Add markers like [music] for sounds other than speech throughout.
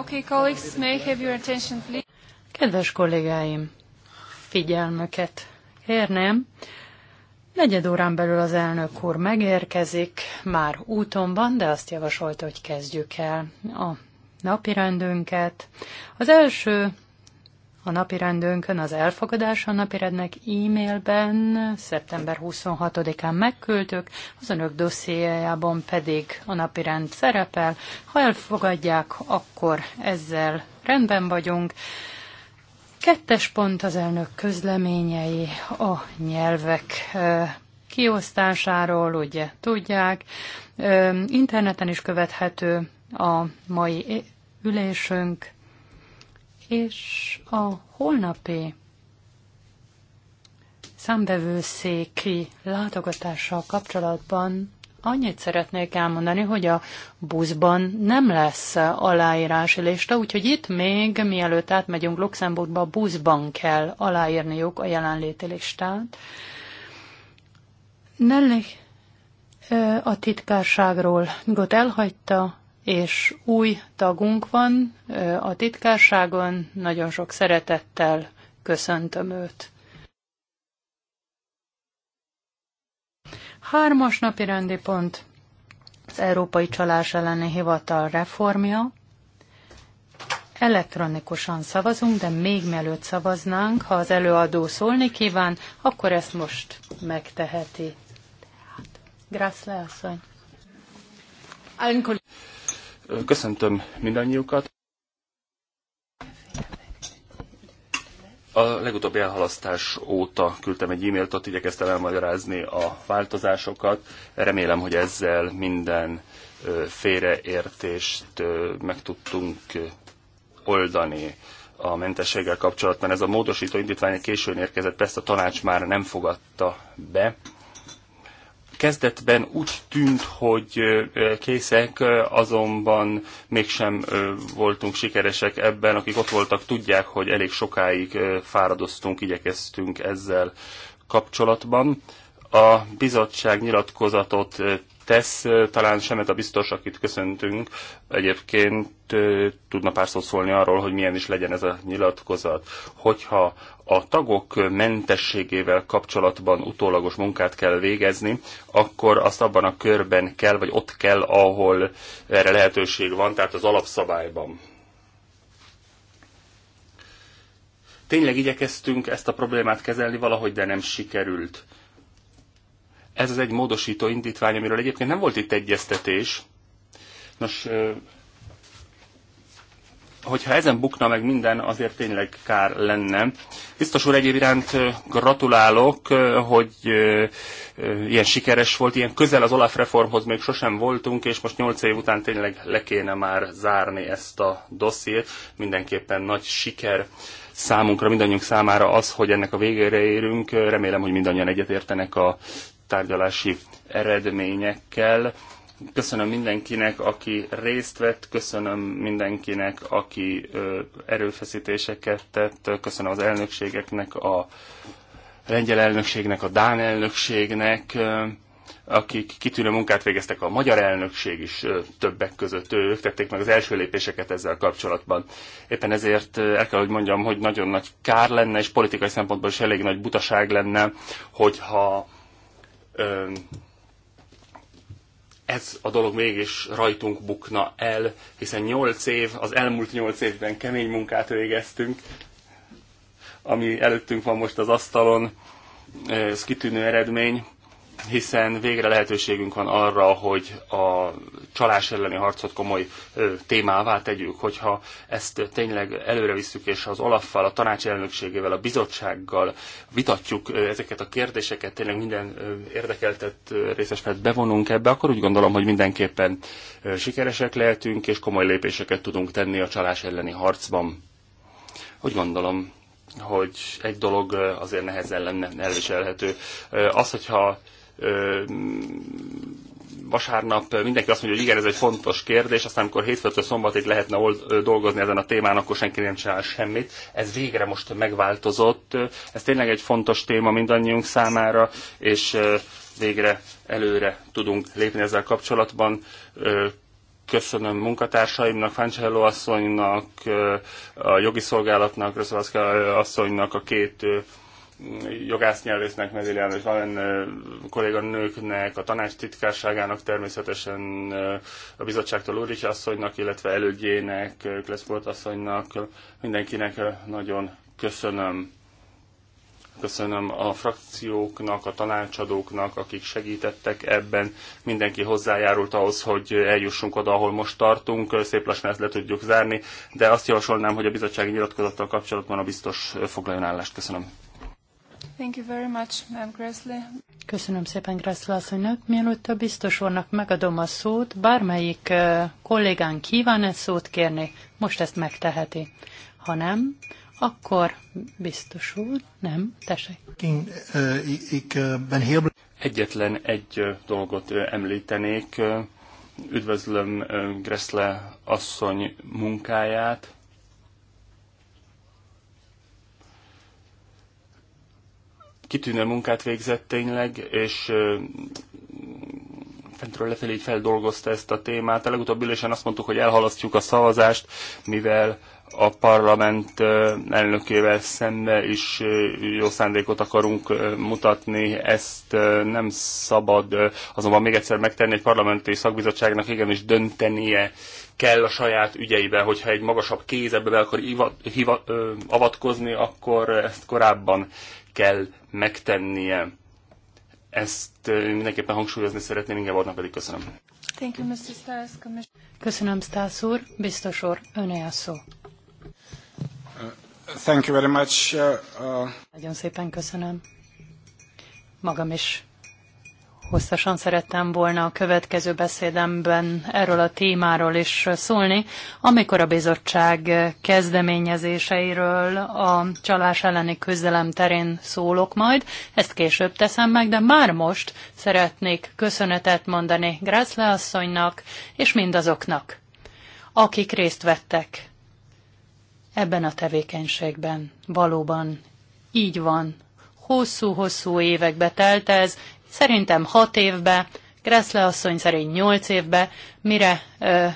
Okay, colleagues, may have your attention, please? Kedves kollégáim, figyelmüket kérném. Negyed órán belül az elnök úr megérkezik, már úton van, de azt javasolta, hogy kezdjük el a napirendünket. Az első a napirendünkön az elfogadás a napirendnek e-mailben szeptember 26-án megküldtük, az önök dossziéjában pedig a napirend szerepel. Ha elfogadják, akkor ezzel rendben vagyunk. Kettes pont az elnök közleményei a nyelvek kiosztásáról, ugye tudják. Interneten is követhető a mai ülésünk és a holnapi számbevőszéki látogatással kapcsolatban annyit szeretnék elmondani, hogy a buszban nem lesz aláírási lista, úgyhogy itt még mielőtt átmegyünk Luxemburgba, a buszban kell aláírniuk a jelenléti listát. Nellik a titkárságról Got elhagyta, és új tagunk van a titkárságon, nagyon sok szeretettel köszöntöm őt. Hármas napi rendi pont az Európai Csalás elleni Hivatal reformja. Elektronikusan szavazunk, de még mielőtt szavaznánk, ha az előadó szólni kíván, akkor ezt most megteheti. Grászle asszony. Köszöntöm mindannyiukat. A legutóbbi elhalasztás óta küldtem egy e-mailt, ott igyekeztem elmagyarázni a változásokat. Remélem, hogy ezzel minden félreértést meg tudtunk oldani a mentességgel kapcsolatban. Ez a módosító indítvány későn érkezett, ezt a tanács már nem fogadta be Kezdetben úgy tűnt, hogy készek, azonban mégsem voltunk sikeresek ebben. Akik ott voltak, tudják, hogy elég sokáig fáradoztunk, igyekeztünk ezzel kapcsolatban. A bizottság nyilatkozatot tesz. Talán Semet a biztos, akit köszöntünk, egyébként tudna pár szót szólni arról, hogy milyen is legyen ez a nyilatkozat. Hogyha a tagok mentességével kapcsolatban utólagos munkát kell végezni, akkor azt abban a körben kell, vagy ott kell, ahol erre lehetőség van, tehát az alapszabályban. Tényleg igyekeztünk ezt a problémát kezelni valahogy, de nem sikerült. Ez az egy módosító indítvány, amiről egyébként nem volt itt egyeztetés. Nos, hogyha ezen bukna meg minden, azért tényleg kár lenne. Biztos úr egyéb iránt gratulálok, hogy ilyen sikeres volt, ilyen közel az Olaf reformhoz még sosem voltunk, és most nyolc év után tényleg le kéne már zárni ezt a dossziét. Mindenképpen nagy siker számunkra, mindannyiunk számára az, hogy ennek a végére érünk. Remélem, hogy mindannyian egyetértenek a tárgyalási eredményekkel. Köszönöm mindenkinek, aki részt vett, köszönöm mindenkinek, aki erőfeszítéseket tett, köszönöm az elnökségeknek, a lengyel elnökségnek, a dán elnökségnek, akik kitűnő munkát végeztek, a magyar elnökség is többek között ők tették meg az első lépéseket ezzel kapcsolatban. Éppen ezért el kell, hogy mondjam, hogy nagyon nagy kár lenne, és politikai szempontból is elég nagy butaság lenne, hogyha ez a dolog mégis rajtunk bukna el, hiszen 8 év, az elmúlt 8 évben kemény munkát végeztünk, ami előttünk van most az asztalon, ez kitűnő eredmény, hiszen végre lehetőségünk van arra, hogy a csalás elleni harcot komoly témává tegyük, hogyha ezt tényleg előre visszük, és az Olaffal, a tanács elnökségével, a bizottsággal vitatjuk ezeket a kérdéseket, tényleg minden érdekeltet részesfelt bevonunk ebbe, akkor úgy gondolom, hogy mindenképpen sikeresek lehetünk, és komoly lépéseket tudunk tenni a csalás elleni harcban. Úgy gondolom, hogy egy dolog azért nehezen lenne elviselhető. Az, hogyha vasárnap mindenki azt mondja, hogy igen, ez egy fontos kérdés, aztán amikor hétfőtől szombatig lehetne old, dolgozni ezen a témán, akkor senki nem csinál semmit. Ez végre most megváltozott. Ez tényleg egy fontos téma mindannyiunk számára, és végre előre tudunk lépni ezzel kapcsolatban. Köszönöm munkatársaimnak, Fáncselló asszonynak, a jogi szolgálatnak, Röszavaszka asszonynak, a két jogásznyelvésznek, Nedir János Valen kolléganőknek, a tanács titkárságának, természetesen a bizottságtól Ulrich asszonynak, illetve elődjének, Kleszport asszonynak, mindenkinek nagyon köszönöm. Köszönöm a frakcióknak, a tanácsadóknak, akik segítettek ebben. Mindenki hozzájárult ahhoz, hogy eljussunk oda, ahol most tartunk. Szép lassan ezt le tudjuk zárni, de azt javasolnám, hogy a bizottsági nyilatkozattal kapcsolatban a biztos foglaljon állást. Köszönöm. Thank you very much, Köszönöm szépen Gressle asszonynak. Mielőtt a biztos úrnak megadom a szót, bármelyik kollégán kíván egy szót kérni, most ezt megteheti. Ha nem, akkor biztos úr, nem, tessék. Egyetlen egy dolgot említenék. Üdvözlöm Gressle asszony munkáját, kitűnő munkát végzett tényleg, és fentről lefelé így feldolgozta ezt a témát. A legutóbb ülésen azt mondtuk, hogy elhalasztjuk a szavazást, mivel a parlament elnökével szembe is jó szándékot akarunk mutatni. Ezt nem szabad azonban még egyszer megtenni egy parlamenti szakbizottságnak, igenis döntenie kell a saját ügyeibe, hogyha egy magasabb kéz ebbe be akar iva, hiva, ö, avatkozni, akkor ezt korábban kell megtennie. Ezt mindenképpen hangsúlyozni szeretném, annak pedig köszönöm. Thank you, Mr. Stiles. Köszönöm, Stász úr. Biztos úr, öné a szó. Thank you very much. Uh, uh... Nagyon szépen köszönöm. Magam is hosszasan szerettem volna a következő beszédemben erről a témáról is szólni, amikor a bizottság kezdeményezéseiről a csalás elleni küzdelem terén szólok majd. Ezt később teszem meg, de már most szeretnék köszönetet mondani Grászle asszonynak és mindazoknak, akik részt vettek ebben a tevékenységben. Valóban így van, hosszú-hosszú évekbe telt ez, Szerintem hat évbe, Kreszle asszony szerint nyolc évbe, mire ö,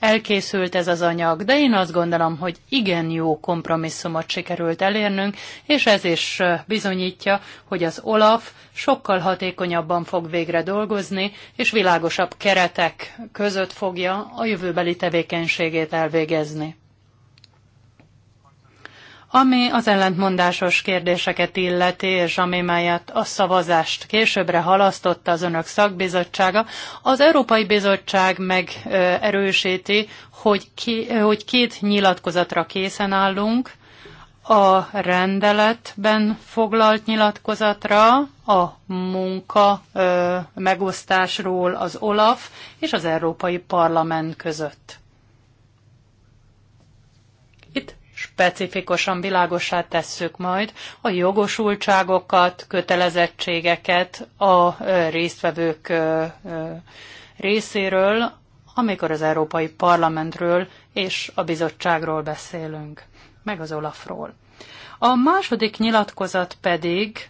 elkészült ez az anyag, de én azt gondolom, hogy igen jó kompromisszumot sikerült elérnünk, és ez is bizonyítja, hogy az OLAF sokkal hatékonyabban fog végre dolgozni, és világosabb keretek között fogja a jövőbeli tevékenységét elvégezni. Ami az ellentmondásos kérdéseket illeti, és ami melyet a szavazást későbbre halasztotta az önök szakbizottsága, az Európai Bizottság megerősíti, hogy, ki, hogy két nyilatkozatra készen állunk, a rendeletben foglalt nyilatkozatra, a munka ö, megosztásról az OLAF és az Európai Parlament között. specifikusan világosá tesszük majd a jogosultságokat, kötelezettségeket a résztvevők részéről, amikor az Európai Parlamentről és a bizottságról beszélünk, meg az Olafról. A második nyilatkozat pedig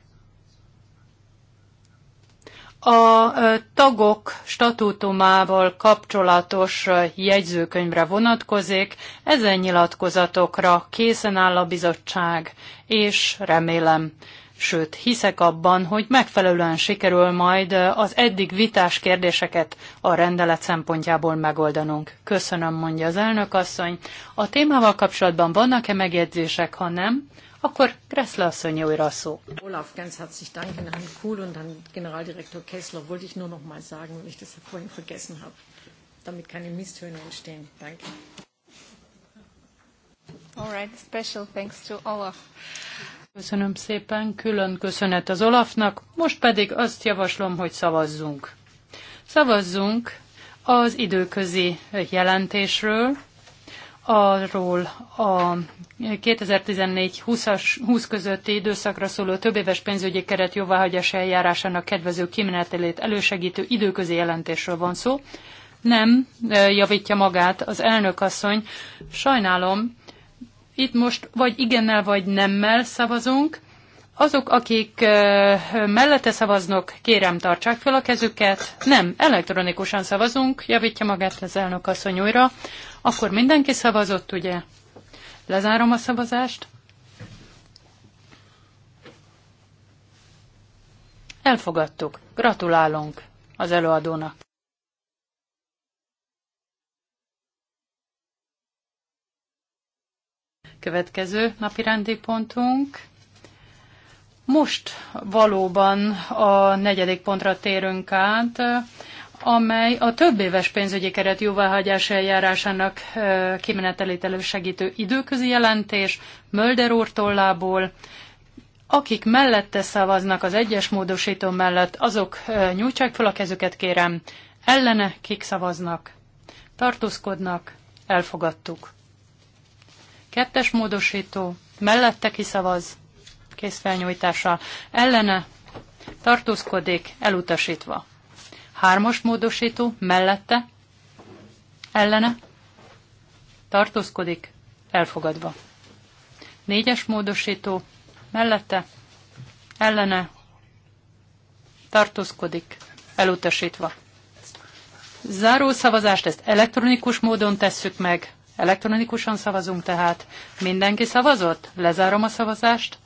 a tagok statútumával kapcsolatos jegyzőkönyvre vonatkozik, ezen nyilatkozatokra készen áll a bizottság, és remélem, sőt hiszek abban, hogy megfelelően sikerül majd az eddig vitás kérdéseket a rendelet szempontjából megoldanunk. Köszönöm, mondja az elnök asszony. A témával kapcsolatban vannak-e megjegyzések, ha nem, akkor Gressler asszony újra a szó. Olaf, ganz herzlich danke an Kuhl und an Generaldirektor Kessler. Wollte ich nur noch mal sagen, weil ich das vorhin vergessen habe, damit keine Misstöne entstehen. Danke. All right, special thanks to Olaf. Köszönöm szépen, külön köszönet az Olafnak, most pedig azt javaslom, hogy szavazzunk. Szavazzunk az időközi jelentésről, arról a 2014-20-as 20 közötti időszakra szóló többéves pénzügyi keret jóváhagyás eljárásának kedvező kimenetelét elősegítő időközi jelentésről van szó. Nem, e, javítja magát az elnök asszony. Sajnálom, itt most vagy igennel, vagy nemmel szavazunk. Azok, akik e, mellette szavaznak, kérem tartsák fel a kezüket. Nem, elektronikusan szavazunk, javítja magát az elnök asszony újra. Akkor mindenki szavazott, ugye? Lezárom a szavazást. Elfogadtuk. Gratulálunk az előadónak. Következő napirendi pontunk. Most valóban a negyedik pontra térünk át amely a több éves pénzügyi keret jóváhagyás eljárásának kimenetelét elősegítő időközi jelentés Mölder úr tollából, akik mellette szavaznak az egyes módosító mellett, azok nyújtsák fel a kezüket, kérem. Ellene kik szavaznak? Tartózkodnak? Elfogadtuk. Kettes módosító, mellette Kész felnyújtással. Ellene tartózkodik, elutasítva. Hármas módosító mellette, ellene, tartózkodik, elfogadva. Négyes módosító mellette, ellene, tartózkodik, elutasítva. Záró szavazást ezt elektronikus módon tesszük meg. Elektronikusan szavazunk tehát. Mindenki szavazott? Lezárom a szavazást.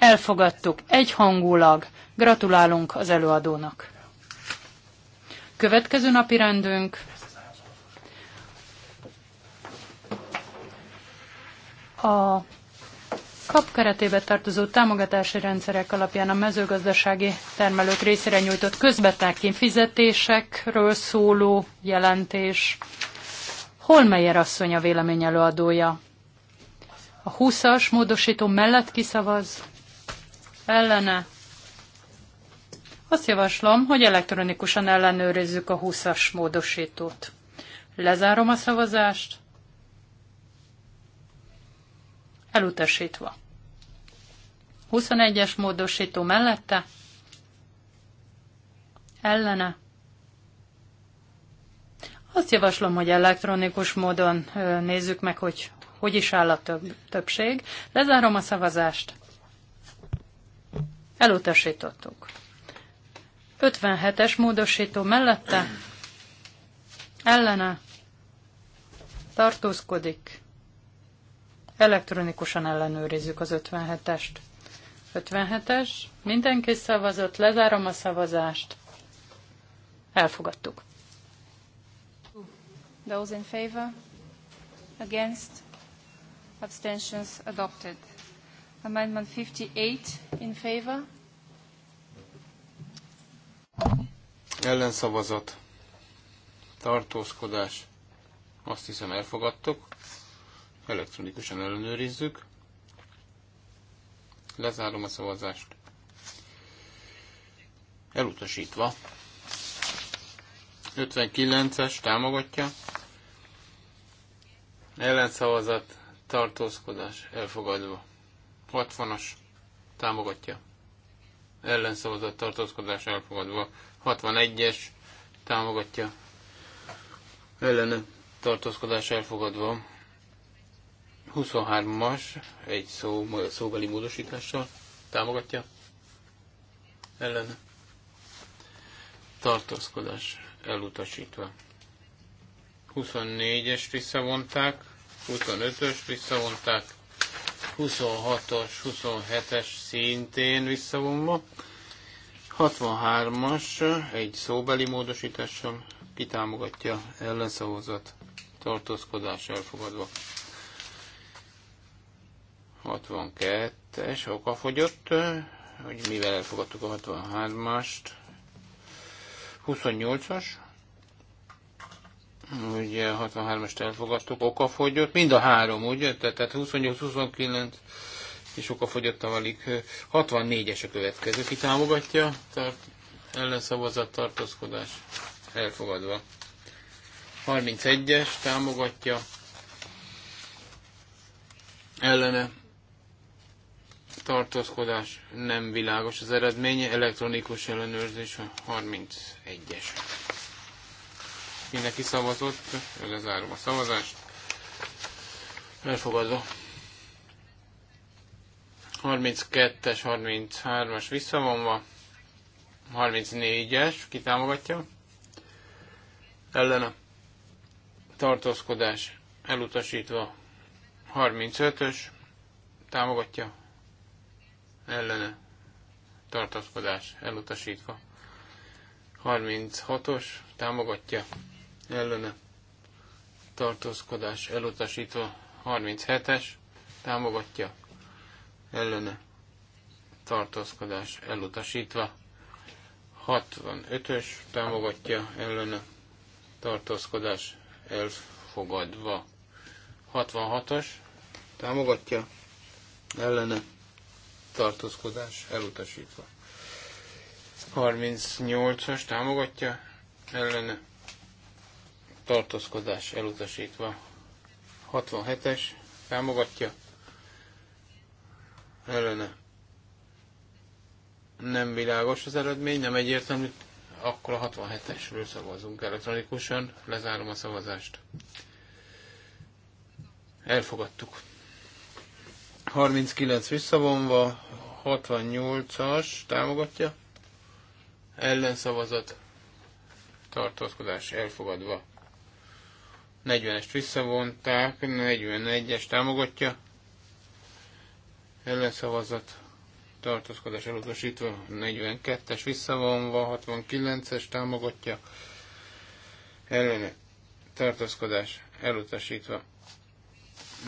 Elfogadtuk egyhangulag. Gratulálunk az előadónak. Következő napi rendünk a kap keretébe tartozó támogatási rendszerek alapján a mezőgazdasági termelők részére nyújtott közbetáki fizetésekről szóló jelentés. Holmeyer asszony a vélemény előadója. A 20-as módosító mellett kiszavaz, ellene. Azt javaslom, hogy elektronikusan ellenőrizzük a 20-as módosítót. Lezárom a szavazást. Elutasítva. 21-es módosító mellette. Ellene. Azt javaslom, hogy elektronikus módon nézzük meg, hogy hogy is áll a több, többség. Lezárom a szavazást. Elutasítottuk. 57-es módosító mellette ellene tartózkodik. Elektronikusan ellenőrizzük az 57-est. 57-es, mindenki szavazott, lezárom a szavazást. Elfogadtuk. Those in favor? Against? Abstentions adopted. Amendment 58 in favor. Ellenszavazat. Tartózkodás. Azt hiszem elfogadtuk. Elektronikusan ellenőrizzük. Lezárom a szavazást. Elutasítva. 59-es támogatja. Ellenszavazat, tartózkodás elfogadva. 60-as támogatja. Ellenszavazat tartózkodás elfogadva. 61-es támogatja. Ellene tartózkodás elfogadva. 23-as egy szó, szóbeli módosítással támogatja. Ellene tartózkodás elutasítva. 24-est visszavonták, 25-öst visszavonták, 26-os, 27-es szintén visszavonva. 63-as egy szóbeli módosítással kitámogatja ellenszavazat tartózkodás elfogadva. 62-es okafogyott, hogy mivel elfogadtuk a 63-ast. 28-as ugye 63-est elfogadtuk, okafogyott, mind a három, ugye? Tehát 28-29 és okafogyott a valik. 64-es a következő, ki támogatja, tart, ellenszavazat, tartózkodás, elfogadva. 31-es támogatja, ellene tartózkodás nem világos az eredménye, elektronikus ellenőrzés a 31-es. Mindenki szavazott, lezárom a szavazást. Elfogadva. 32-es, 33-as visszavonva. 34-es, ki támogatja? Ellene. Tartózkodás elutasítva. 35-ös, támogatja? Ellene. Tartózkodás elutasítva. 36-os, támogatja? ellene tartózkodás elutasítva 37-es támogatja ellene tartózkodás elutasítva 65-ös támogatja ellene tartózkodás elfogadva 66-os támogatja ellene tartózkodás elutasítva 38-as támogatja ellene tartózkodás elutasítva. 67-es támogatja, ellene. Nem világos az eredmény, nem egyértelmű, akkor a 67-esről szavazunk elektronikusan, lezárom a szavazást. Elfogadtuk. 39 visszavonva, 68-as támogatja, ellenszavazat, tartózkodás elfogadva. 40-est visszavonták, 41-es támogatja, ellenszavazat, tartózkodás elutasítva, 42-es visszavonva, 69-es támogatja, Ellen tartózkodás elutasítva,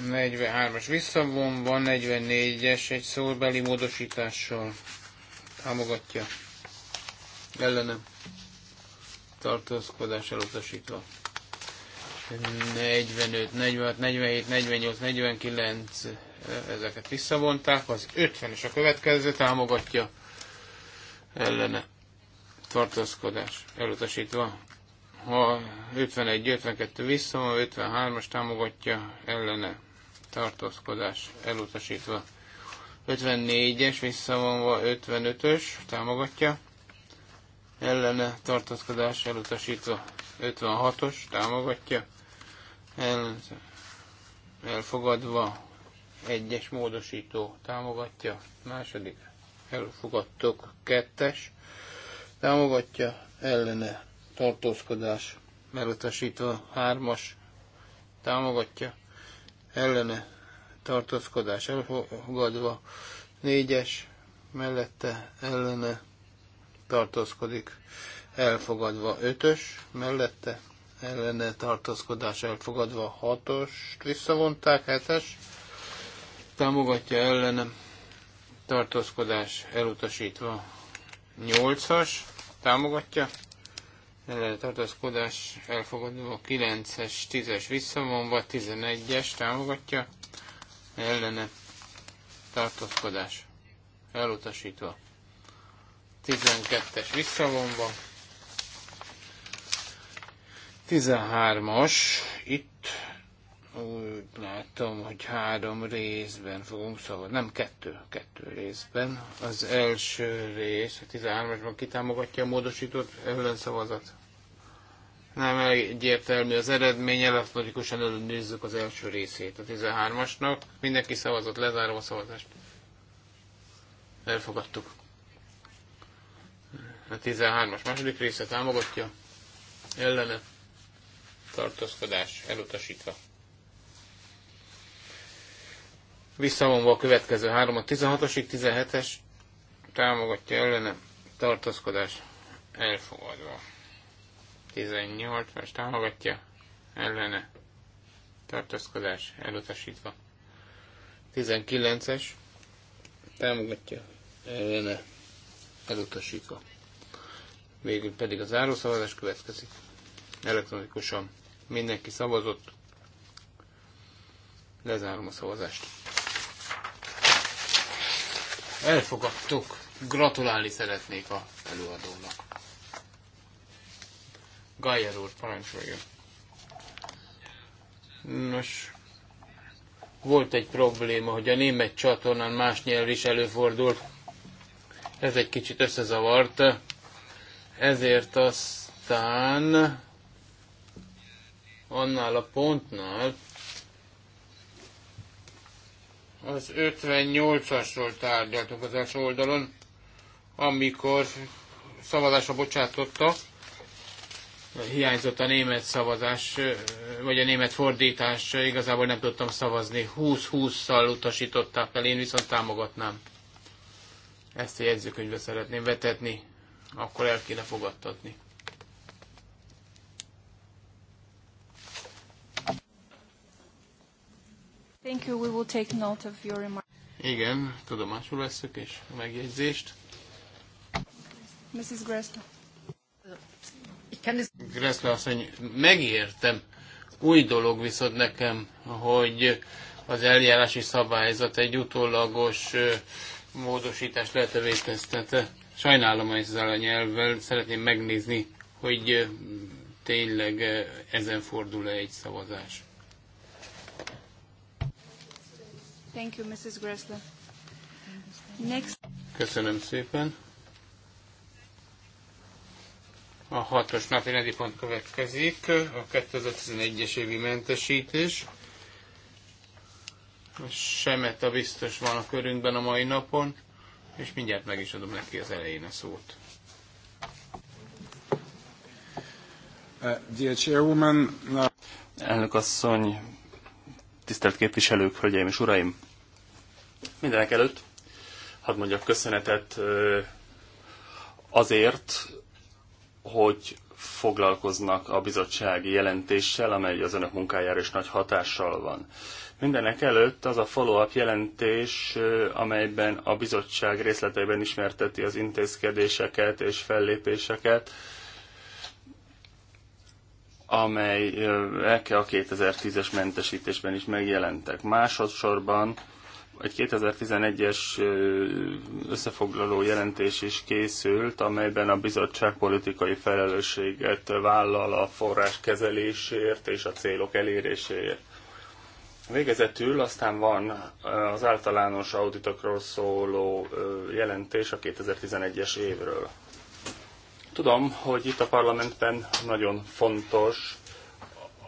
43-as visszavonva, 44-es egy szóbeli módosítással támogatja, Ellenem tartózkodás elutasítva. 45, 46, 47, 48, 49, ezeket visszavonták. Az 50 és a következő támogatja ellene tartózkodás elutasítva. Ha 51, 52 visszavon, 53-as támogatja ellene tartózkodás elutasítva. 54-es visszavonva, 55-ös támogatja ellene tartozkodás elutasítva 56-os támogatja, el, elfogadva egyes módosító támogatja, második elfogadtok kettes támogatja, ellene tartózkodás elutasítva hármas támogatja, ellene tartózkodás elfogadva négyes mellette ellene tartózkodik, elfogadva 5-ös, mellette ellene tartózkodás elfogadva 6-os, visszavonták 7-es, támogatja ellenem tartózkodás elutasítva 8-as, támogatja ellene tartózkodás elfogadva 9-es, 10-es visszavonva, 11-es támogatja ellene tartózkodás elutasítva 12-es visszavonva. 13-as, itt úgy látom, hogy három részben fogunk szavazni, nem kettő, kettő részben. Az első rész, a 13-asban kitámogatja a módosított ellenszavazat. Nem egyértelmű az eredmény, elektronikusan előnézzük az első részét a 13-asnak. Mindenki szavazott, lezárom a szavazást. Elfogadtuk. A 13-as második része támogatja, ellene tartózkodás elutasítva. Visszavonva a következő három, a 16-osig, 17-es támogatja ellene tartózkodás elfogadva. 18-as támogatja ellene tartózkodás elutasítva. 19-es támogatja ellene elutasítva végül pedig a zárószavazás következik. Elektronikusan mindenki szavazott. Lezárom a szavazást. Elfogadtuk. Gratulálni szeretnék a előadónak. Gajer úr, parancsoljon. Nos, volt egy probléma, hogy a német csatornán más nyelv is előfordul. Ez egy kicsit összezavart ezért aztán annál a pontnál az 58-asról tárgyaltunk az első oldalon, amikor szavazásra bocsátotta, hiányzott a német szavazás, vagy a német fordítás, igazából nem tudtam szavazni. 20-20-szal utasították el, én viszont támogatnám. Ezt a jegyzőkönyvbe szeretném vetetni akkor el kéne fogadtatni. Thank you. We will take note of your remark. Igen, tudomásul veszük és a megjegyzést. Mrs. Gressler. Gressler asszony, megértem. Új dolog viszont nekem, hogy az eljárási szabályzat egy utólagos módosítást lehetővé tesztete. Sajnálom ezzel a nyelvvel, szeretném megnézni, hogy tényleg ezen fordul-e egy szavazás. Thank you, Mrs. Gressler. Next. Köszönöm szépen. A hatos napi rendi pont következik, a 2011-es évi mentesítés. Semet a biztos van a körünkben a mai napon és mindjárt meg is adom neki az elején a szót. Uh, Chairwoman, uh, Elnök asszony, tisztelt képviselők, hölgyeim és uraim! Mindenek előtt hadd mondjak köszönetet uh, azért, hogy foglalkoznak a bizottsági jelentéssel, amely az önök munkájára is nagy hatással van. Mindenek előtt az a follow-up jelentés, amelyben a bizottság részleteiben ismerteti az intézkedéseket és fellépéseket, amely a 2010-es mentesítésben is megjelentek. Másodszorban egy 2011-es összefoglaló jelentés is készült, amelyben a bizottság politikai felelősséget vállal a forrás kezelésért és a célok eléréséért. Végezetül aztán van az általános auditokról szóló jelentés a 2011-es évről. Tudom, hogy itt a parlamentben nagyon fontos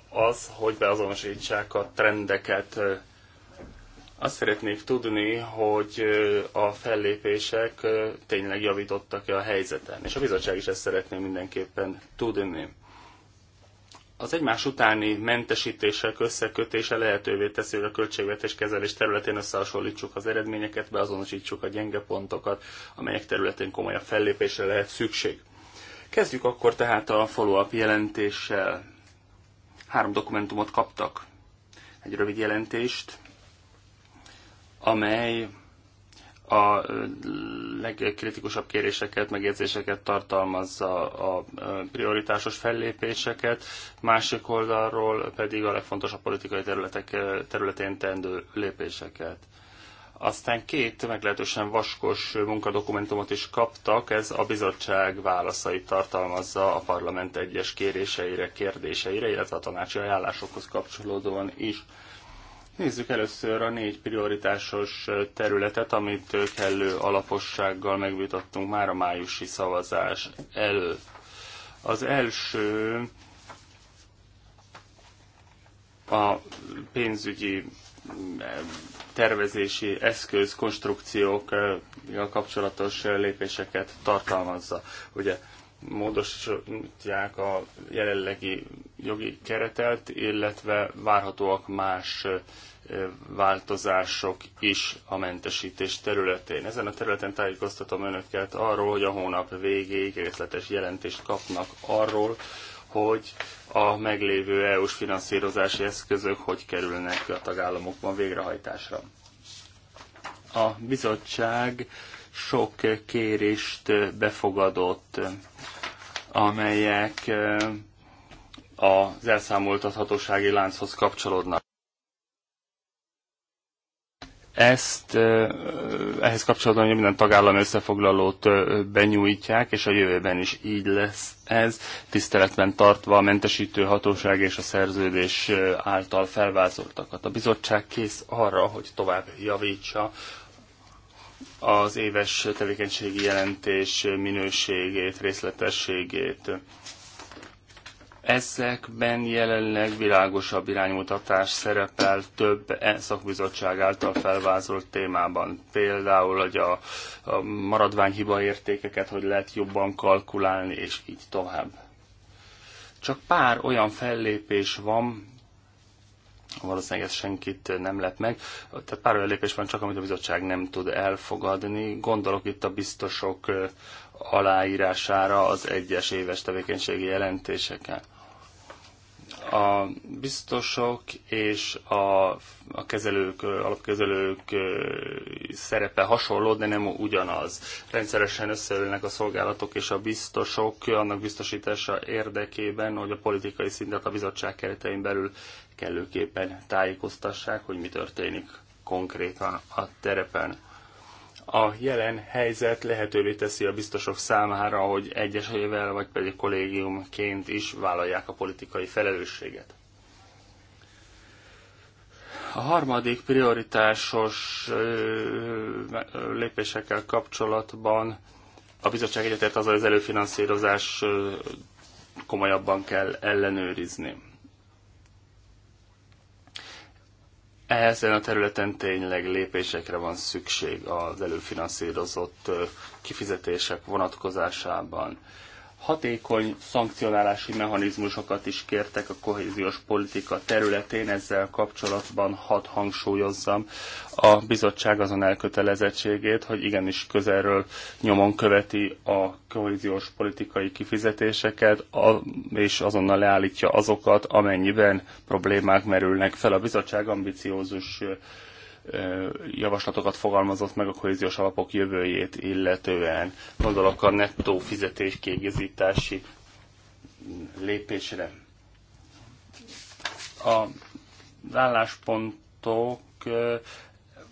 az, hogy beazonosítsák a trendeket. Azt szeretnék tudni, hogy a fellépések tényleg javítottak-e a helyzeten, és a bizottság is ezt szeretné mindenképpen tudni az egymás utáni mentesítések összekötése lehetővé teszi, hogy a költségvetés kezelés területén összehasonlítsuk az eredményeket, beazonosítsuk a gyenge pontokat, amelyek területén komolyabb fellépésre lehet szükség. Kezdjük akkor tehát a follow-up jelentéssel. Három dokumentumot kaptak. Egy rövid jelentést, amely a legkritikusabb kéréseket, megérzéseket tartalmazza a prioritásos fellépéseket, másik oldalról pedig a legfontosabb politikai területek területén tendő lépéseket. Aztán két meglehetősen vaskos munkadokumentumot is kaptak, ez a bizottság válaszait tartalmazza a parlament egyes kéréseire, kérdéseire, illetve a tanácsi ajánlásokhoz kapcsolódóan is. Nézzük először a négy prioritásos területet, amit kellő alapossággal megvitattunk már a májusi szavazás elő. Az első a pénzügyi eh, tervezési eszköz, konstrukciók kapcsolatos lépéseket tartalmazza. Ugye módosítják a jelenlegi jogi keretelt illetve várhatóak más változások is a mentesítés területén. Ezen a területen tájékoztatom önöket arról, hogy a hónap végéig részletes jelentést kapnak arról, hogy a meglévő EU-s finanszírozási eszközök hogy kerülnek a tagállamokban végrehajtásra. A bizottság sok kérést befogadott amelyek az elszámoltathatósági lánchoz kapcsolódnak. Ezt ehhez kapcsolatban minden tagállam összefoglalót benyújtják, és a jövőben is így lesz ez, tiszteletben tartva a mentesítő hatóság és a szerződés által felvázoltakat. A bizottság kész arra, hogy tovább javítsa az éves tevékenységi jelentés minőségét, részletességét. Ezekben jelenleg világosabb iránymutatás szerepel több e szakbizottság által felvázolt témában. Például, hogy a, a maradványhiba értékeket, hogy lehet jobban kalkulálni, és így tovább. Csak pár olyan fellépés van, valószínűleg ez senkit nem lett meg. Tehát pár olyan lépés van csak, amit a bizottság nem tud elfogadni. Gondolok itt a biztosok aláírására az egyes éves tevékenységi jelentéseken a biztosok és a, a kezelők, alapkezelők szerepe hasonló, de nem ugyanaz. Rendszeresen összeülnek a szolgálatok és a biztosok annak biztosítása érdekében, hogy a politikai szintet a bizottság keretein belül kellőképpen tájékoztassák, hogy mi történik konkrétan a terepen a jelen helyzet lehetővé teszi a biztosok számára, hogy egyesével vagy pedig kollégiumként is vállalják a politikai felelősséget. A harmadik prioritásos lépésekkel kapcsolatban a bizottság egyetért az, hogy az előfinanszírozás komolyabban kell ellenőrizni. ezen a területen tényleg lépésekre van szükség az előfinanszírozott kifizetések vonatkozásában hatékony szankcionálási mechanizmusokat is kértek a kohéziós politika területén, ezzel kapcsolatban hat hangsúlyozzam a bizottság azon elkötelezettségét, hogy igenis közelről nyomon követi a kohéziós politikai kifizetéseket, és azonnal leállítja azokat, amennyiben problémák merülnek fel. A bizottság ambiciózus javaslatokat fogalmazott meg a kohéziós alapok jövőjét illetően. Gondolok a nettó fizetéskiegészítési lépésre. A álláspontok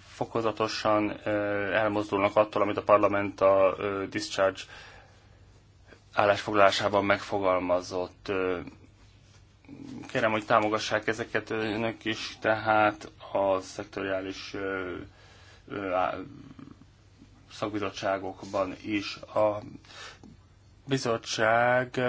fokozatosan elmozdulnak attól, amit a parlament a discharge állásfoglalásában megfogalmazott. Kérem, hogy támogassák ezeket önök is, tehát a szektoriális szakbizottságokban is. A bizottság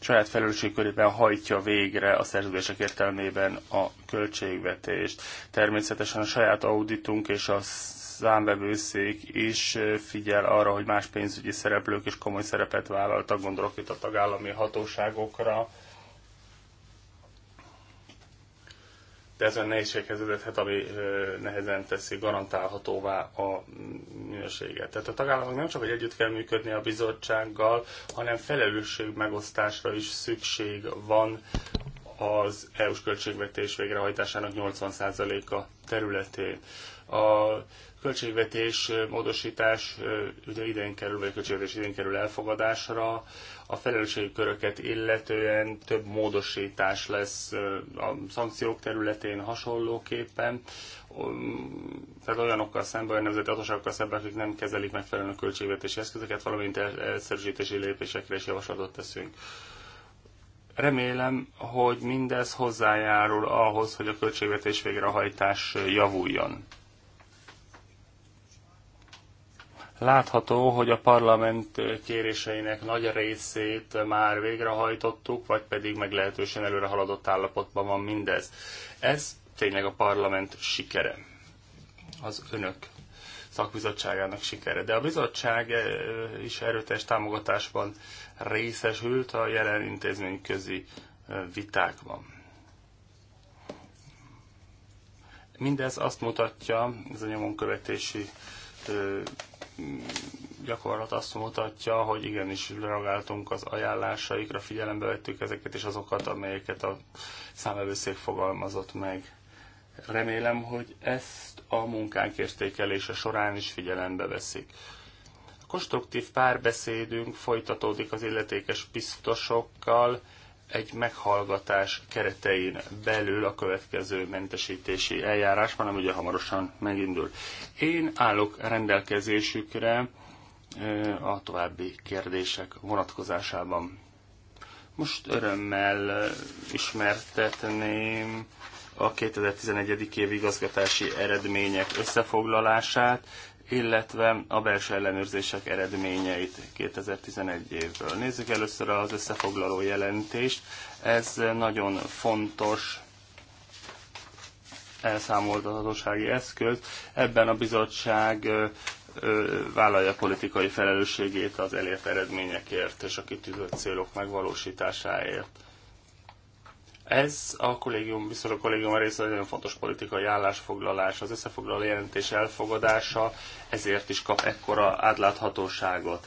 saját körében hajtja végre a szerződések értelmében a költségvetést. Természetesen a saját auditunk és a számbevőszék is figyel arra, hogy más pénzügyi szereplők is komoly szerepet vállaltak, gondolok itt a tagállami hatóságokra, de ezen nehézséghez vezethet, hát ami nehezen teszi garantálhatóvá a minőséget. Tehát a tagállamok nem csak, hogy együtt kell működni a bizottsággal, hanem felelősség megosztásra is szükség van az EU-s költségvetés végrehajtásának 80%-a területén. A költségvetés módosítás ugye idén kerül, vagy a költségvetés idén kerül elfogadásra, a köröket illetően több módosítás lesz a szankciók területén hasonlóképpen, tehát olyanokkal szemben, olyan nemzeti hatóságokkal szemben, akik nem kezelik megfelelően a költségvetési eszközöket, valamint egyszerűsítési lépésekre is javaslatot teszünk. Remélem, hogy mindez hozzájárul ahhoz, hogy a költségvetés végrehajtás javuljon. Látható, hogy a parlament kéréseinek nagy részét már végrehajtottuk, vagy pedig meglehetősen előre haladott állapotban van mindez. Ez tényleg a parlament sikere. Az önök szakbizottságának sikere. De a bizottság eh, is erőteljes támogatásban részesült a jelen intézményközi eh, vitákban. Mindez azt mutatja, ez a nyomonkövetési eh, gyakorlat azt mutatja, hogy igenis reagáltunk az ajánlásaikra, figyelembe vettük ezeket és azokat, amelyeket a számvevőszék fogalmazott meg. Remélem, hogy ezt a munkánk értékelése során is figyelembe veszik. A konstruktív párbeszédünk folytatódik az illetékes biztosokkal, egy meghallgatás keretein belül a következő mentesítési eljárásban, ami ugye hamarosan megindul. Én állok rendelkezésükre a további kérdések vonatkozásában. Most örömmel ismertetném a 2011. év igazgatási eredmények összefoglalását, illetve a belső ellenőrzések eredményeit 2011 évből. Nézzük először az összefoglaló jelentést. Ez nagyon fontos elszámoltatósági eszköz. Ebben a bizottság vállalja politikai felelősségét az elért eredményekért és a kitűzött célok megvalósításáért. Ez a kollégium, viszont a kollégium része nagyon fontos politikai állásfoglalás, az összefoglaló jelentés elfogadása, ezért is kap ekkora átláthatóságot.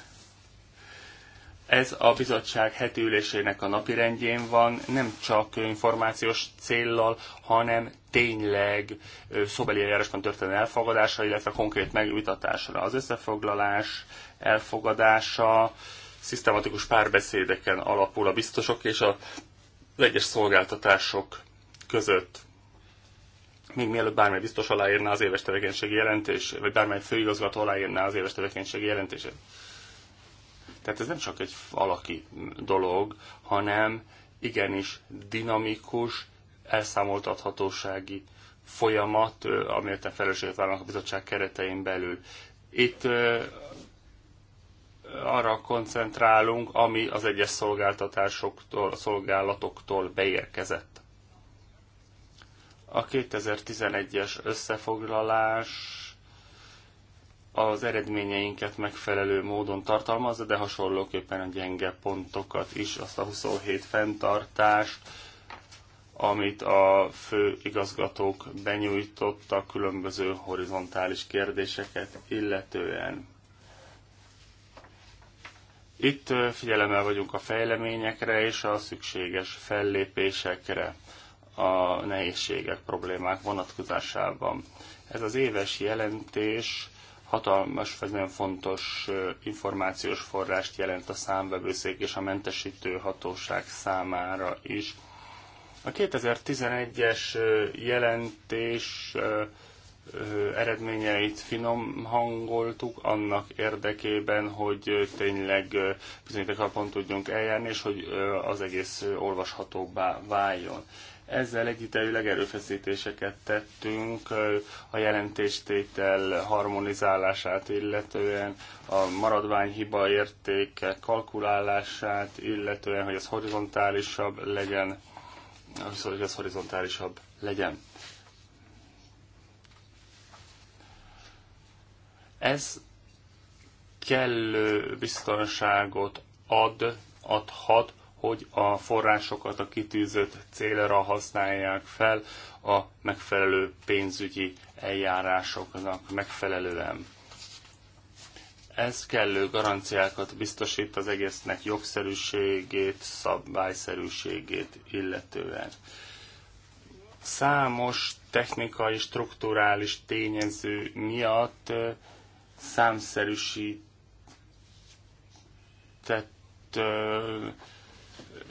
Ez a bizottság heti ülésének a napi rendjén van, nem csak információs céllal, hanem tényleg szobeli eljárásban történő elfogadása, illetve konkrét megvitatásra. Az összefoglalás elfogadása szisztematikus párbeszédeken alapul a biztosok és a az egyes szolgáltatások között. Még mielőtt bármely biztos aláírná az éves tevékenységi jelentés, vagy bármely főigazgató aláírná az éves tevékenységi jelentését. Tehát ez nem csak egy alaki dolog, hanem igenis dinamikus, elszámoltathatósági folyamat, amelyet felelősséget vállalnak a bizottság keretein belül. Itt arra koncentrálunk, ami az egyes szolgáltatásoktól, szolgálatoktól beérkezett. A 2011-es összefoglalás az eredményeinket megfelelő módon tartalmazza, de hasonlóképpen a gyenge pontokat is, azt a 27 fenntartást, amit a fő igazgatók benyújtottak különböző horizontális kérdéseket illetően. Itt figyelemmel vagyunk a fejleményekre és a szükséges fellépésekre a nehézségek, problémák vonatkozásában. Ez az éves jelentés hatalmas, vagy nagyon fontos információs forrást jelent a számvevőszék és a mentesítő hatóság számára is. A 2011-es jelentés eredményeit finom hangoltuk annak érdekében, hogy tényleg bizonyíték alapon tudjunk eljárni, és hogy az egész olvashatóbbá váljon. Ezzel egyidejűleg erőfeszítéseket tettünk a jelentéstétel harmonizálását, illetően a maradványhiba értékek kalkulálását, illetően, hogy ez horizontálisabb legyen, hogy ez horizontálisabb legyen. Ez kellő biztonságot ad, adhat, hogy a forrásokat a kitűzött célra használják fel a megfelelő pénzügyi eljárásoknak megfelelően. Ez kellő garanciákat biztosít az egésznek jogszerűségét, szabályszerűségét illetően. Számos technikai, strukturális tényező miatt számszerűsített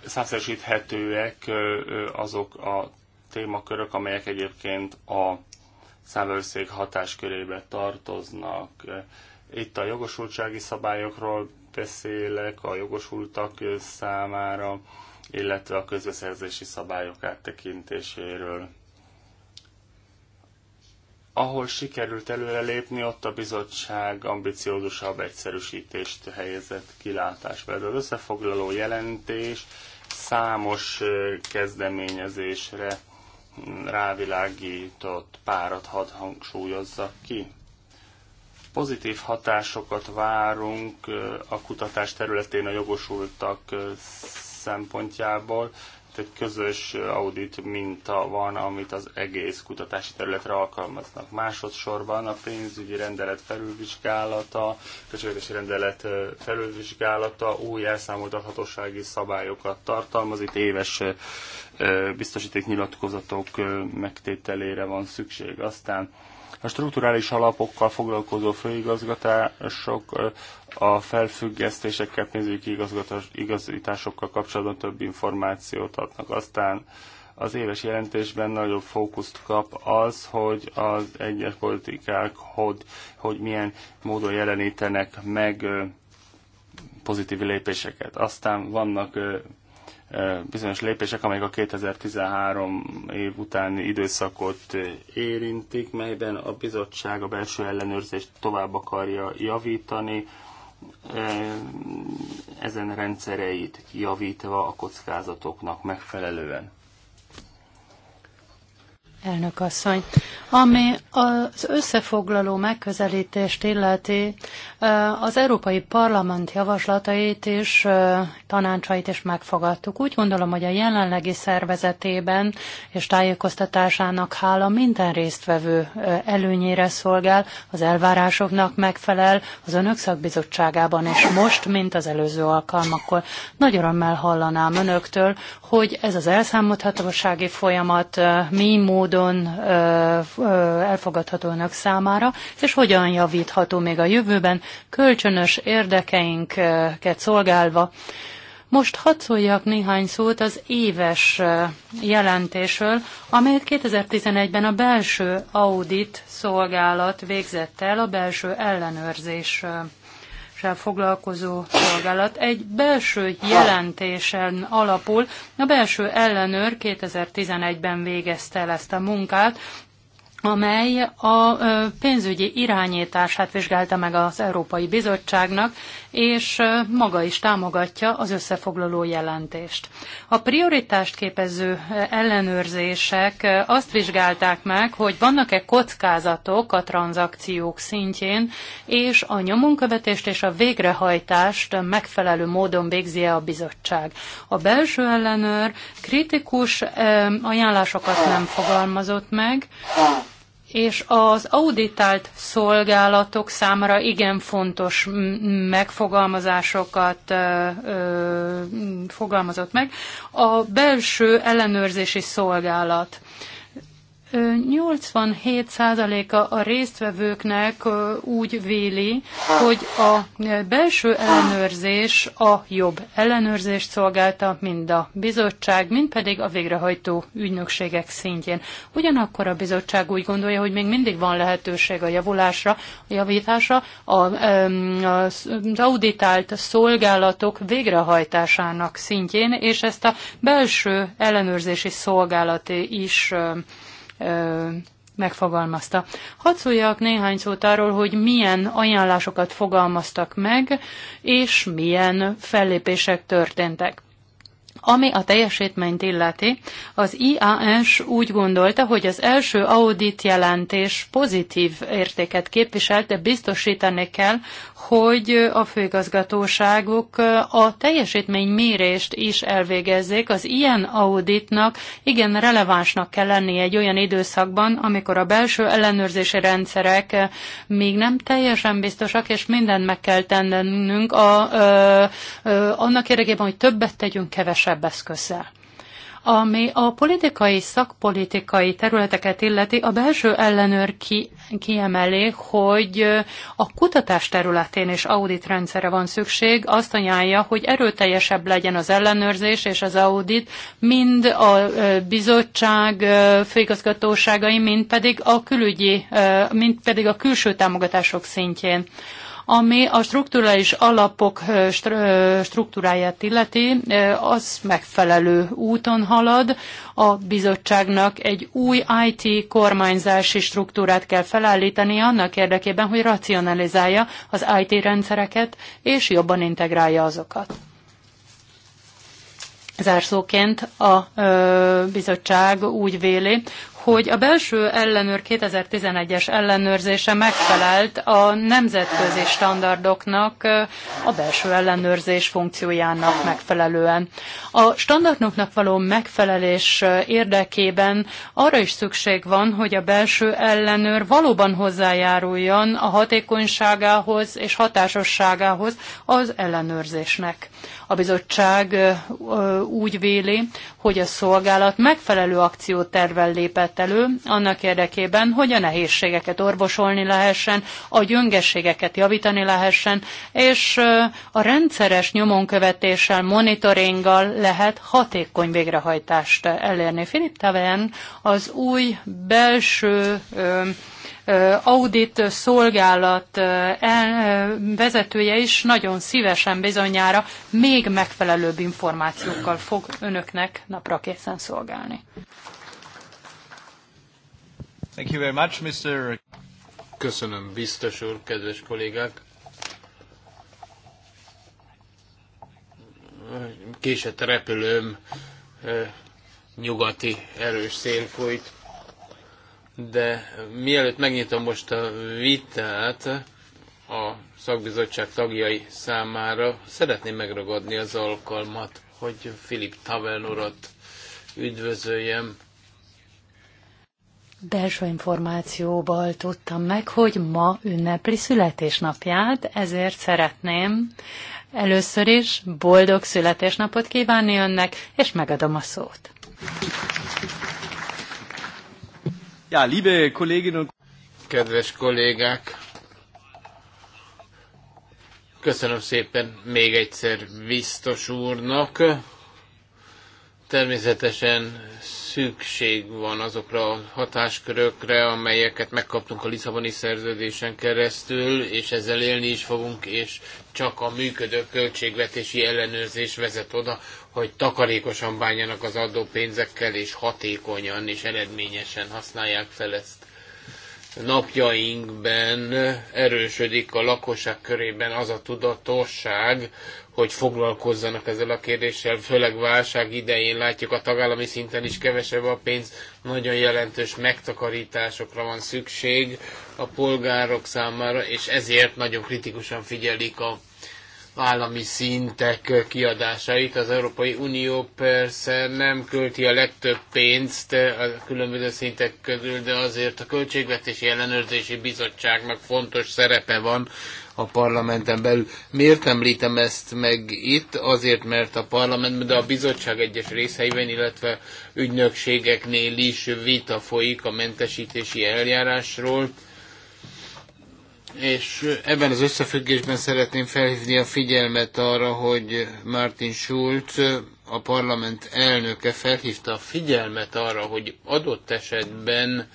számszerűsíthetőek azok a témakörök, amelyek egyébként a számvevőszék hatáskörébe tartoznak. Itt a jogosultsági szabályokról beszélek, a jogosultak számára, illetve a közbeszerzési szabályok áttekintéséről ahol sikerült előrelépni, ott a bizottság ambiciózusabb egyszerűsítést helyezett kilátásba. Ez az összefoglaló jelentés számos kezdeményezésre rávilágított párat hadd hangsúlyozzak ki. Pozitív hatásokat várunk a kutatás területén a jogosultak szempontjából, itt egy közös audit minta van, amit az egész kutatási területre alkalmaznak. Másodszorban a pénzügyi rendelet felülvizsgálata, költségvetési rendelet felülvizsgálata új elszámoltathatósági szabályokat tartalmaz, itt éves biztosítéknyilatkozatok megtételére van szükség. Aztán a strukturális alapokkal foglalkozó főigazgatások a felfüggesztésekkel, pénzügyi igazításokkal kapcsolatban több információt adnak. Aztán az éves jelentésben nagyobb fókuszt kap az, hogy az egyes politikák hogy, hogy milyen módon jelenítenek meg pozitív lépéseket. Aztán vannak bizonyos lépések, amelyek a 2013 év utáni időszakot érintik, melyben a bizottság a belső ellenőrzést tovább akarja javítani, ezen rendszereit javítva a kockázatoknak megfelelően elnök asszony. Ami az összefoglaló megközelítést illeti, az Európai Parlament javaslatait és tanácsait is megfogadtuk. Úgy gondolom, hogy a jelenlegi szervezetében és tájékoztatásának hála minden résztvevő előnyére szolgál, az elvárásoknak megfelel, az önök szakbizottságában és most, mint az előző alkalmakkor. Nagy örömmel hallanám önöktől, hogy ez az elszámolhatósági folyamat mi módon módon elfogadhatónak számára, és hogyan javítható még a jövőben, kölcsönös érdekeinket szolgálva. Most hadd szóljak néhány szót az éves jelentésről, amelyet 2011-ben a belső audit szolgálat végzett el a belső ellenőrzés kérdésekkel foglalkozó szolgálat egy belső jelentésen alapul. A belső ellenőr 2011-ben végezte el ezt a munkát, amely a pénzügyi irányítását vizsgálta meg az Európai Bizottságnak, és maga is támogatja az összefoglaló jelentést. A prioritást képező ellenőrzések azt vizsgálták meg, hogy vannak-e kockázatok a tranzakciók szintjén, és a nyomonkövetést és a végrehajtást megfelelő módon végzi-e a bizottság. A belső ellenőr kritikus ajánlásokat nem fogalmazott meg, és az auditált szolgálatok számára igen fontos megfogalmazásokat ö, ö, fogalmazott meg. A belső ellenőrzési szolgálat 87%-a a résztvevőknek úgy véli, hogy a belső ellenőrzés a jobb ellenőrzést szolgálta, mind a bizottság, mind pedig a végrehajtó ügynökségek szintjén. Ugyanakkor a bizottság úgy gondolja, hogy még mindig van lehetőség a javulásra, a javításra, a, az auditált szolgálatok végrehajtásának szintjén, és ezt a belső ellenőrzési szolgálati is megfogalmazta. Hadd szóljak néhány szót arról, hogy milyen ajánlásokat fogalmaztak meg, és milyen fellépések történtek. Ami a teljesítményt illeti, az IAS úgy gondolta, hogy az első audit jelentés pozitív értéket képviselte, biztosítani kell, hogy a főigazgatóságok a teljesítménymérést is elvégezzék. Az ilyen auditnak igen relevánsnak kell lennie egy olyan időszakban, amikor a belső ellenőrzési rendszerek még nem teljesen biztosak, és mindent meg kell tennünk a, a, a, annak érdekében, hogy többet tegyünk kevesebb eszközzel. Ami a politikai, szakpolitikai területeket illeti, a belső ellenőr ki, kiemeli, hogy a kutatás területén is auditrendszerre van szükség, azt ajánlja, hogy erőteljesebb legyen az ellenőrzés és az audit, mind a bizottság főigazgatóságai, mind pedig a külügyi, mind pedig a külső támogatások szintjén. Ami a strukturális alapok struktúráját illeti, az megfelelő úton halad. A bizottságnak egy új IT kormányzási struktúrát kell felállítani annak érdekében, hogy racionalizálja az IT rendszereket és jobban integrálja azokat. Zárszóként a ö, bizottság úgy véli, hogy a belső ellenőr 2011-es ellenőrzése megfelelt a nemzetközi standardoknak a belső ellenőrzés funkciójának megfelelően. A standardoknak való megfelelés érdekében arra is szükség van, hogy a belső ellenőr valóban hozzájáruljon a hatékonyságához és hatásosságához az ellenőrzésnek. A bizottság úgy véli, hogy a szolgálat megfelelő akciótervel lépett elő, annak érdekében, hogy a nehézségeket orvosolni lehessen, a gyöngességeket javítani lehessen, és a rendszeres nyomonkövetéssel, monitoringgal lehet hatékony végrehajtást elérni. Filip Tavern az új belső audit szolgálat vezetője is nagyon szívesen bizonyára még megfelelőbb információkkal fog önöknek napra készen szolgálni. Thank you very much, Mr. Köszönöm, biztos úr, kedves kollégák. Késett repülőm, nyugati erős szél folyt de mielőtt megnyitom most a vitát a szakbizottság tagjai számára, szeretném megragadni az alkalmat, hogy Filip Taven urat üdvözöljem. Belső információból tudtam meg, hogy ma ünnepli születésnapját, ezért szeretném először is boldog születésnapot kívánni önnek, és megadom a szót. Thank you. Ja, liebe Kolleginnen und Kedves kollégák, köszönöm szépen még egyszer biztos úrnak. Természetesen szükség van azokra a hatáskörökre, amelyeket megkaptunk a Lisszaboni szerződésen keresztül, és ezzel élni is fogunk, és csak a működő költségvetési ellenőrzés vezet oda, hogy takarékosan bánjanak az pénzekkel és hatékonyan és eredményesen használják fel ezt napjainkban erősödik a lakosság körében az a tudatosság, hogy foglalkozzanak ezzel a kérdéssel, főleg válság idején látjuk a tagállami szinten is kevesebb a pénz, nagyon jelentős megtakarításokra van szükség a polgárok számára, és ezért nagyon kritikusan figyelik a állami szintek kiadásait. Az Európai Unió persze nem költi a legtöbb pénzt a különböző szintek közül, de azért a Költségvetési Ellenőrzési Bizottságnak fontos szerepe van a parlamenten belül. Miért említem ezt meg itt? Azért, mert a parlament, de a bizottság egyes részeiben, illetve ügynökségeknél is vita folyik a mentesítési eljárásról és ebben az összefüggésben szeretném felhívni a figyelmet arra, hogy Martin Schulz, a parlament elnöke felhívta a figyelmet arra, hogy adott esetben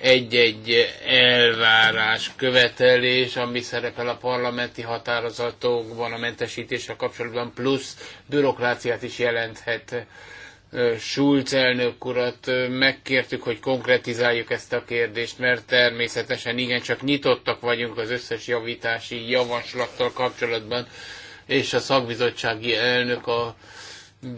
egy-egy elvárás, követelés, ami szerepel a parlamenti határozatokban, a mentesítéssel kapcsolatban, plusz bürokráciát is jelenthet. Schulz elnök urat megkértük, hogy konkretizáljuk ezt a kérdést, mert természetesen igencsak nyitottak vagyunk az összes javítási javaslattal kapcsolatban, és a szakbizottsági elnök a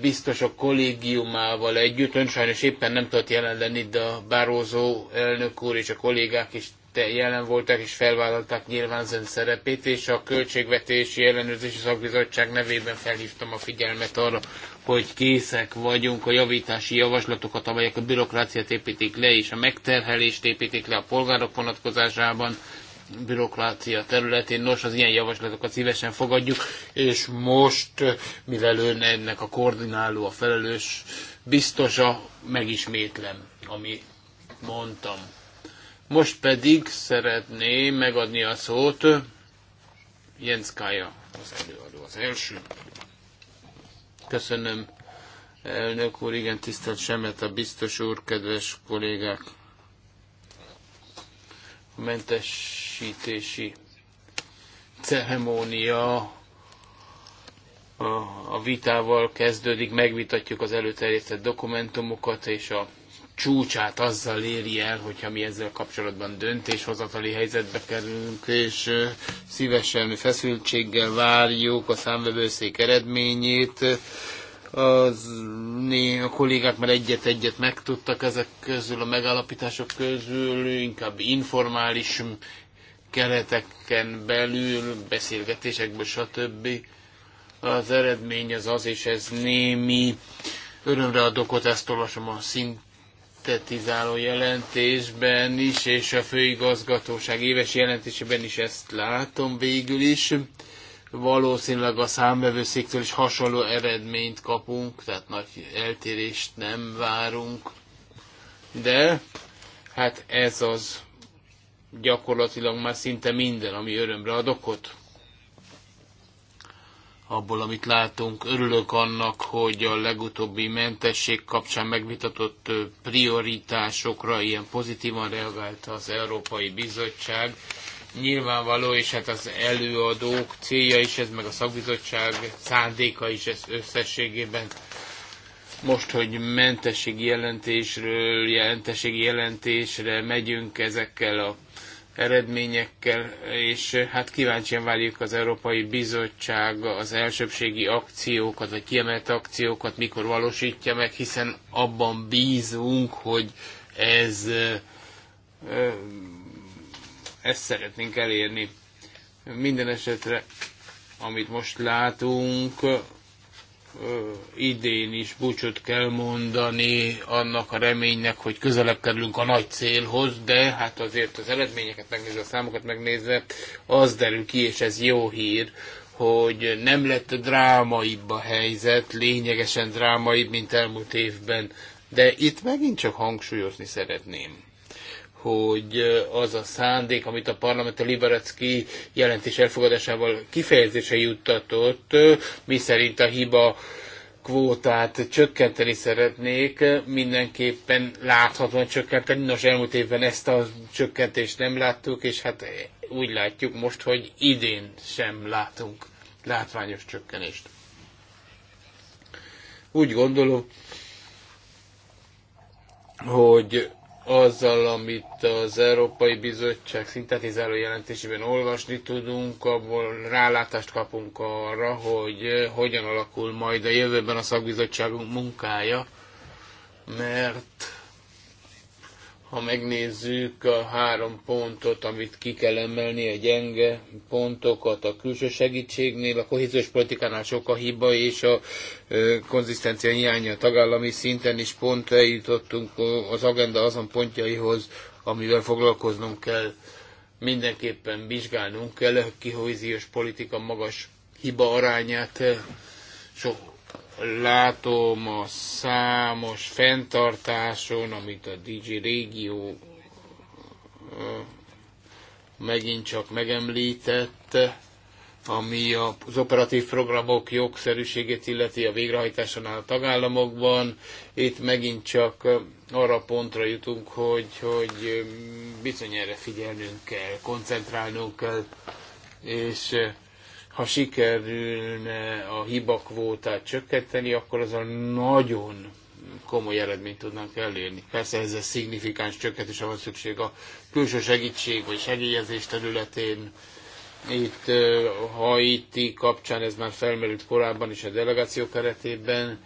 biztosok kollégiumával együtt, ön sajnos éppen nem tudott jelen lenni, de a Bározó elnök úr és a kollégák is jelen voltak és felvállalták nyilvánzen szerepét, és a Költségvetési Ellenőrzési Szakbizottság nevében felhívtam a figyelmet arra, hogy készek vagyunk a javítási javaslatokat, amelyek a bürokráciát építik le, és a megterhelést építik le a polgárok vonatkozásában, bürokrácia területén. Nos, az ilyen javaslatokat szívesen fogadjuk, és most, mivel ön ennek a koordináló, a felelős biztosa, megismétlem, ami mondtam. Most pedig szeretné megadni a szót Jens Kaja, az előadó, az első. Köszönöm, elnök úr, igen, tisztelt Semet, a biztos úr, kedves kollégák. A mentesítési ceremónia a vitával kezdődik, megvitatjuk az előterjesztett dokumentumokat és a csúcsát azzal éri el, hogyha mi ezzel kapcsolatban döntéshozatali helyzetbe kerülünk, és szívesen feszültséggel várjuk a számvevőszék eredményét. Az, né, a kollégák már egyet-egyet megtudtak ezek közül, a megállapítások közül, inkább informális kereteken belül, beszélgetésekből, stb. Az eredmény az az, és ez némi örömre ad okot, ezt olvasom a szint szintetizáló jelentésben is, és a főigazgatóság éves jelentésében is ezt látom végül is. Valószínűleg a számbevőszéktől is hasonló eredményt kapunk, tehát nagy eltérést nem várunk. De hát ez az gyakorlatilag már szinte minden, ami örömre ad okot abból, amit látunk. Örülök annak, hogy a legutóbbi mentesség kapcsán megvitatott prioritásokra ilyen pozitívan reagált az Európai Bizottság. Nyilvánvaló, és hát az előadók célja is ez, meg a szakbizottság szándéka is ez összességében. Most, hogy mentességi jelentésről, jelentességi jelentésre megyünk ezekkel a eredményekkel, és hát kíváncsian várjuk az Európai Bizottság az elsőbségi akciókat, vagy kiemelt akciókat, mikor valósítja meg, hiszen abban bízunk, hogy ez ezt szeretnénk elérni. Minden esetre, amit most látunk, idén is búcsút kell mondani annak a reménynek, hogy közelebb kerülünk a nagy célhoz, de hát azért az eredményeket megnézve, a számokat megnézve, az derül ki, és ez jó hír, hogy nem lett drámaibb a helyzet, lényegesen drámaibb, mint elmúlt évben. De itt megint csak hangsúlyozni szeretném, hogy az a szándék, amit a parlament a Liberecki jelentés elfogadásával kifejezése juttatott, mi szerint a hiba kvótát csökkenteni szeretnék, mindenképpen láthatóan csökkenteni. Nos, elmúlt évben ezt a csökkentést nem láttuk, és hát úgy látjuk most, hogy idén sem látunk látványos csökkenést. Úgy gondolom, hogy azzal, amit az Európai Bizottság szintetizáló jelentésében olvasni tudunk, abból rálátást kapunk arra, hogy eh, hogyan alakul majd a jövőben a szakbizottságunk munkája, mert ha megnézzük a három pontot, amit ki kell emelni, a gyenge pontokat a külső segítségnél, a kohéziós politikánál sok a hiba és a konzisztencia hiánya a tagállami szinten is pont eljutottunk az agenda azon pontjaihoz, amivel foglalkoznunk kell. Mindenképpen vizsgálnunk kell a kohéziós politika magas hiba arányát, sok látom a számos fenntartáson, amit a DJ Régió megint csak megemlített, ami az operatív programok jogszerűségét illeti a végrehajtásánál a tagállamokban. Itt megint csak arra pontra jutunk, hogy, hogy bizony erre figyelnünk kell, koncentrálnunk kell, és ha sikerülne a hibakvótát csökkenteni, akkor a nagyon komoly eredményt tudnánk elérni. Persze ez a szignifikáns csökkentése van szükség a külső segítség vagy segélyezés területén. Itt Haiti kapcsán ez már felmerült korábban is a delegáció keretében,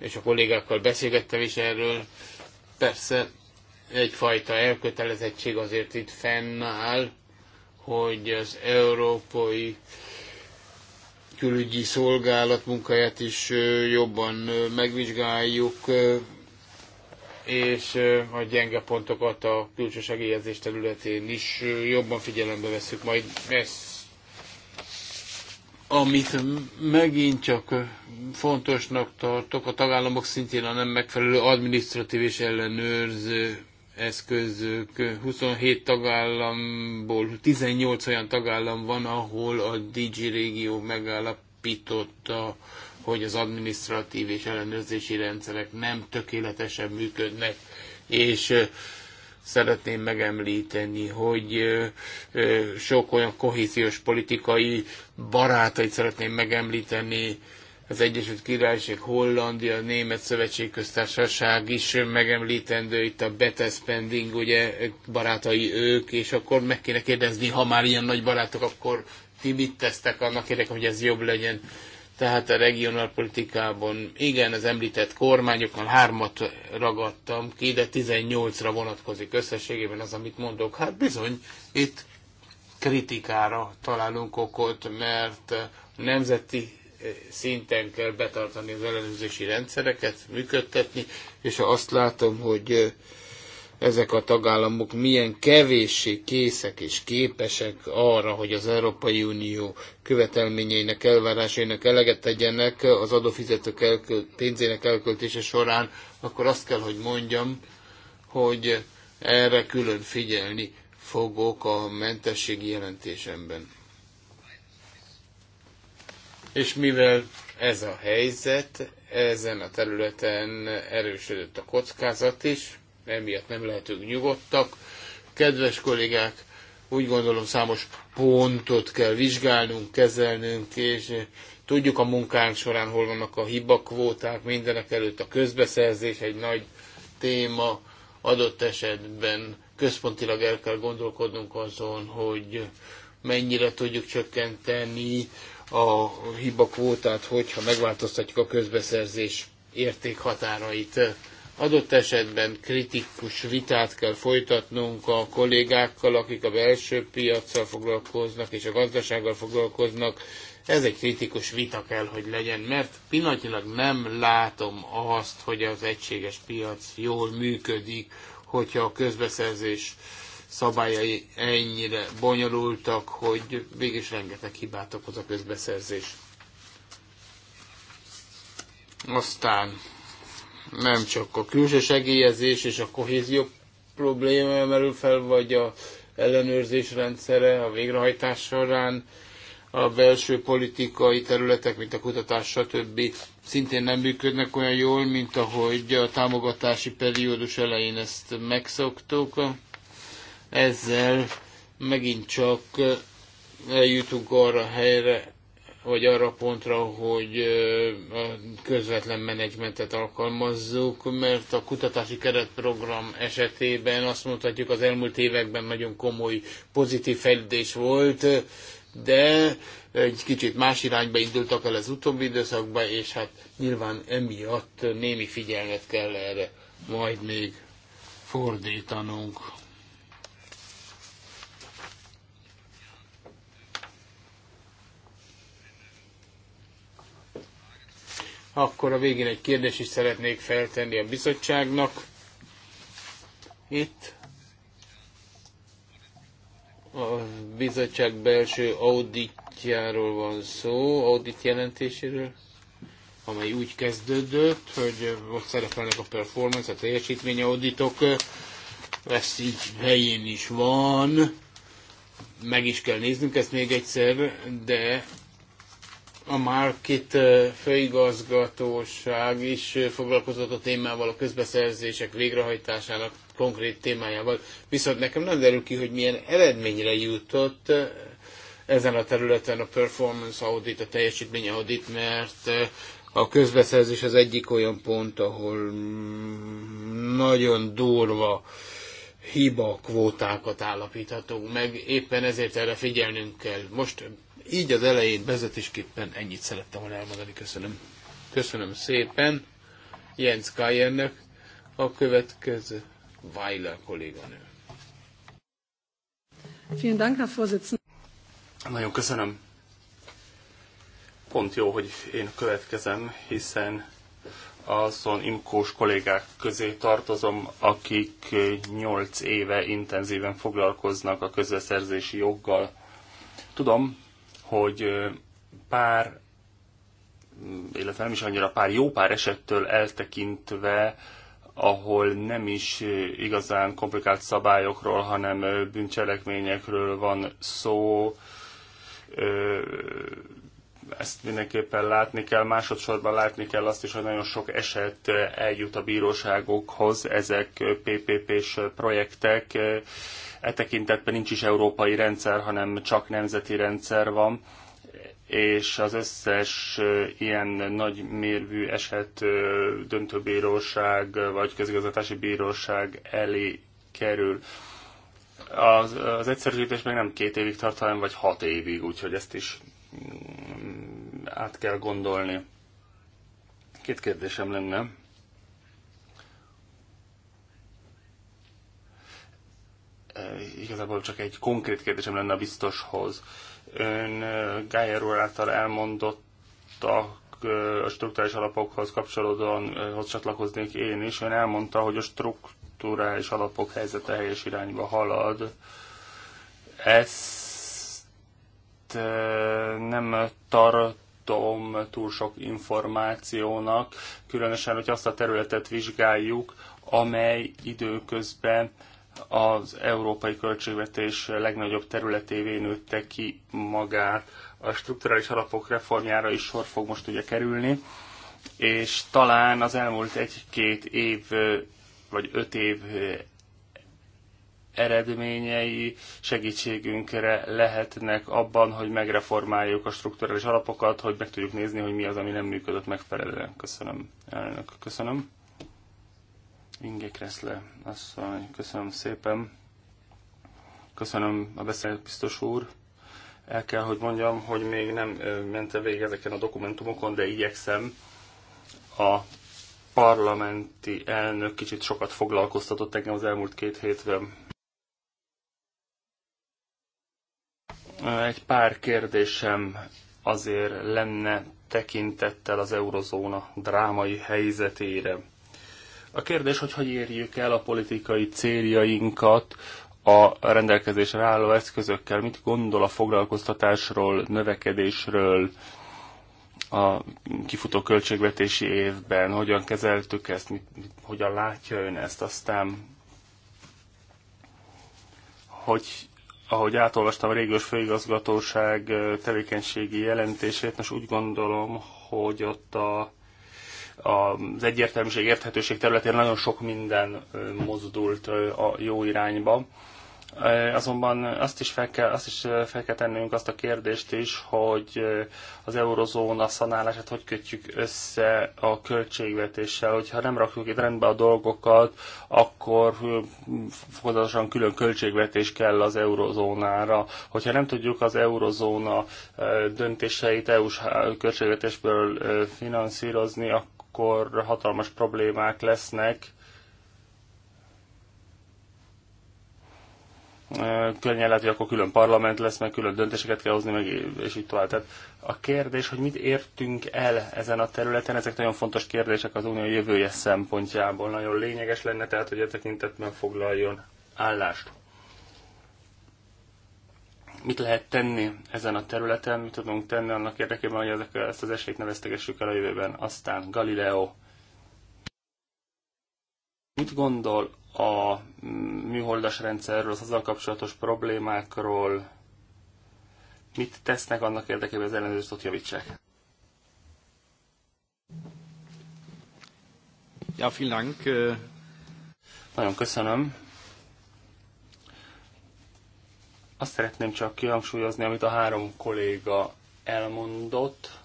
és a kollégákkal beszélgettem is erről. Persze egyfajta elkötelezettség azért itt fennáll, hogy az európai külügyi szolgálat munkáját is jobban megvizsgáljuk, és a gyenge pontokat a külső segélyezés területén is jobban figyelembe veszük majd. ezt amit megint csak fontosnak tartok, a tagállamok szintén a nem megfelelő administratív és ellenőrző eszközök. 27 tagállamból 18 olyan tagállam van, ahol a Digi régió megállapította, hogy az administratív és ellenőrzési rendszerek nem tökéletesen működnek, és szeretném megemlíteni, hogy sok olyan kohéziós politikai barátait szeretném megemlíteni, az Egyesült Királyság, Hollandia, Német Köztársaság is megemlítendő, itt a better spending, ugye barátai ők, és akkor meg kéne kérdezni, ha már ilyen nagy barátok, akkor ti mit tesztek annak érdekében, hogy ez jobb legyen. Tehát a regionalpolitikában, igen, az említett kormányokon hármat ragadtam ki, de 18-ra vonatkozik összességében az, amit mondok. Hát bizony, itt kritikára találunk okot, mert nemzeti szinten kell betartani az ellenőrzési rendszereket, működtetni, és ha azt látom, hogy ezek a tagállamok milyen kevéssé készek és képesek arra, hogy az Európai Unió követelményeinek, elvárásainak eleget tegyenek az adófizetők elkölt, pénzének elköltése során, akkor azt kell, hogy mondjam, hogy erre külön figyelni fogok a mentességi jelentésemben. És mivel ez a helyzet, ezen a területen erősödött a kockázat is, emiatt nem lehetünk nyugodtak. Kedves kollégák, úgy gondolom számos pontot kell vizsgálnunk, kezelnünk, és tudjuk a munkánk során, hol vannak a hibakvóták, mindenek előtt a közbeszerzés egy nagy téma, adott esetben központilag el kell gondolkodnunk azon, hogy mennyire tudjuk csökkenteni a hiba kvótát, hogyha megváltoztatjuk a közbeszerzés értékhatárait. Adott esetben kritikus vitát kell folytatnunk a kollégákkal, akik a belső piaccal foglalkoznak és a gazdasággal foglalkoznak. Ez egy kritikus vita kell, hogy legyen, mert pillanatilag nem látom azt, hogy az egységes piac jól működik, hogyha a közbeszerzés szabályai ennyire bonyolultak, hogy végig rengeteg hibát okoz a közbeszerzés. Aztán nem csak a külső segélyezés és a kohézió probléma merül fel, vagy a ellenőrzés rendszere a végrehajtás során, a belső politikai területek, mint a kutatás, stb. szintén nem működnek olyan jól, mint ahogy a támogatási periódus elején ezt megszoktuk. Ezzel megint csak eljutunk arra a helyre, vagy arra a pontra, hogy a közvetlen menedzsmentet alkalmazzuk, mert a kutatási keretprogram esetében azt mondhatjuk, az elmúlt években nagyon komoly pozitív fejlődés volt, de egy kicsit más irányba indultak el az utóbbi időszakban, és hát nyilván emiatt némi figyelmet kell erre majd még fordítanunk. Akkor a végén egy kérdés is szeretnék feltenni a bizottságnak. Itt a bizottság belső auditjáról van szó, audit jelentéséről, amely úgy kezdődött, hogy ott szerepelnek a performance, a teljesítmény auditok, ez így helyén is van, meg is kell néznünk ezt még egyszer, de a Market főigazgatóság is foglalkozott a témával, a közbeszerzések végrehajtásának konkrét témájával. Viszont nekem nem derül ki, hogy milyen eredményre jutott ezen a területen a performance audit, a teljesítmény audit, mert a közbeszerzés az egyik olyan pont, ahol mm, nagyon durva hiba kvótákat állapíthatunk meg, éppen ezért erre figyelnünk kell. Most így az elején vezetésképpen ennyit szerettem volna elmondani. Köszönöm. Köszönöm szépen. Jens Kajernek a következő Weiler kolléganő. Vielen Dank, Herr Vorsitzender. Nagyon köszönöm. Pont jó, hogy én következem, hiszen azon imkós kollégák közé tartozom, akik 8 éve intenzíven foglalkoznak a közbeszerzési joggal. Tudom, hogy pár, illetve nem is annyira pár, jó pár esettől eltekintve, ahol nem is igazán komplikált szabályokról, hanem bűncselekményekről van szó, ezt mindenképpen látni kell, másodszorban látni kell azt is, hogy nagyon sok eset eh, eljut a bíróságokhoz, ezek eh, PPP-s eh, projektek. E tekintetben nincs is európai rendszer, hanem csak nemzeti rendszer van és az összes ilyen nagy mérvű eset döntőbíróság vagy közigazgatási bíróság elé kerül. Az, az egyszerűsítés meg nem két évig tart, hanem vagy hat évig, úgyhogy ezt is át kell gondolni. Két kérdésem lenne. E, igazából csak egy konkrét kérdésem lenne a biztoshoz. Ön e, Gájer úr által elmondottak e, a struktúrális alapokhoz kapcsolódóan hoz csatlakoznék én is. Ön elmondta, hogy a struktúrális alapok helyzete helyes irányba halad. Ez nem tartom túl sok információnak, különösen, hogy azt a területet vizsgáljuk, amely időközben az európai költségvetés legnagyobb területévé nőtte ki magát. A strukturális alapok reformjára is sor fog most ugye kerülni, és talán az elmúlt egy-két év vagy öt év eredményei segítségünkre lehetnek abban, hogy megreformáljuk a struktúrális alapokat, hogy meg tudjuk nézni, hogy mi az, ami nem működött megfelelően. Köszönöm, elnök. Köszönöm. Inge Kreszle, asszony, köszönöm szépen. Köszönöm a beszélt biztos úr. El kell, hogy mondjam, hogy még nem mentem végig ezeken a dokumentumokon, de igyekszem a parlamenti elnök kicsit sokat foglalkoztatott engem az elmúlt két hétben. Egy pár kérdésem azért lenne tekintettel az eurozóna drámai helyzetére. A kérdés, hogy hogy érjük el a politikai céljainkat a rendelkezésre álló eszközökkel, mit gondol a foglalkoztatásról, növekedésről, a kifutó költségvetési évben, hogyan kezeltük ezt, mit, mit, hogyan látja ön ezt, aztán hogy ahogy átolvastam a régiós főigazgatóság tevékenységi jelentését, most úgy gondolom, hogy ott a, az egyértelműség, érthetőség területén nagyon sok minden mozdult a jó irányba. Eh, azonban azt is fel kell, azt is eh, fel kell tennünk azt a kérdést is, hogy eh, az eurozóna szanálását hogy kötjük össze a költségvetéssel. Hogyha nem rakjuk itt rendbe a dolgokat, akkor fokozatosan külön költségvetés kell az eurozónára. Hogyha nem tudjuk az eurozóna döntéseit EU-s költségvetésből finanszírozni, akkor hatalmas problémák lesznek könnyen lehet, hogy akkor külön parlament lesz, meg külön döntéseket kell hozni, meg és így tovább. Tehát a kérdés, hogy mit értünk el ezen a területen, ezek nagyon fontos kérdések az unió jövője szempontjából. Nagyon lényeges lenne tehát, hogy a e tekintetben foglaljon állást. Mit lehet tenni ezen a területen, mit tudunk tenni annak érdekében, hogy ezek, ezt az esélyt ne el a jövőben. Aztán Galileo. Mit gondol a műholdas rendszerről, az azzal kapcsolatos problémákról, mit tesznek annak érdekében, az ellenőrzést ott javítsák. Ja, vielen Dank. Äh, Nagyon köszönöm. Azt szeretném csak kihangsúlyozni, amit a három kolléga elmondott.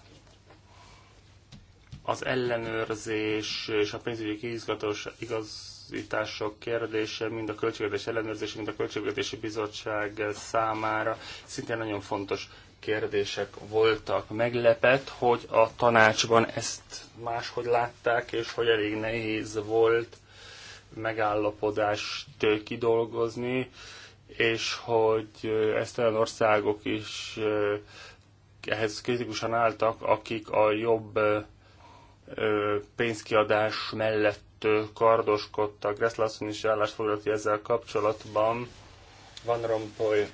Az ellenőrzés és a pénzügyi kiizgatos igaz igazítások kérdése mind a Költségvetés ellenőrzése, mind a Költségvetési Bizottság számára szintén nagyon fontos kérdések voltak. Meglepett, hogy a tanácsban ezt máshogy látták, és hogy elég nehéz volt megállapodást kidolgozni, és hogy ezt olyan országok is eh, ehhez kritikusan álltak, akik a jobb eh, eh, pénzkiadás mellett kardoskodtak. Greszlászon is állást foglalt ezzel kapcsolatban. Van Rompuy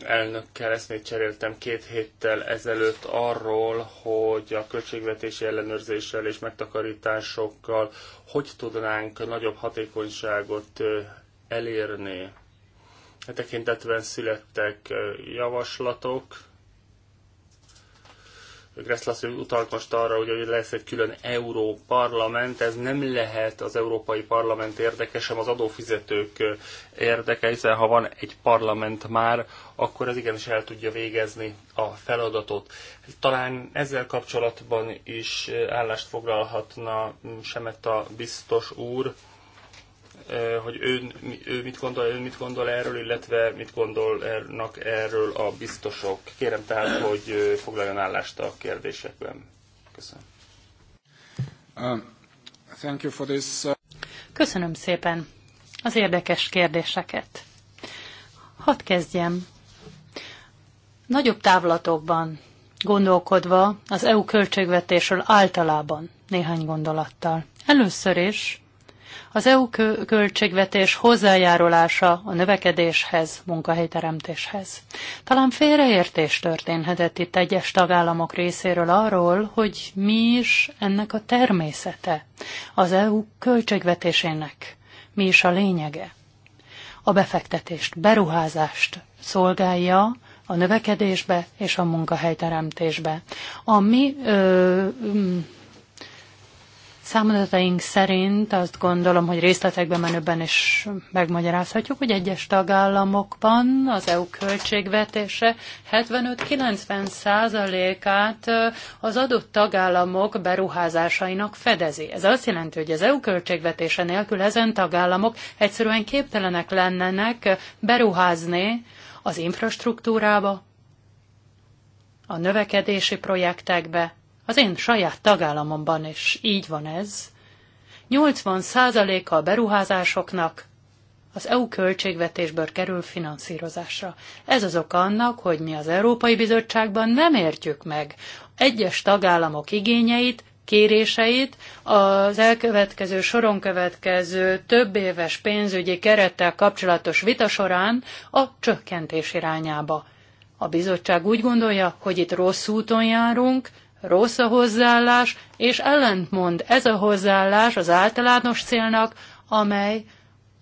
elnökkel még cseréltem két héttel ezelőtt arról, hogy a költségvetési ellenőrzéssel és megtakarításokkal hogy tudnánk nagyobb hatékonyságot elérni. E tekintetben születtek javaslatok, Greszlász utalt most arra, hogy lesz egy külön Európarlament, ez nem lehet az Európai Parlament érdeke, sem az adófizetők érdeke, hiszen ha van egy parlament már, akkor ez igenis el tudja végezni a feladatot. Talán ezzel kapcsolatban is állást foglalhatna Semet a biztos úr, hogy ő, ő mit gondol, ő mit gondol erről, illetve mit gondolnak erről a biztosok. Kérem tehát, hogy foglaljon állást a kérdésekben. Köszönöm. Uh, thank you for this. Uh, Köszönöm szépen az érdekes kérdéseket. Hadd kezdjem. Nagyobb távlatokban gondolkodva az EU költségvetésről általában néhány gondolattal. Először is az EU költségvetés hozzájárulása a növekedéshez, munkahelyteremtéshez. Talán félreértés történhetett itt egyes tagállamok részéről arról, hogy mi is ennek a természete, az EU költségvetésének, mi is a lényege. A befektetést, beruházást szolgálja, a növekedésbe és a munkahelyteremtésbe. A mi ö, Számadataink szerint azt gondolom, hogy részletekben menőben is megmagyarázhatjuk, hogy egyes tagállamokban az EU költségvetése 75-90 százalékát az adott tagállamok beruházásainak fedezi. Ez azt jelenti, hogy az EU költségvetése nélkül ezen tagállamok egyszerűen képtelenek lennenek beruházni az infrastruktúrába, a növekedési projektekbe, az én saját tagállamomban is így van ez. 80%-a a beruházásoknak az EU költségvetésből kerül finanszírozásra. Ez az oka annak, hogy mi az Európai Bizottságban nem értjük meg egyes tagállamok igényeit, kéréseit az elkövetkező soron következő több éves pénzügyi kerettel kapcsolatos vita során a csökkentés irányába. A bizottság úgy gondolja, hogy itt rossz úton járunk, rossz a hozzáállás, és ellentmond ez a hozzáállás az általános célnak, amely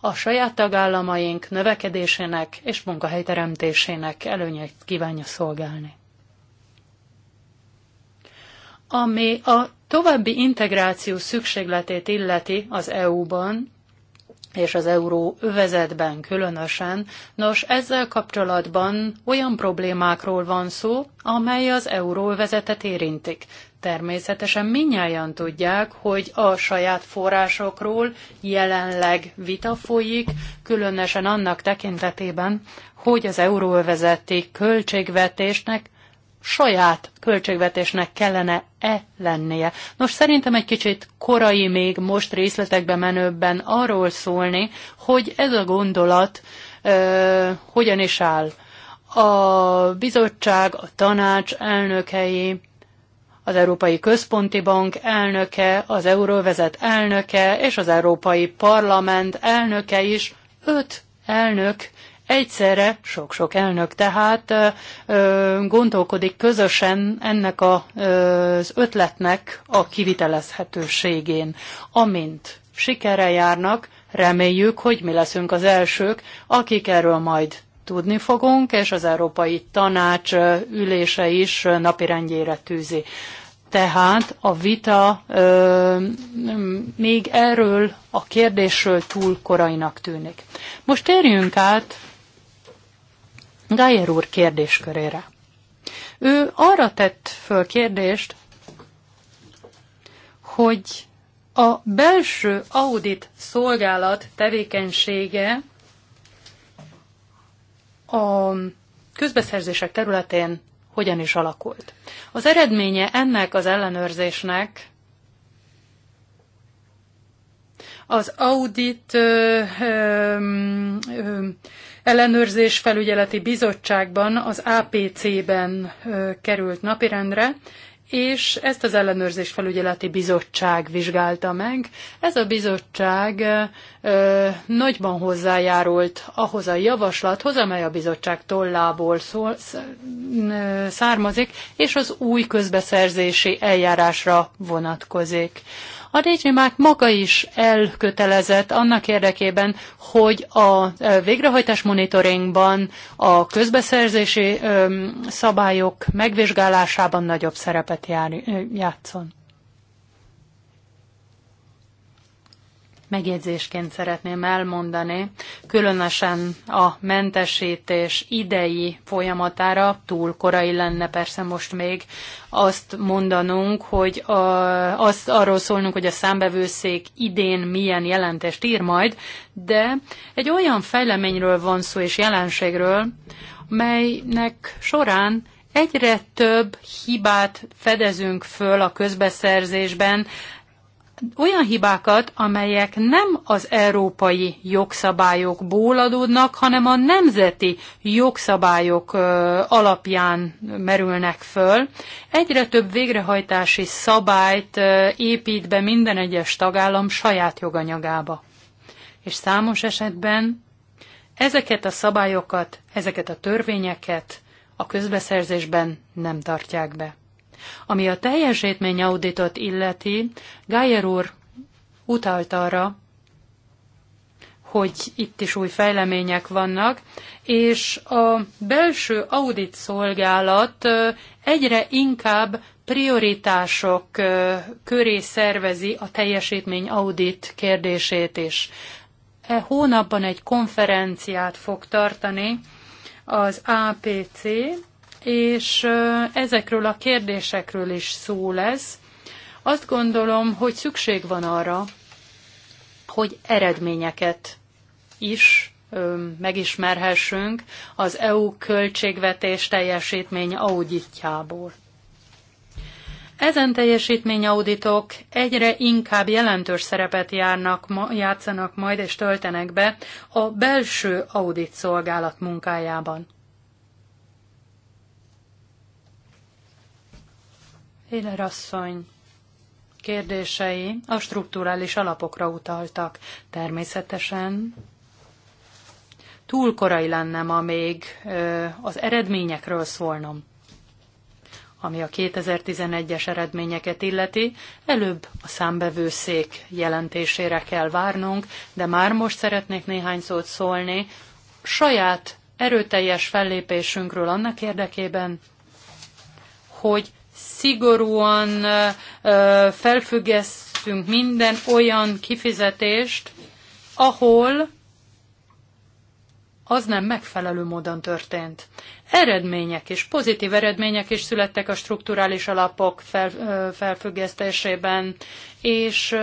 a saját tagállamaink növekedésének és munkahelyteremtésének előnyeit kívánja szolgálni. Ami a további integráció szükségletét illeti az EU-ban, és az euró övezetben különösen. Nos, ezzel kapcsolatban olyan problémákról van szó, amely az euróövezetet érintik. Természetesen minnyáján tudják, hogy a saját forrásokról jelenleg vita folyik, különösen annak tekintetében, hogy az euróövezeti költségvetésnek saját költségvetésnek kellene-e lennie. Nos, szerintem egy kicsit korai még most részletekbe menőbben arról szólni, hogy ez a gondolat ö, hogyan is áll. A bizottság, a tanács elnökei, az Európai Központi Bank elnöke, az Euróvezet elnöke és az Európai Parlament elnöke is, öt elnök Egyszerre sok-sok elnök tehát gondolkodik közösen ennek az ötletnek a kivitelezhetőségén. Amint sikere járnak, reméljük, hogy mi leszünk az elsők, akik erről majd tudni fogunk, és az Európai Tanács ülése is napirendjére tűzi. Tehát a vita ö, még erről a kérdésről túl korainak tűnik. Most térjünk át Gájer úr kérdéskörére. Ő arra tett föl kérdést, hogy a belső audit szolgálat tevékenysége a közbeszerzések területén hogyan is alakult. Az eredménye ennek az ellenőrzésnek az audit ö, ö, ö, ellenőrzés felügyeleti bizottságban, az APC-ben került napirendre, és ezt az ellenőrzés felügyeleti bizottság vizsgálta meg. Ez a bizottság ö, nagyban hozzájárult ahhoz a javaslathoz, amely a bizottság tollából szól, származik, és az új közbeszerzési eljárásra vonatkozik. A DG Márk maga is elkötelezett annak érdekében, hogy a végrehajtás monitoringban, a közbeszerzési szabályok megvizsgálásában nagyobb szerepet játszon. megjegyzésként szeretném elmondani, különösen a mentesítés idei folyamatára túl korai lenne persze most még azt mondanunk, hogy a, azt arról szólnunk, hogy a számbevőszék idén milyen jelentést ír majd, de egy olyan fejleményről van szó és jelenségről, melynek során egyre több hibát fedezünk föl a közbeszerzésben, olyan hibákat, amelyek nem az európai jogszabályokból adódnak, hanem a nemzeti jogszabályok alapján merülnek föl. Egyre több végrehajtási szabályt épít be minden egyes tagállam saját joganyagába. És számos esetben ezeket a szabályokat, ezeket a törvényeket a közbeszerzésben nem tartják be. Ami a teljesítmény auditot illeti, Geyer úr utalt arra, hogy itt is új fejlemények vannak, és a belső audit szolgálat egyre inkább prioritások köré szervezi a teljesítmény audit kérdését is. E hónapban egy konferenciát fog tartani az APC, és ezekről a kérdésekről is szó lesz. Azt gondolom, hogy szükség van arra, hogy eredményeket is megismerhessünk az EU költségvetés teljesítmény auditjából. Ezen teljesítményauditok egyre inkább jelentős szerepet járnak, játszanak majd és töltenek be a belső audit szolgálat munkájában. Éler asszony kérdései a strukturális alapokra utaltak. Természetesen túl korai lenne ma még az eredményekről szólnom. Ami a 2011-es eredményeket illeti, előbb a számbevőszék jelentésére kell várnunk, de már most szeretnék néhány szót szólni saját erőteljes fellépésünkről annak érdekében, hogy szigorúan felfüggesztünk minden olyan kifizetést, ahol az nem megfelelő módon történt. Eredmények is, pozitív eredmények is születtek a strukturális alapok fel, felfüggesztésében, és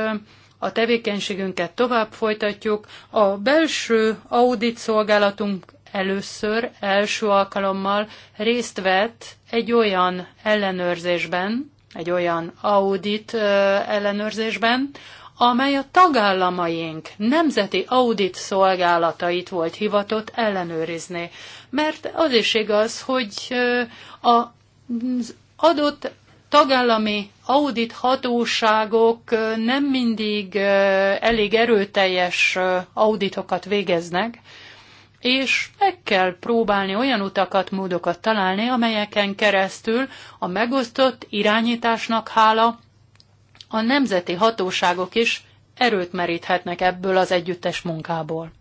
a tevékenységünket tovább folytatjuk. A belső audit szolgálatunk először, első alkalommal részt vett egy olyan ellenőrzésben, egy olyan audit ellenőrzésben, amely a tagállamaink nemzeti audit szolgálatait volt hivatott ellenőrizni. Mert az is igaz, hogy az adott tagállami audit hatóságok nem mindig elég erőteljes auditokat végeznek, és meg kell próbálni olyan utakat, módokat találni, amelyeken keresztül a megosztott irányításnak hála a nemzeti hatóságok is erőt meríthetnek ebből az együttes munkából.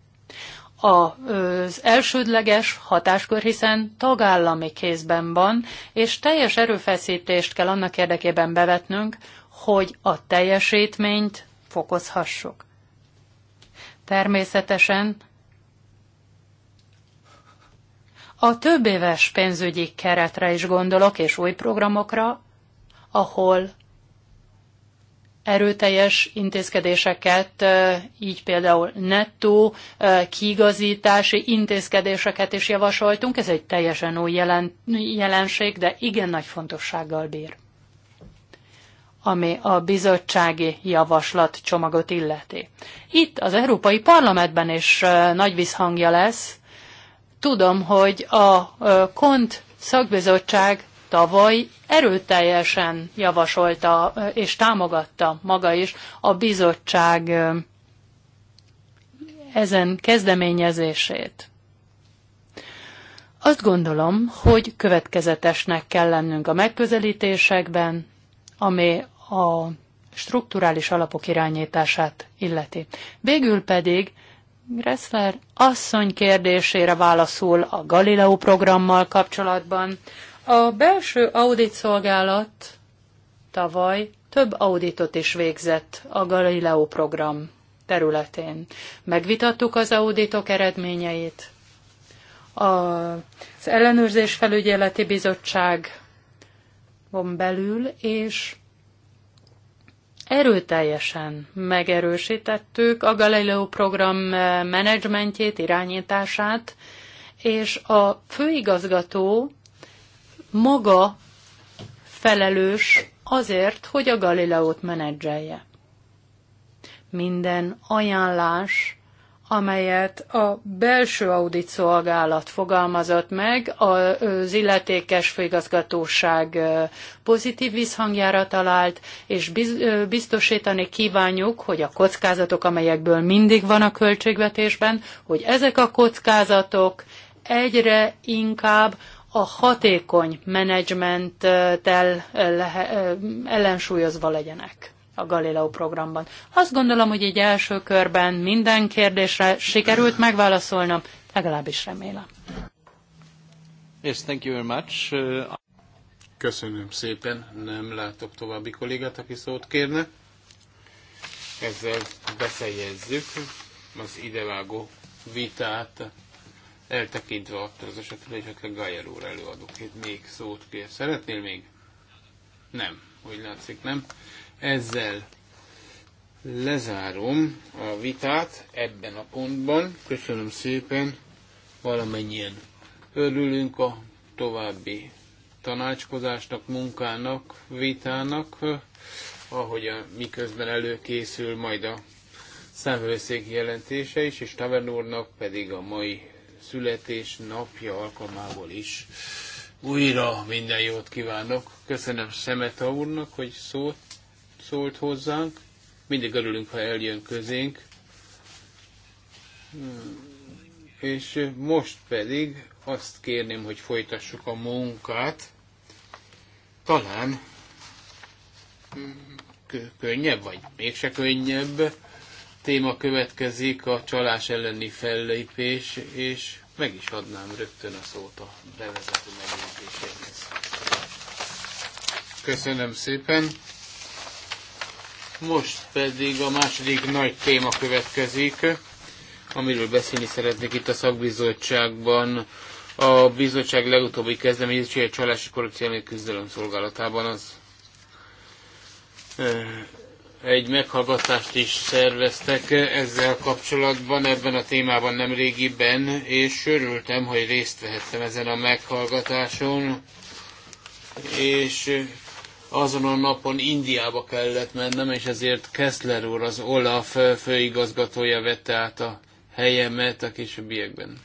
Az elsődleges hatáskör hiszen tagállami kézben van, és teljes erőfeszítést kell annak érdekében bevetnünk, hogy a teljesítményt fokozhassuk. Természetesen a több éves pénzügyi keretre is gondolok, és új programokra, ahol erőteljes intézkedéseket, így például nettó kiigazítási intézkedéseket is javasoltunk. Ez egy teljesen új jelen, jelenség, de igen nagy fontossággal bír ami a bizottsági javaslat csomagot illeti. Itt az Európai Parlamentben is nagy visszhangja lesz, Tudom, hogy a KONT szakbizottság tavaly erőteljesen javasolta és támogatta maga is a bizottság ezen kezdeményezését. Azt gondolom, hogy következetesnek kell lennünk a megközelítésekben, ami a strukturális alapok irányítását illeti. Végül pedig Gressler asszony kérdésére válaszul a Galileo programmal kapcsolatban. A belső audit szolgálat tavaly több auditot is végzett a Galileo program területén. Megvitattuk az auditok eredményeit. Az ellenőrzés felügyeleti bizottság belül, és erőteljesen megerősítettük a Galileo program eh, menedzsmentjét, irányítását, és a főigazgató maga felelős azért, hogy a Galileót menedzselje. Minden ajánlás amelyet a belső audit szolgálat fogalmazott meg, az illetékes főigazgatóság pozitív visszhangjára talált, és biztosítani kívánjuk, hogy a kockázatok, amelyekből mindig van a költségvetésben, hogy ezek a kockázatok egyre inkább a hatékony menedzsmenttel ellensúlyozva legyenek a Galileo programban. Azt gondolom, hogy egy első körben minden kérdésre sikerült megválaszolnom, legalábbis remélem. Yes, thank you very much. Köszönöm szépen, nem látok további kollégát, aki szót kérne. Ezzel befejezzük az idevágó vitát, eltekintve attól az esetben, hogy esetleg Gajer úr előadóként még szót kér. Szeretnél még? Nem, úgy látszik, nem. Ezzel lezárom a vitát ebben a pontban. Köszönöm szépen, valamennyien örülünk a további tanácskozásnak, munkának, vitának, ahogy a, miközben előkészül majd a számvevőszék jelentése is, és Tavern úrnak pedig a mai születés napja alkalmából is. Újra minden jót kívánok. Köszönöm Szemeta úrnak, hogy szót szólt hozzánk. Mindig örülünk, ha eljön közénk. Hmm. És most pedig azt kérném, hogy folytassuk a munkát. Talán könnyebb, vagy mégse könnyebb téma következik, a csalás elleni fellépés, és meg is adnám rögtön a szót a bevezető megjegyzéséhez. Köszönöm szépen! Most pedig a második nagy téma következik, amiről beszélni szeretnék itt a szakbizottságban. A bizottság legutóbbi kezdeményezése a csalási korrupció küzdelem szolgálatában az eh, egy meghallgatást is szerveztek ezzel kapcsolatban, ebben a témában nem régiben, és örültem, hogy részt vehettem ezen a meghallgatáson, és azon a napon Indiába kellett mennem, és ezért Kessler úr, az Olaf főigazgatója vette át a helyemet a későbbiekben.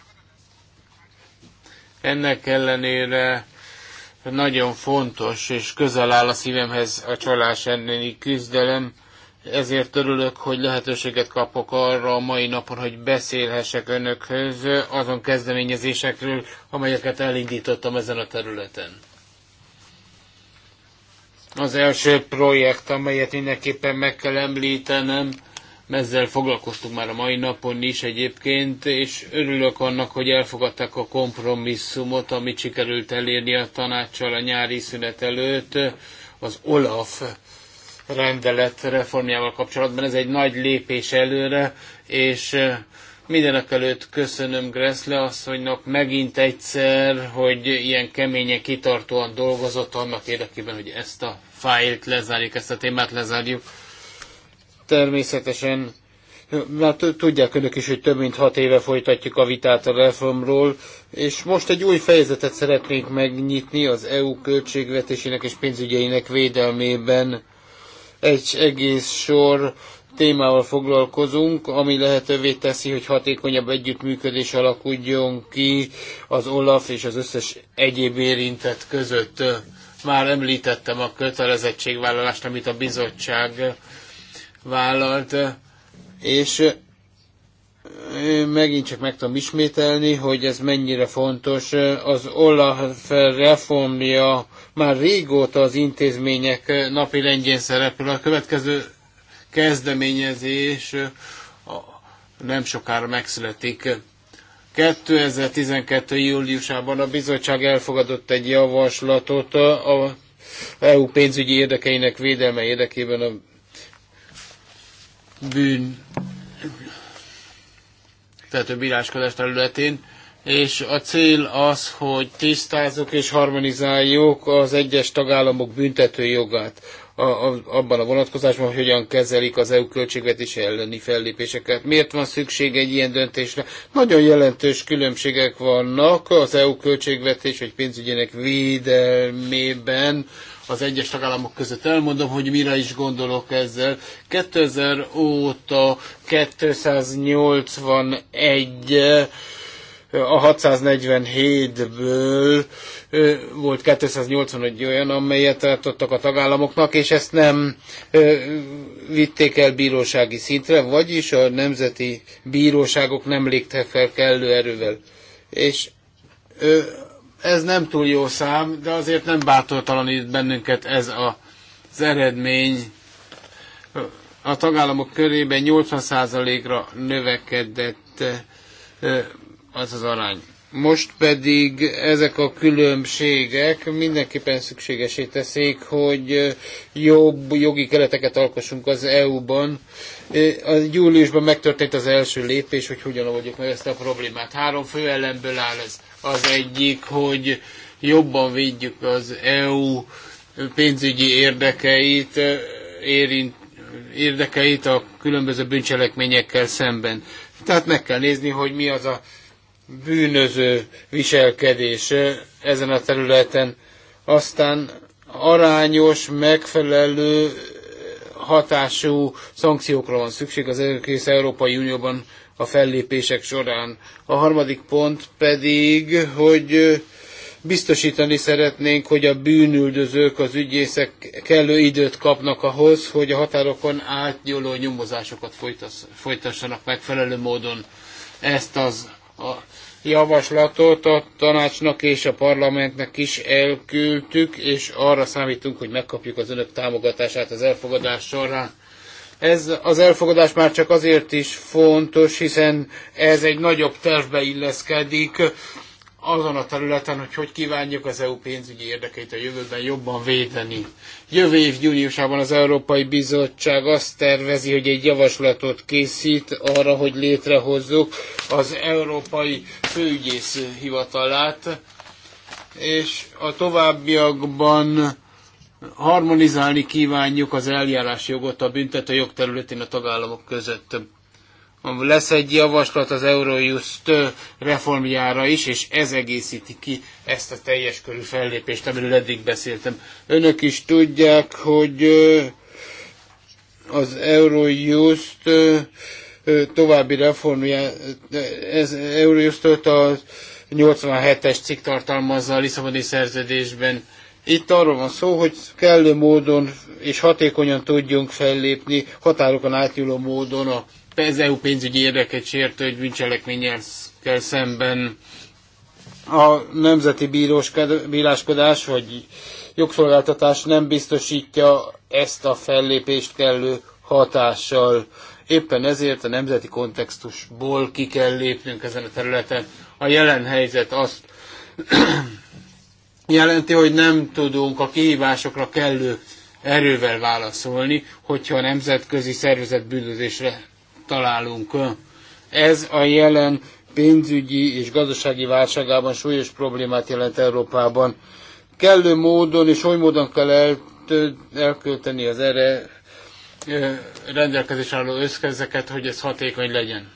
Ennek ellenére nagyon fontos és közel áll a szívemhez a csalás elleni küzdelem, ezért örülök, hogy lehetőséget kapok arra a mai napon, hogy beszélhessek önökhöz azon kezdeményezésekről, amelyeket elindítottam ezen a területen. Az első projekt, amelyet mindenképpen meg kell említenem, ezzel foglalkoztunk már a mai napon is egyébként, és örülök annak, hogy elfogadták a kompromisszumot, amit sikerült elérni a tanácssal a nyári szünet előtt, az OLAF rendelet reformjával kapcsolatban. Ez egy nagy lépés előre, és Mindenek előtt köszönöm Gressle asszonynak megint egyszer, hogy ilyen keményen, kitartóan dolgozott annak érdekében, hogy ezt a fájlt lezárjuk, ezt a témát lezárjuk. Természetesen már tudják önök is, hogy több mint hat éve folytatjuk a vitát a reformról, és most egy új fejezetet szeretnénk megnyitni az EU költségvetésének és pénzügyeinek védelmében. Egy egész sor témával foglalkozunk, ami lehetővé teszi, hogy hatékonyabb együttműködés alakuljon ki az OLAF és az összes egyéb érintett között. Már említettem a kötelezettségvállalást, amit a bizottság vállalt, és megint csak meg tudom ismételni, hogy ez mennyire fontos. Az Olaf reformja már régóta az intézmények napi rendjén szerepel. A következő kezdeményezés nem sokára megszületik. 2012. júliusában a bizottság elfogadott egy javaslatot a EU pénzügyi érdekeinek védelme érdekében a bűn, tehát a bíráskodás területén, és a cél az, hogy tisztázzuk és harmonizáljuk az egyes tagállamok büntető jogát a, a, abban a vonatkozásban, hogy hogyan kezelik az EU költségvetés elleni fellépéseket. Miért van szükség egy ilyen döntésre? Nagyon jelentős különbségek vannak az EU költségvetés vagy pénzügyének védelmében az egyes tagállamok között. Elmondom, hogy mire is gondolok ezzel. 2000 óta 281 a 647-ből volt 281 olyan, amelyet adtak a tagállamoknak, és ezt nem vitték el bírósági szintre, vagyis a nemzeti bíróságok nem léptek fel kellő erővel. És ez nem túl jó szám, de azért nem bátortalanít bennünket ez a, az eredmény. A tagállamok körében 80%-ra növekedett az az arány. Most pedig ezek a különbségek mindenképpen szükségesé teszik, hogy jobb jogi kereteket alkossunk az EU-ban. A júliusban megtörtént az első lépés, hogy hogyan oldjuk meg ezt a problémát. Három fő ellenből áll ez. Az egyik, hogy jobban védjük az EU pénzügyi érdekeit, érint, érdekeit a különböző bűncselekményekkel szemben. Tehát meg kell nézni, hogy mi az a bűnöző viselkedés ezen a területen. Aztán arányos, megfelelő hatású szankciókra van szükség az egész Európai Unióban a fellépések során. A harmadik pont pedig, hogy biztosítani szeretnénk, hogy a bűnüldözők, az ügyészek kellő időt kapnak ahhoz, hogy a határokon átnyúló nyomozásokat folytassanak megfelelő módon. Ezt az a javaslatot a tanácsnak és a parlamentnek is elküldtük, és arra számítunk, hogy megkapjuk az önök támogatását az elfogadás során. Ez az elfogadás már csak azért is fontos, hiszen ez egy nagyobb tervbe illeszkedik, azon a területen, hogy hogy kívánjuk az EU pénzügyi érdekeit a jövőben jobban védeni. Jövő év júniusában az Európai Bizottság azt tervezi, hogy egy javaslatot készít arra, hogy létrehozzuk az Európai Főügyész Hivatalát, és a továbbiakban harmonizálni kívánjuk az eljárásjogot a büntető jogterületén a tagállamok között lesz egy javaslat az Eurojust reformjára is, és ez egészíti ki ezt a teljes körű fellépést, amiről eddig beszéltem. Önök is tudják, hogy az Eurojust további reformja, ez Eurojust a 87-es cikk tartalmazza a Lisszaboni szerződésben. Itt arról van szó, hogy kellő módon és hatékonyan tudjunk fellépni határokon átnyúló módon a az EU pénzügyi érdeket sértő hogy bűncselekményekkel szemben a nemzeti bíráskodás vagy jogszolgáltatás nem biztosítja ezt a fellépést kellő hatással. Éppen ezért a nemzeti kontextusból ki kell lépnünk ezen a területen. A jelen helyzet azt [clears throat] jelenti, hogy nem tudunk a kihívásokra kellő erővel válaszolni, hogyha a nemzetközi szervezet bűnözésre találunk. Ez a jelen pénzügyi és gazdasági válságában súlyos problémát jelent Európában. Kellő módon és oly módon kell el, elkölteni az erre rendelkezés álló összkezeket, hogy ez hatékony legyen.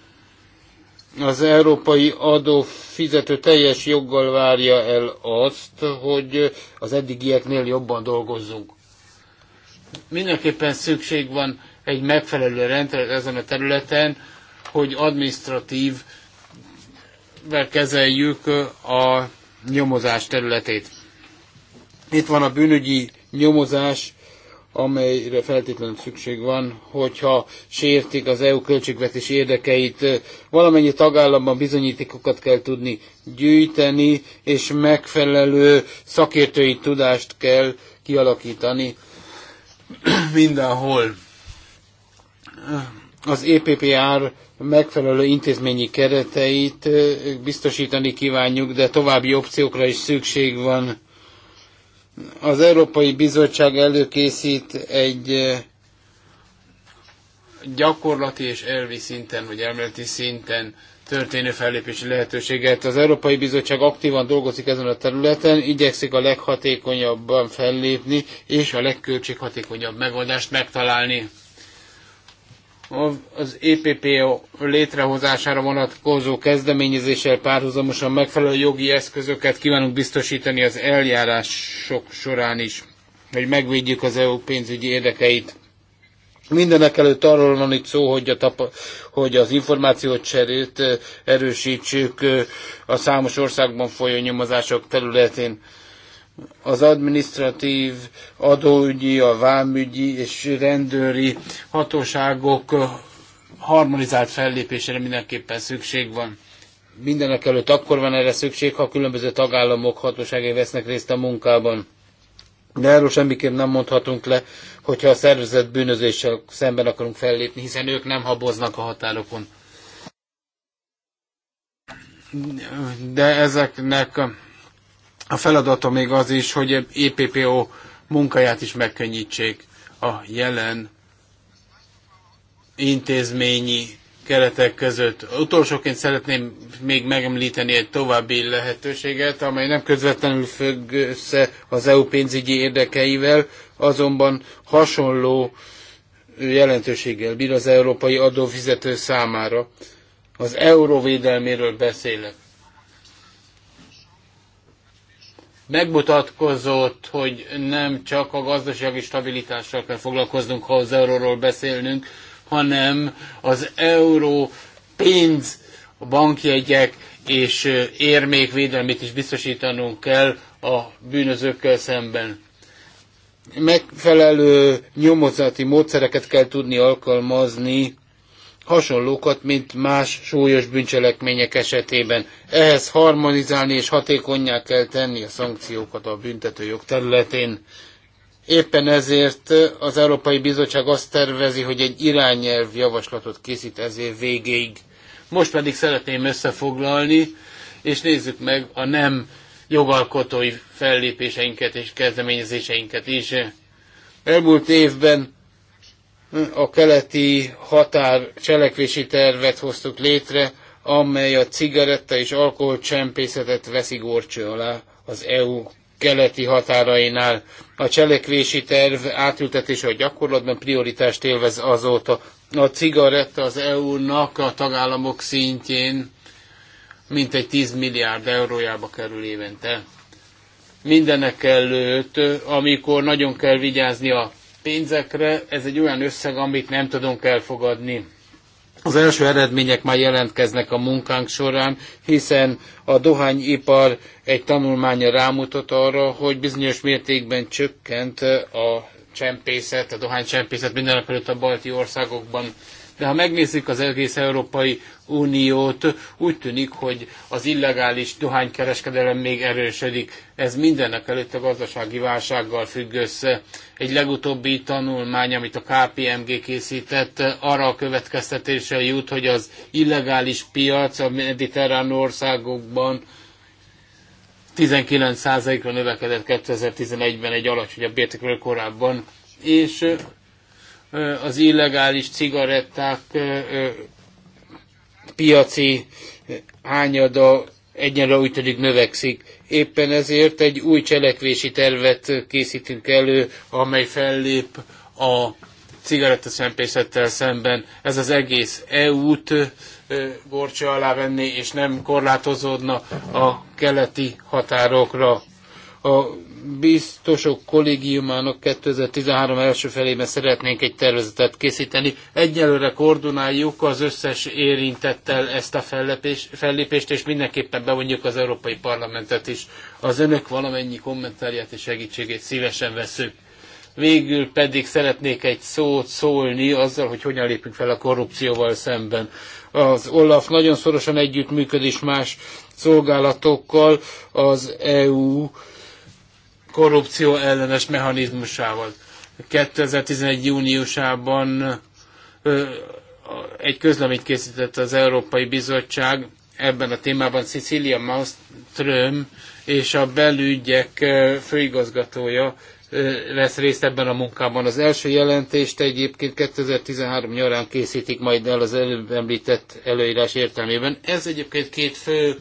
Az európai adófizető teljes joggal várja el azt, hogy az eddigieknél jobban dolgozzunk. Mindenképpen szükség van egy megfelelő rendelet ezen a területen, hogy administratív kezeljük a nyomozás területét. Itt van a bűnügyi nyomozás, amelyre feltétlenül szükség van, hogyha sértik az EU költségvetés érdekeit. Valamennyi tagállamban bizonyítékokat kell tudni gyűjteni, és megfelelő szakértői tudást kell kialakítani mindenhol az EPPR megfelelő intézményi kereteit biztosítani kívánjuk, de további opciókra is szükség van. Az Európai Bizottság előkészít egy gyakorlati és elvi szinten, vagy elméleti szinten történő fellépési lehetőséget. Az Európai Bizottság aktívan dolgozik ezen a területen, igyekszik a leghatékonyabban fellépni, és a legköltséghatékonyabb megoldást megtalálni az EPP létrehozására vonatkozó kezdeményezéssel párhuzamosan megfelelő jogi eszközöket kívánunk biztosítani az eljárások során is, hogy megvédjük az EU pénzügyi érdekeit. Mindenek előtt arról van itt szó, hogy, a tapa, hogy az cserét eh, erősítsük eh, a számos országban folyó nyomozások területén az adminisztratív, adóügyi, a vámügyi és rendőri hatóságok harmonizált fellépésére mindenképpen szükség van. Mindenek előtt akkor van erre szükség, ha különböző tagállamok hatóságai vesznek részt a munkában. De erről semmiképp nem mondhatunk le, hogyha a szervezet bűnözéssel szemben akarunk fellépni, hiszen ők nem haboznak a határokon. De ezeknek a feladata még az is, hogy EPPO munkáját is megkönnyítsék a jelen intézményi keretek között. Utolsóként szeretném még megemlíteni egy további lehetőséget, amely nem közvetlenül függ össze az EU pénzügyi érdekeivel, azonban hasonló jelentőséggel bír az európai adófizető számára. Az euróvédelméről beszélek. megmutatkozott, hogy nem csak a gazdasági stabilitással kell foglalkoznunk, ha az euróról beszélnünk, hanem az euró pénz, a bankjegyek és érmékvédelmét is biztosítanunk kell a bűnözőkkel szemben. Megfelelő nyomozati módszereket kell tudni alkalmazni hasonlókat, mint más súlyos bűncselekmények esetében. Ehhez harmonizálni és hatékonyá kell tenni a szankciókat a büntetőjog területén. Éppen ezért az Európai Bizottság azt tervezi, hogy egy irányelv javaslatot készít ez év végéig. Most pedig szeretném összefoglalni, és nézzük meg a nem jogalkotói fellépéseinket és kezdeményezéseinket is. Elmúlt évben a keleti határ cselekvési tervet hoztuk létre, amely a cigaretta és alkoholcsempészetet veszi górcső alá az EU keleti határainál. A cselekvési terv átültetése a gyakorlatban prioritást élvez azóta. A cigaretta az EU-nak a tagállamok szintjén mintegy 10 milliárd eurójába kerül évente. Mindenek előtt, amikor nagyon kell vigyázni a pénzekre, ez egy olyan összeg, amit nem tudunk elfogadni. Az első eredmények már jelentkeznek a munkánk során, hiszen a dohányipar egy tanulmánya rámutat arra, hogy bizonyos mértékben csökkent a csempészet, a dohánycsempészet mindenek előtt a balti országokban. De ha megnézzük az egész európai Uniót. Úgy tűnik, hogy az illegális dohánykereskedelem még erősödik. Ez mindennek előtt a gazdasági válsággal függ össze. Egy legutóbbi tanulmány, amit a KPMG készített, arra a következtetésre jut, hogy az illegális piac a mediterrán országokban 19%-ra növekedett 2011-ben egy alacsonyabb értékről korábban, és az illegális cigaretták piaci hányada egyenre úgy tűnik növekszik. Éppen ezért egy új cselekvési tervet készítünk elő, amely fellép a cigarettaszempészettel szemben. Ez az egész EU-t gorcsa alá venni, és nem korlátozódna a keleti határokra. A biztosok kollégiumának 2013 első felében szeretnénk egy tervezetet készíteni. Egyelőre koordináljuk az összes érintettel ezt a fellépés, fellépést, és mindenképpen bevonjuk az Európai Parlamentet is. Az önök valamennyi kommentárját és segítségét szívesen veszük. Végül pedig szeretnék egy szót szólni azzal, hogy hogyan lépünk fel a korrupcióval szemben. Az Olaf nagyon szorosan együttműködés más szolgálatokkal, az EU korrupció ellenes mechanizmusával. 2011. júniusában egy közleményt készített az Európai Bizottság ebben a témában Cecilia Malmström és a belügyek főigazgatója lesz részt ebben a munkában. Az első jelentést egyébként 2013 nyarán készítik majd el az előbb említett előírás értelmében. Ez egyébként két fő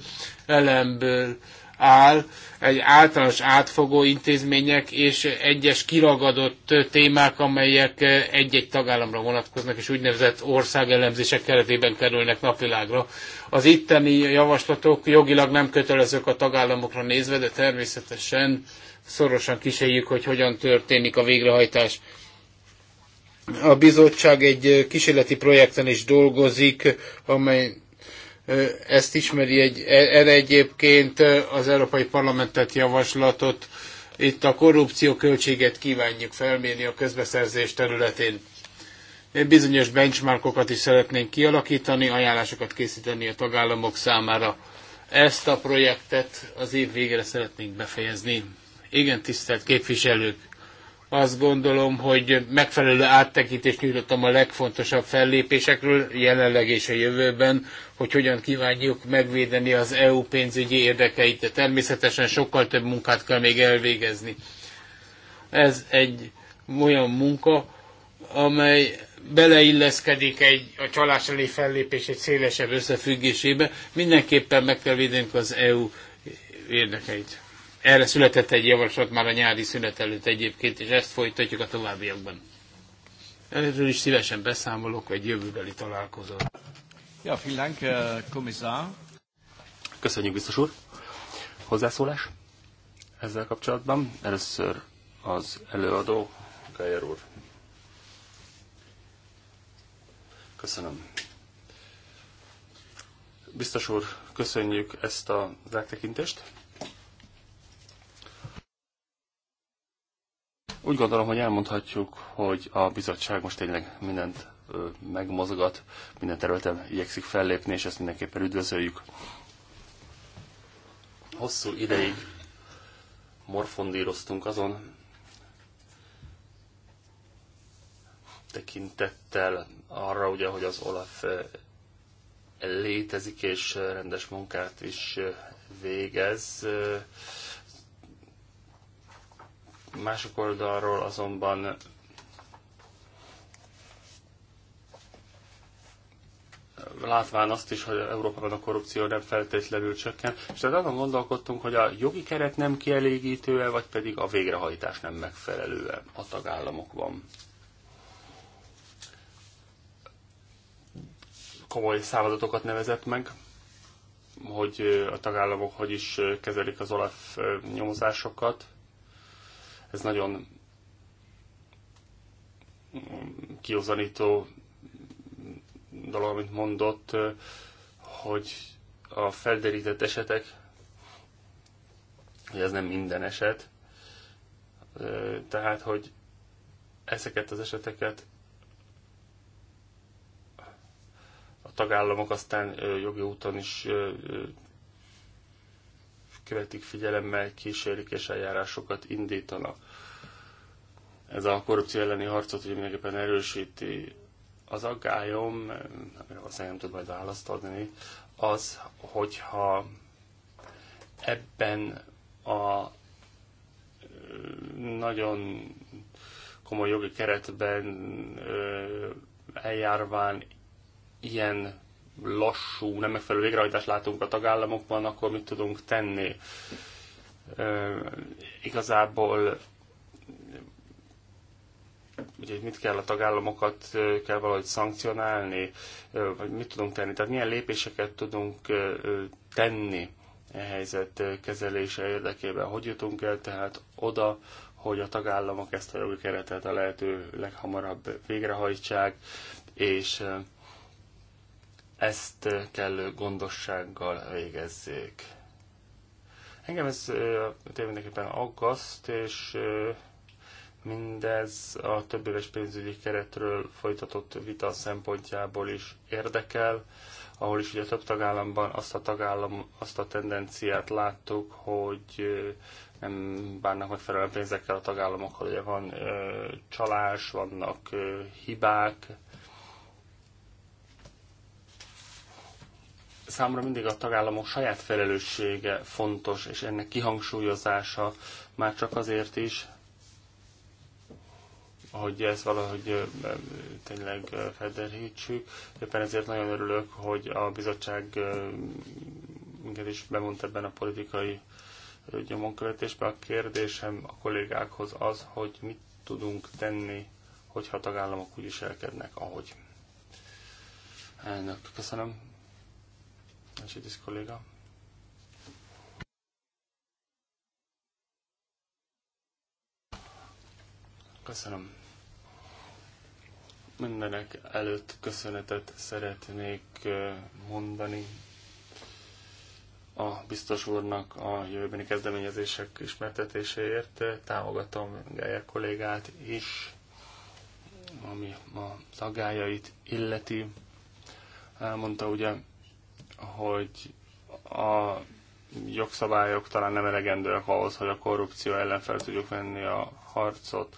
elemből áll egy általános átfogó intézmények és egyes kiragadott témák, amelyek egy-egy tagállamra vonatkoznak, és úgynevezett országelemzések keretében kerülnek napvilágra. Az itteni javaslatok jogilag nem kötelezők a tagállamokra nézve, de természetesen szorosan kísérjük, hogy hogyan történik a végrehajtás. A bizottság egy kísérleti projekten is dolgozik, amely ezt ismeri egy, e, erre egyébként az Európai Parlamentet javaslatot, itt a korrupció költséget kívánjuk felmérni a közbeszerzés területén. Bizonyos benchmarkokat is szeretnénk kialakítani, ajánlásokat készíteni a tagállamok számára. Ezt a projektet az év végére szeretnénk befejezni. Igen, tisztelt képviselők! Azt gondolom, hogy megfelelő áttekintést nyújtottam a legfontosabb fellépésekről, jelenleg és a jövőben, hogy hogyan kívánjuk megvédeni az EU pénzügyi érdekeit, de természetesen sokkal több munkát kell még elvégezni. Ez egy olyan munka, amely beleilleszkedik egy, a csalás elé fellépés egy szélesebb összefüggésébe. Mindenképpen meg kell védenünk az EU érdekeit erre született egy javaslat már a nyári szünet előtt egyébként, és ezt folytatjuk a továbbiakban. Erről is szívesen beszámolok egy jövőbeli találkozón. Ja, vielen Dank, Köszönjük, biztos úr. Hozzászólás ezzel kapcsolatban. Először az előadó, Gájer úr. Köszönöm. Biztos úr, köszönjük ezt a áttekintést. Úgy gondolom, hogy elmondhatjuk, hogy a bizottság most tényleg mindent megmozgat, minden területen igyekszik fellépni, és ezt mindenképpen üdvözöljük. Hosszú ideig morfondíroztunk azon, tekintettel arra ugye, hogy az Olaf létezik és rendes munkát is végez. Mások oldalról azonban látván azt is, hogy Európában a korrupció nem feltétlenül csökken. És tehát azon gondolkodtunk, hogy a jogi keret nem kielégítő-e, vagy pedig a végrehajtás nem megfelelő-e a tagállamokban. Komoly számadatokat nevezett meg, hogy a tagállamok hogy is kezelik az OLAF nyomozásokat. Ez nagyon kiozanító dolog, amit mondott, hogy a felderített esetek, hogy ez nem minden eset, tehát, hogy ezeket az eseteket a tagállamok aztán jogi úton is követik figyelemmel, kísérik és eljárásokat indítanak. Ez a korrupció elleni harcot ugye mindenképpen erősíti. Az aggályom, amire aztán nem tud majd választ adni, az, hogyha ebben a nagyon komoly jogi keretben eljárván ilyen lassú, nem megfelelő végrehajtást látunk a tagállamokban, akkor mit tudunk tenni? E, igazából ugye mit kell a tagállamokat, kell valahogy szankcionálni, vagy mit tudunk tenni? Tehát milyen lépéseket tudunk tenni e helyzet kezelése érdekében? Hogy jutunk el tehát oda, hogy a tagállamok ezt a jogi keretet a lehető leghamarabb végrehajtsák, és ezt kellő gondossággal végezzék. Engem ez mindenképpen aggaszt, és mindez a több éves pénzügyi keretről folytatott vita szempontjából is érdekel, ahol is ugye több tagállamban azt a, tagállam, azt a tendenciát láttuk, hogy nem bánnak megfelelően pénzekkel a tagállamokkal, ugye van ö, csalás, vannak ö, hibák, számomra mindig a tagállamok saját felelőssége fontos, és ennek kihangsúlyozása már csak azért is, hogy ez valahogy tényleg felderhítsük. Éppen ezért nagyon örülök, hogy a bizottság minket is bemondt ebben a politikai nyomonkövetésben. A kérdésem a kollégákhoz az, hogy mit tudunk tenni, hogyha a tagállamok úgy viselkednek, ahogy. Elnök, köszönöm. Znači, tis kolega. Köszönöm. Mindenek előtt köszönetet szeretnék mondani a biztos úrnak a jövőbeni kezdeményezések ismertetéséért. Támogatom Gájer kollégát is, ami a szagájait illeti. Elmondta ugye hogy a jogszabályok talán nem elegendőek ahhoz, hogy a korrupció ellen fel tudjuk venni a harcot.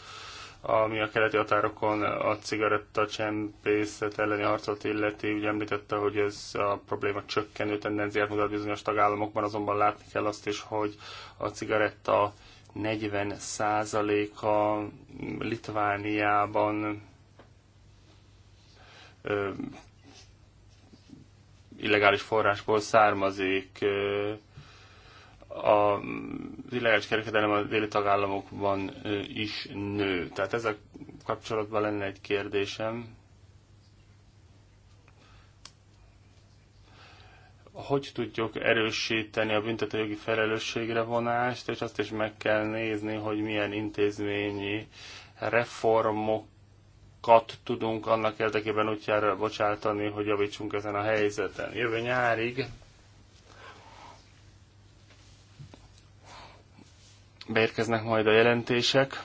Ami a keleti határokon a cigaretta csempészet elleni harcot illeti, ugye említette, hogy ez a probléma csökkenő tendenciát mutat bizonyos tagállamokban, azonban látni kell azt is, hogy a cigaretta 40%-a Litvániában illegális forrásból származik. A illegális kereskedelem a déli tagállamokban is nő. Tehát ezzel kapcsolatban lenne egy kérdésem. Hogy tudjuk erősíteni a büntetőjogi felelősségre vonást, és azt is meg kell nézni, hogy milyen intézményi reformok kat tudunk annak érdekében útjára bocsátani, hogy javítsunk ezen a helyzeten. Jövő nyárig beérkeznek majd a jelentések.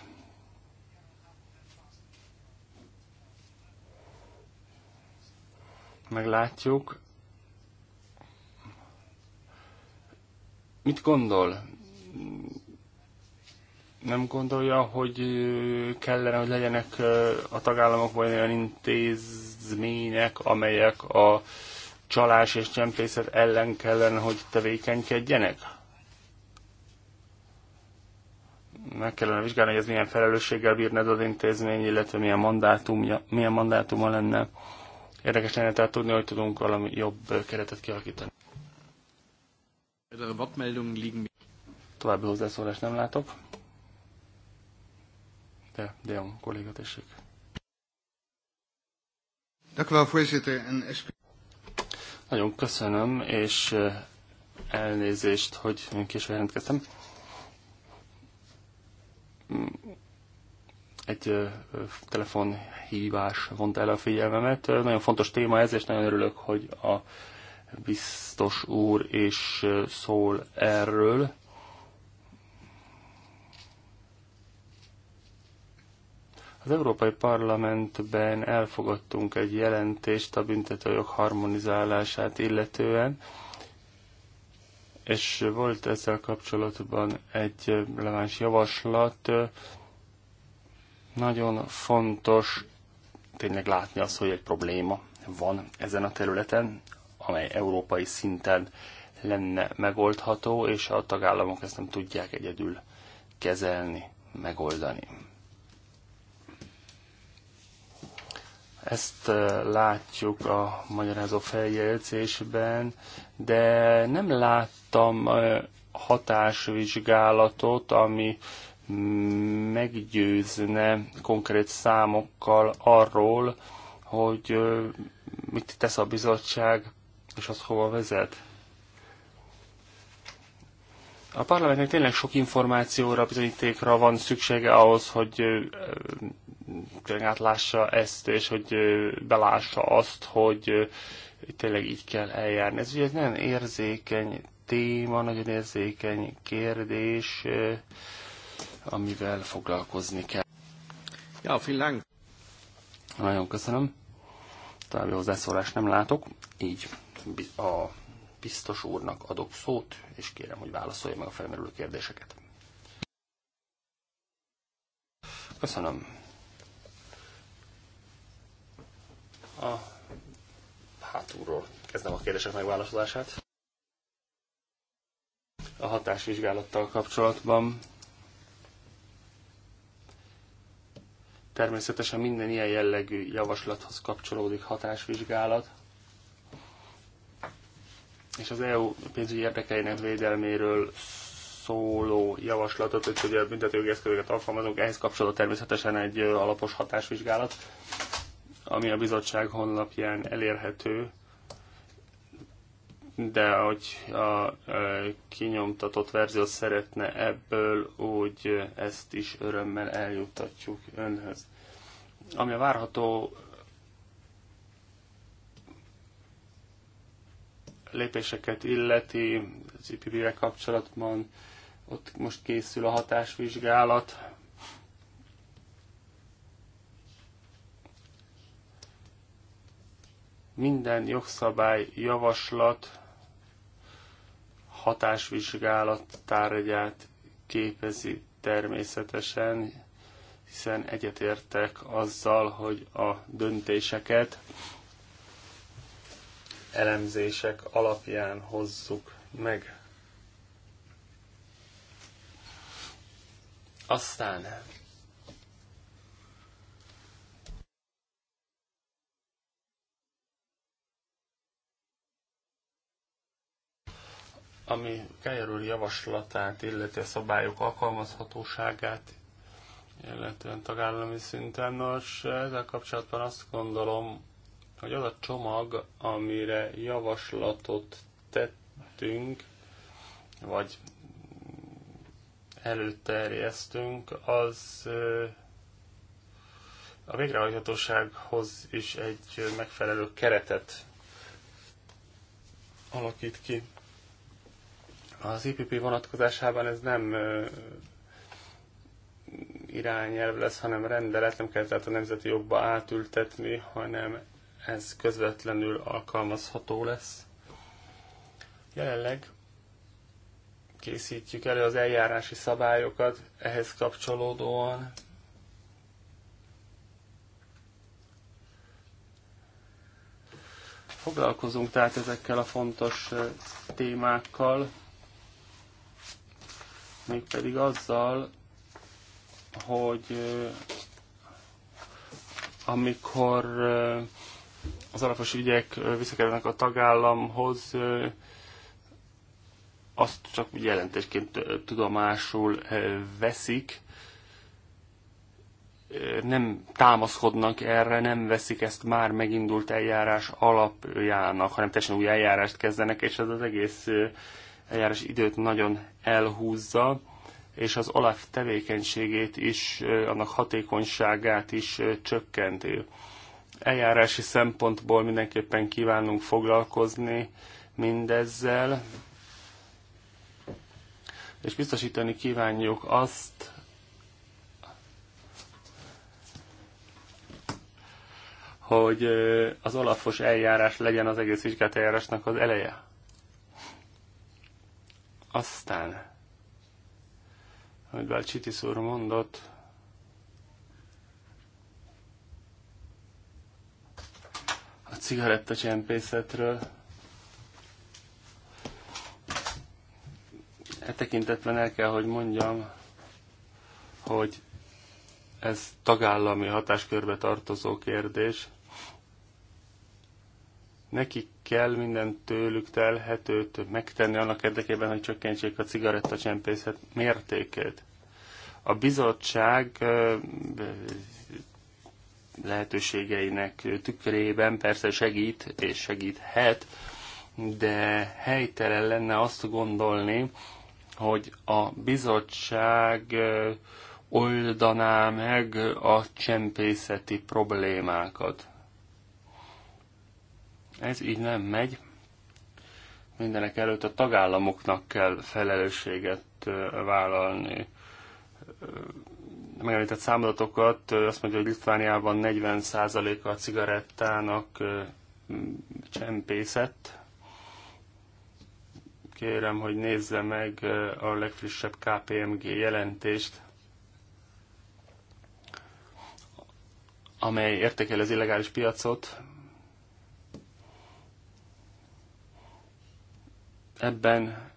Meglátjuk. Mit gondol? nem gondolja, hogy kellene, hogy legyenek a tagállamokban olyan intézmények, amelyek a csalás és csempészet ellen kellene, hogy tevékenykedjenek? Meg kellene vizsgálni, hogy ez milyen felelősséggel bírna az intézmény, illetve milyen, mandátumja, milyen mandátuma lenne. Érdekes lenne tehát tudni, hogy tudunk valami jobb keretet kialakítani. További hozzászólást nem látok. De Deon kolléga, tessék. Nagyon köszönöm, és eh, elnézést, hogy később jelentkeztem. Egy eh, telefonhívás vont el a figyelmemet. Eh, nagyon fontos téma ez, és nagyon örülök, hogy a biztos úr is szól erről. Az Európai Parlamentben elfogadtunk egy jelentést a büntetőjog harmonizálását illetően, és volt ezzel kapcsolatban egy releváns javaslat. Nagyon fontos tényleg látni azt, hogy egy probléma van ezen a területen, amely európai szinten lenne megoldható, és a tagállamok ezt nem tudják egyedül kezelni, megoldani. Ezt látjuk a magyarázó feljegyzésben, de nem láttam hatásvizsgálatot, ami meggyőzne konkrét számokkal arról, hogy mit tesz a bizottság, és az hova vezet. A parlamentnek tényleg sok információra, bizonyítékra van szüksége ahhoz, hogy tényleg átlássa ezt, és hogy belássa azt, hogy tényleg így kell eljárni. Ez ugye egy nagyon érzékeny téma, nagyon érzékeny kérdés, amivel foglalkozni kell. Ja, vielen Nagyon köszönöm. További hozzászólást nem látok, így a biztos úrnak adok szót, és kérem, hogy válaszolja meg a felmerülő kérdéseket. Köszönöm. a hátulról kezdem a kérdések megválaszolását. A hatásvizsgálattal kapcsolatban természetesen minden ilyen jellegű javaslathoz kapcsolódik hatásvizsgálat, és az EU pénzügyi érdekeinek védelméről szóló javaslatot, hogy a büntetőjogi eszközöket alkalmazunk, ehhez kapcsolódik természetesen egy alapos hatásvizsgálat ami a bizottság honlapján elérhető, de hogy a e, kinyomtatott verziót szeretne ebből, úgy ezt is örömmel eljuttatjuk önhöz. Ami a várható lépéseket illeti, az IPB-re kapcsolatban, ott most készül a hatásvizsgálat, Minden jogszabály javaslat hatásvizsgálat tárgyát képezi természetesen, hiszen egyetértek azzal, hogy a döntéseket elemzések alapján hozzuk meg. Aztán Ami Kájer javaslatát, illeti a szabályok alkalmazhatóságát, illetően tagállami szinten. Nos, ezzel kapcsolatban azt gondolom, hogy az a csomag, amire javaslatot tettünk, vagy előterjesztünk, az a végrehajthatósághoz is egy megfelelő keretet alakít ki. Az IPP vonatkozásában ez nem irányelv lesz, hanem rendelet, nem kell tehát a nemzeti jogba átültetni, hanem ez közvetlenül alkalmazható lesz. Jelenleg készítjük elő az eljárási szabályokat ehhez kapcsolódóan. Foglalkozunk tehát ezekkel a fontos témákkal még pedig azzal, hogy amikor az alapos ügyek visszakerülnek a tagállamhoz, azt csak jelentésként tudomásul veszik, nem támaszkodnak erre, nem veszik ezt már megindult eljárás alapjának, hanem teljesen új eljárást kezdenek, és ez az egész eljárás időt nagyon elhúzza, és az OLAF tevékenységét is, annak hatékonyságát is csökkenti. Eljárási szempontból mindenképpen kívánunk foglalkozni mindezzel, és biztosítani kívánjuk azt, hogy az alapos eljárás legyen az egész vizsgált eljárásnak az eleje. Aztán, amit Bácsitis úr mondott, a cigarettacsempészetről, e tekintetben el kell, hogy mondjam, hogy ez tagállami hatáskörbe tartozó kérdés, Nekik kell minden tőlük telhetőt megtenni annak érdekében, hogy csökkentsék a cigarettacsempészet mértékét. A bizottság lehetőségeinek tükrében persze segít és segíthet, de helytelen lenne azt gondolni, hogy a bizottság oldaná meg a csempészeti problémákat. Ez így nem megy. Mindenek előtt a tagállamoknak kell felelősséget vállalni. Megemlített számadatokat, azt mondja, hogy Litvániában 40%-a a cigarettának csempészet. Kérem, hogy nézze meg a legfrissebb KPMG jelentést, amely értékel az illegális piacot, Ebben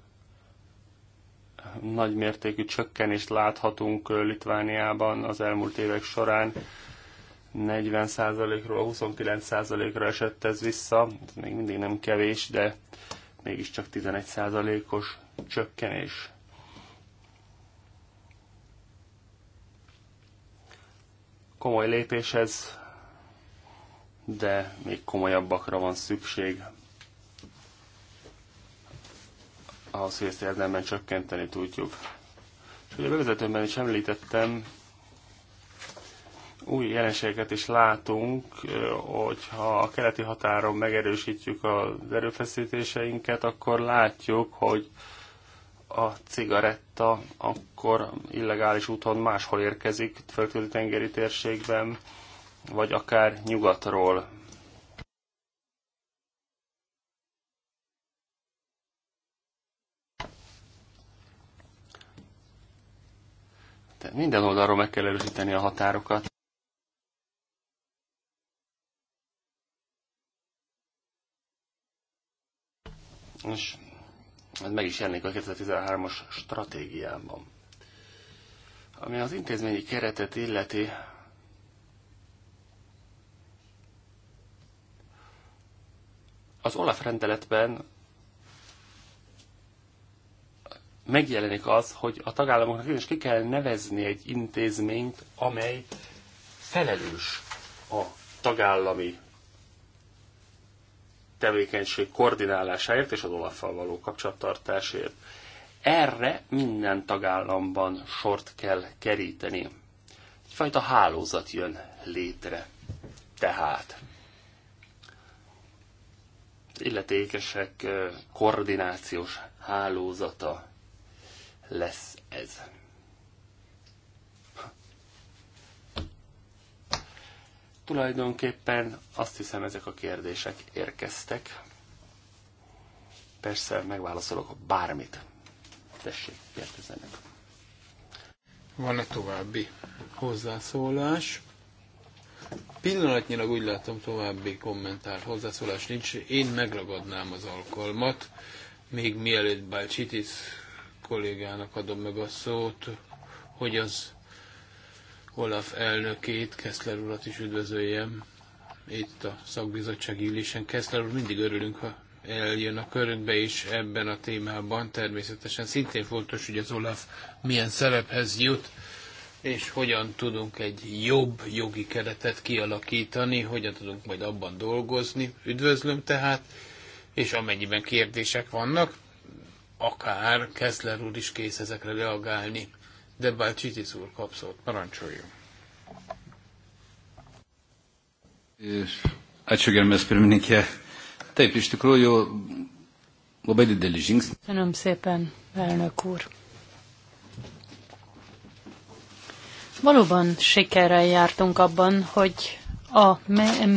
nagy mértékű csökkenést láthatunk Litvániában az elmúlt évek során. 40%-ról 29%-ra esett ez vissza, ez még mindig nem kevés, de mégiscsak 11%-os csökkenés. Komoly lépés ez, de még komolyabbakra van szükség. ahhoz, hogy ezt érdemben csökkenteni tudjuk. És ugye a bevezetőben is említettem, új jelenségeket is látunk, hogyha a keleti határon megerősítjük az erőfeszítéseinket, akkor látjuk, hogy a cigaretta akkor illegális úton máshol érkezik, földközi tengeri térségben, vagy akár nyugatról Minden oldalról meg kell erősíteni a határokat. És ez hát meg is jelenik a 2013-as stratégiában. Ami az intézményi keretet illeti, az Olaf rendeletben megjelenik az, hogy a tagállamoknak is ki kell nevezni egy intézményt, amely felelős a tagállami tevékenység koordinálásáért és az olaf való kapcsolattartásért. Erre minden tagállamban sort kell keríteni. Egyfajta hálózat jön létre. Tehát illetékesek eh, koordinációs hálózata lesz ez. Tulajdonképpen azt hiszem ezek a kérdések érkeztek. Persze megválaszolok bármit. Tessék, kérdezzenek. Van-e további hozzászólás? Pillanatnyilag úgy látom további kommentár, hozzászólás nincs. Én megragadnám az alkalmat, még mielőtt Bácsitis kollégának adom meg a szót, hogy az Olaf elnökét, Keszler urat is üdvözöljem itt a szakbizottság ülésen. Keszler úr, mindig örülünk, ha eljön a körünkbe és ebben a témában. Természetesen szintén fontos, hogy az Olaf milyen szerephez jut, és hogyan tudunk egy jobb jogi keretet kialakítani, hogyan tudunk majd abban dolgozni. Üdvözlöm tehát, és amennyiben kérdések vannak, akár Kessler úr is kész ezekre reagálni. De bár Csitis úr kap parancsoljon. Köszönöm szépen, elnök úr. Valóban sikerrel jártunk abban, hogy a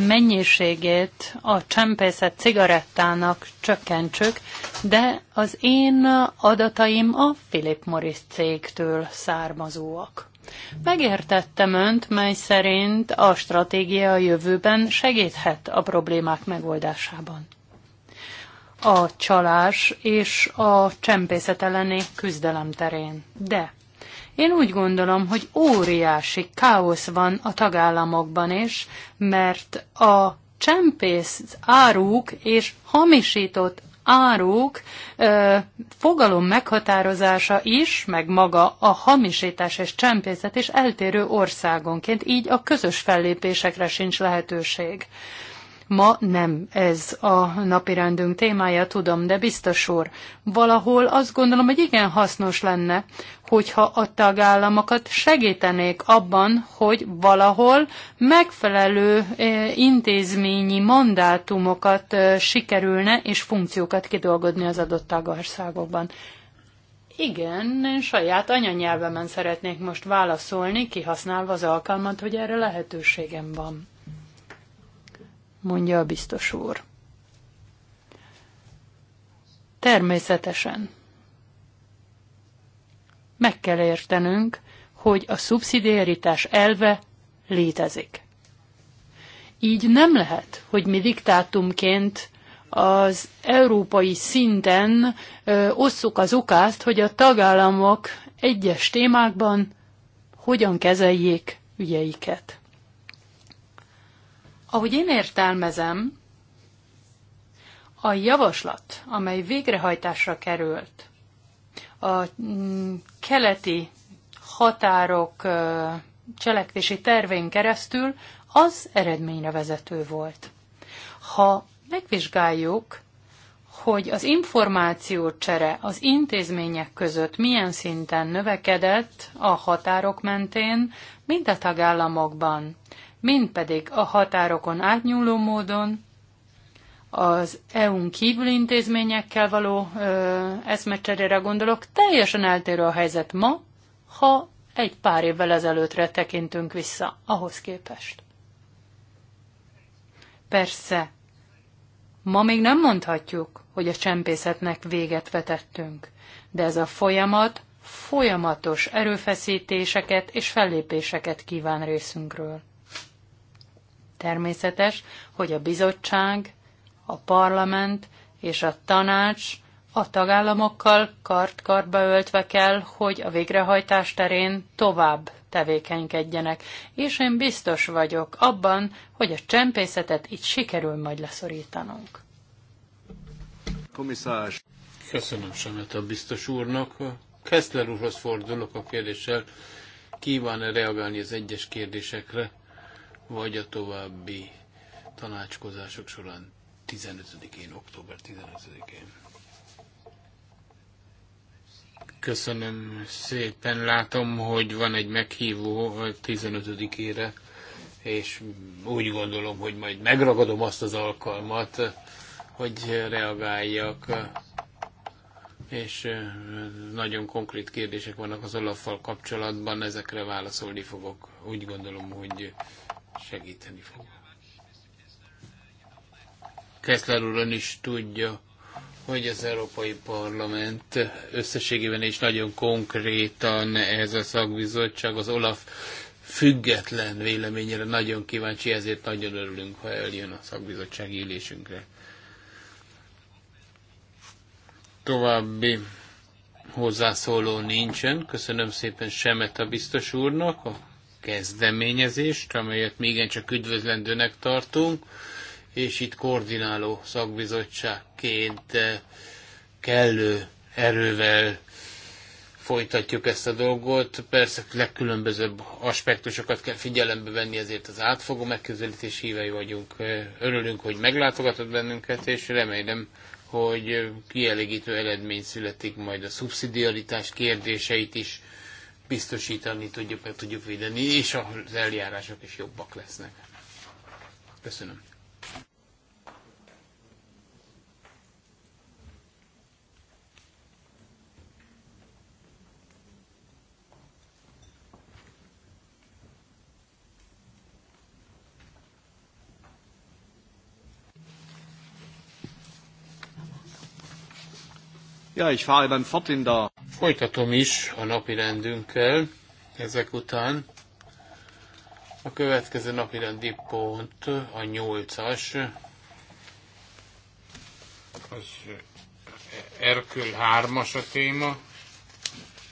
mennyiségét a csempészet cigarettának csökkentsük, de az én adataim a Philip Morris cégtől származóak. Megértettem önt, mely szerint a stratégia a jövőben segíthet a problémák megoldásában. A csalás és a csempészet elleni küzdelem terén. De én úgy gondolom, hogy óriási káosz van a tagállamokban is, mert a csempész áruk és hamisított áruk ö, fogalom meghatározása is, meg maga a hamisítás és csempészet is eltérő országonként, így a közös fellépésekre sincs lehetőség. Ma nem ez a napirendünk témája, tudom, de biztos úr, valahol azt gondolom, hogy igen hasznos lenne, hogyha a tagállamokat segítenék abban, hogy valahol megfelelő eh, intézményi mandátumokat eh, sikerülne és funkciókat kidolgozni az adott tagországokban. Igen, én saját anyanyelvemen szeretnék most válaszolni, kihasználva az alkalmat, hogy erre lehetőségem van, mondja a biztos úr. Természetesen meg kell értenünk, hogy a szubszidiaritás elve létezik. Így nem lehet, hogy mi diktátumként az európai szinten ö, osszuk az ukázt, hogy a tagállamok egyes témákban hogyan kezeljék ügyeiket. Ahogy én értelmezem, a javaslat, amely végrehajtásra került, a mm, keleti határok cselekvési tervén keresztül, az eredményre vezető volt. Ha megvizsgáljuk, hogy az információcsere az intézmények között milyen szinten növekedett a határok mentén, mind a tagállamokban, mind pedig a határokon átnyúló módon, az EU-n kívüli intézményekkel való ö, eszmecserére gondolok, teljesen eltérő a helyzet ma, ha egy pár évvel ezelőttre tekintünk vissza ahhoz képest. Persze, ma még nem mondhatjuk, hogy a csempészetnek véget vetettünk, de ez a folyamat folyamatos erőfeszítéseket és fellépéseket kíván részünkről. Természetes, hogy a bizottság a parlament és a tanács a tagállamokkal kart-kartba öltve kell, hogy a végrehajtás terén tovább tevékenykedjenek, és én biztos vagyok abban, hogy a csempészetet itt sikerül majd leszorítanunk. Komisszás. Köszönöm semmit a biztos úrnak. Kessler úrhoz fordulok a kérdéssel. Kíván-e reagálni az egyes kérdésekre, vagy a további tanácskozások során 15-én, október 15-én. Köszönöm szépen, látom, hogy van egy meghívó 15-ére, és úgy gondolom, hogy majd megragadom azt az alkalmat, hogy reagáljak és nagyon konkrét kérdések vannak az olaffal kapcsolatban, ezekre válaszolni fogok. Úgy gondolom, hogy segíteni fog. Kessler úr ön is tudja, hogy az Európai Parlament összességében is nagyon konkrétan ez a szakbizottság, az Olaf független véleményére nagyon kíváncsi, ezért nagyon örülünk, ha eljön a szakbizottság ülésünkre. További hozzászóló nincsen. Köszönöm szépen Semet a biztos úrnak a kezdeményezést, amelyet igencsak üdvözlendőnek tartunk és itt koordináló szakbizottságként eh, kellő erővel folytatjuk ezt a dolgot. Persze legkülönbözőbb aspektusokat kell figyelembe venni, ezért az átfogó megközelítés hívei vagyunk. Eh, örülünk, hogy meglátogatott bennünket, és remélem, hogy kielégítő eredmény születik, majd a szubszidiaritás kérdéseit is biztosítani tudjuk, meg tudjuk védeni, és az eljárások is jobbak lesznek. Köszönöm. Ja, ich fahre beim fort Folytatom is a napi rendünkkel ezek után. A következő napi rendi pont a nyolcas. Az Erkül 3-as a téma,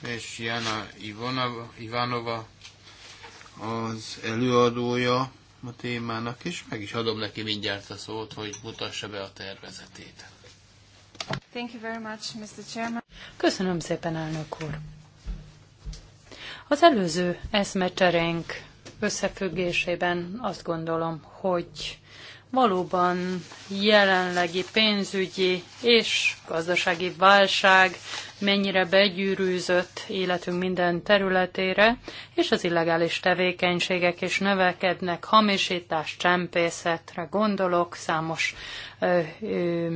és Jana Ivanova, Ivanova az előadója a témának, és meg is adom neki mindjárt a szót, hogy mutassa be a tervezetét. Köszönöm szépen, elnök úr. Az előző eszmecserénk összefüggésében azt gondolom, hogy valóban jelenlegi pénzügyi és gazdasági válság mennyire begyűrűzött életünk minden területére, és az illegális tevékenységek is növekednek, hamisítás, csempészetre gondolok, számos ö, ö,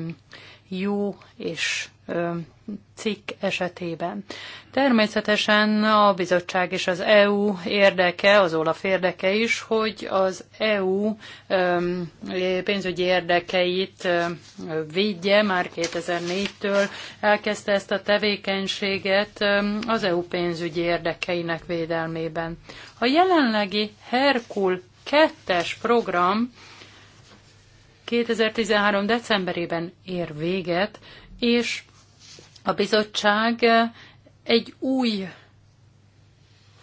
jó és cikk esetében. Természetesen a bizottság és az EU érdeke, az Olaf érdeke is, hogy az EU pénzügyi érdekeit védje, már 2004-től elkezdte ezt a tevékenységet az EU pénzügyi érdekeinek védelmében. A jelenlegi Herkul 2-es program 2013. decemberében ér véget, és a bizottság egy új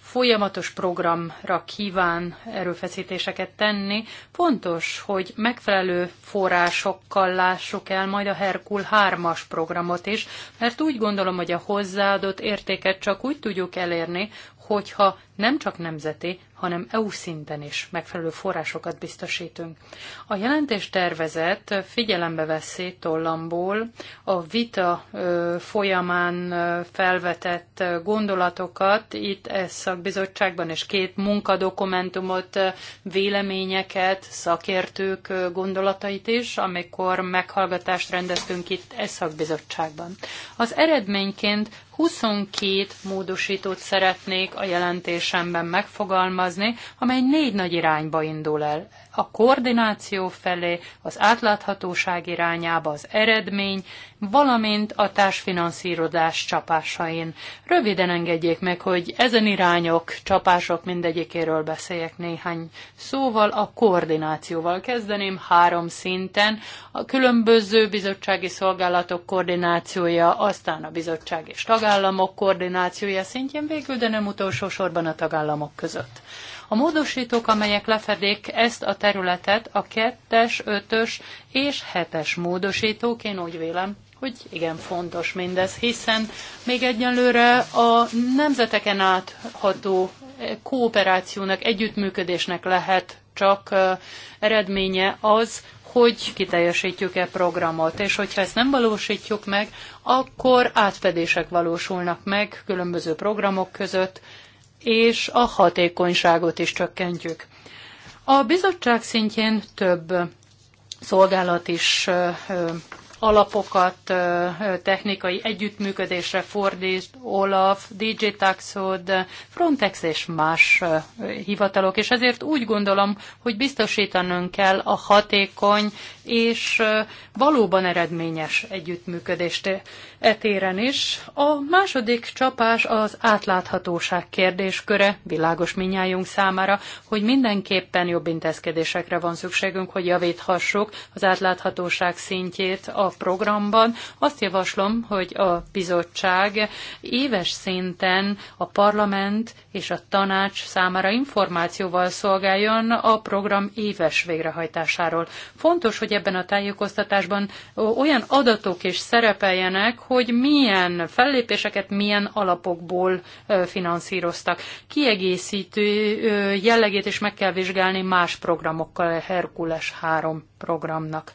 folyamatos programra kíván erőfeszítéseket tenni. Fontos, hogy megfelelő forrásokkal lássuk el majd a Herkul 3-as programot is, mert úgy gondolom, hogy a hozzáadott értéket csak úgy tudjuk elérni, hogyha nem csak nemzeti, hanem EU szinten is megfelelő forrásokat biztosítunk. A jelentés tervezet figyelembe veszi tollamból a vita folyamán felvetett gondolatokat, itt ez szakbizottságban és két munkadokumentumot, véleményeket, szakértők gondolatait is, amikor meghallgatást rendeztünk itt e szakbizottságban. Az eredményként 22 módosítót szeretnék a jelentés jelentésemben megfogalmazni, amely négy nagy irányba indul el. A koordináció felé, az átláthatóság irányába, az eredmény, valamint a társfinanszírozás csapásain. Röviden engedjék meg, hogy ezen irányok, csapások mindegyikéről beszéljek néhány szóval. A koordinációval kezdeném három szinten. A különböző bizottsági szolgálatok koordinációja, aztán a bizottság és tagállamok koordinációja szintjén végül, de nem utolsó sorban a tagállamok között. A módosítók, amelyek lefedik ezt a területet, a 2-es, 5-ös és 7-es módosítók, én úgy vélem, hogy igen fontos mindez, hiszen még egyelőre a nemzeteken átható kooperációnak, együttműködésnek lehet csak eredménye az, hogy kiteljesítjük-e programot, és hogyha ezt nem valósítjuk meg, akkor átfedések valósulnak meg különböző programok között, és a hatékonyságot is csökkentjük. A bizottság szintjén több szolgálat is alapokat technikai együttműködésre fordít Olaf, DJ Taxod, Frontex és más hivatalok, és ezért úgy gondolom, hogy biztosítanunk kell a hatékony és valóban eredményes együttműködést etéren is. A második csapás az átláthatóság kérdésköre, világos minnyájunk számára, hogy mindenképpen jobb intézkedésekre van szükségünk, hogy javíthassuk az átláthatóság szintjét a programban. Azt javaslom, hogy a bizottság éves szinten a parlament és a tanács számára információval szolgáljon a program éves végrehajtásáról. Fontos, hogy ebben a tájékoztatásban olyan adatok is szerepeljenek, hogy hogy milyen fellépéseket milyen alapokból finanszíroztak. Kiegészítő jellegét is meg kell vizsgálni más programokkal, a Herkules 3 programnak.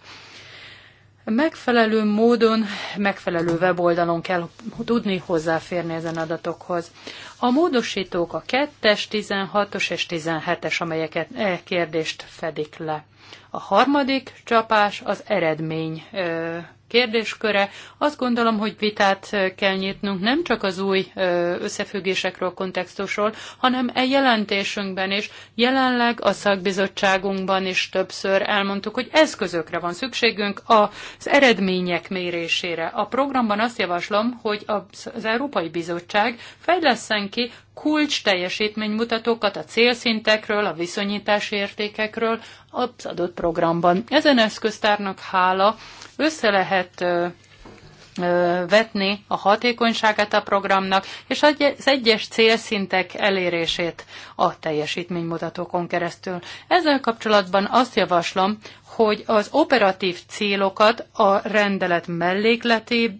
Megfelelő módon, megfelelő weboldalon kell tudni hozzáférni ezen adatokhoz. A módosítók a 2-es, 16-os és 17-es, amelyeket e kérdést fedik le. A harmadik csapás az eredmény kérdésköre. Azt gondolom, hogy vitát kell nyitnunk nem csak az új összefüggésekről, kontextusról, hanem e jelentésünkben is. Jelenleg a szakbizottságunkban is többször elmondtuk, hogy eszközökre van szükségünk az eredmények mérésére. A programban azt javaslom, hogy az Európai Bizottság fejleszten ki kulcs teljesítménymutatókat a célszintekről, a viszonyítási értékekről az adott programban. Ezen eszköztárnak hála össze lehet vetni a hatékonyságát a programnak, és az egyes célszintek elérését a teljesítménymutatókon keresztül. Ezzel kapcsolatban azt javaslom, hogy az operatív célokat a rendelet mellékleti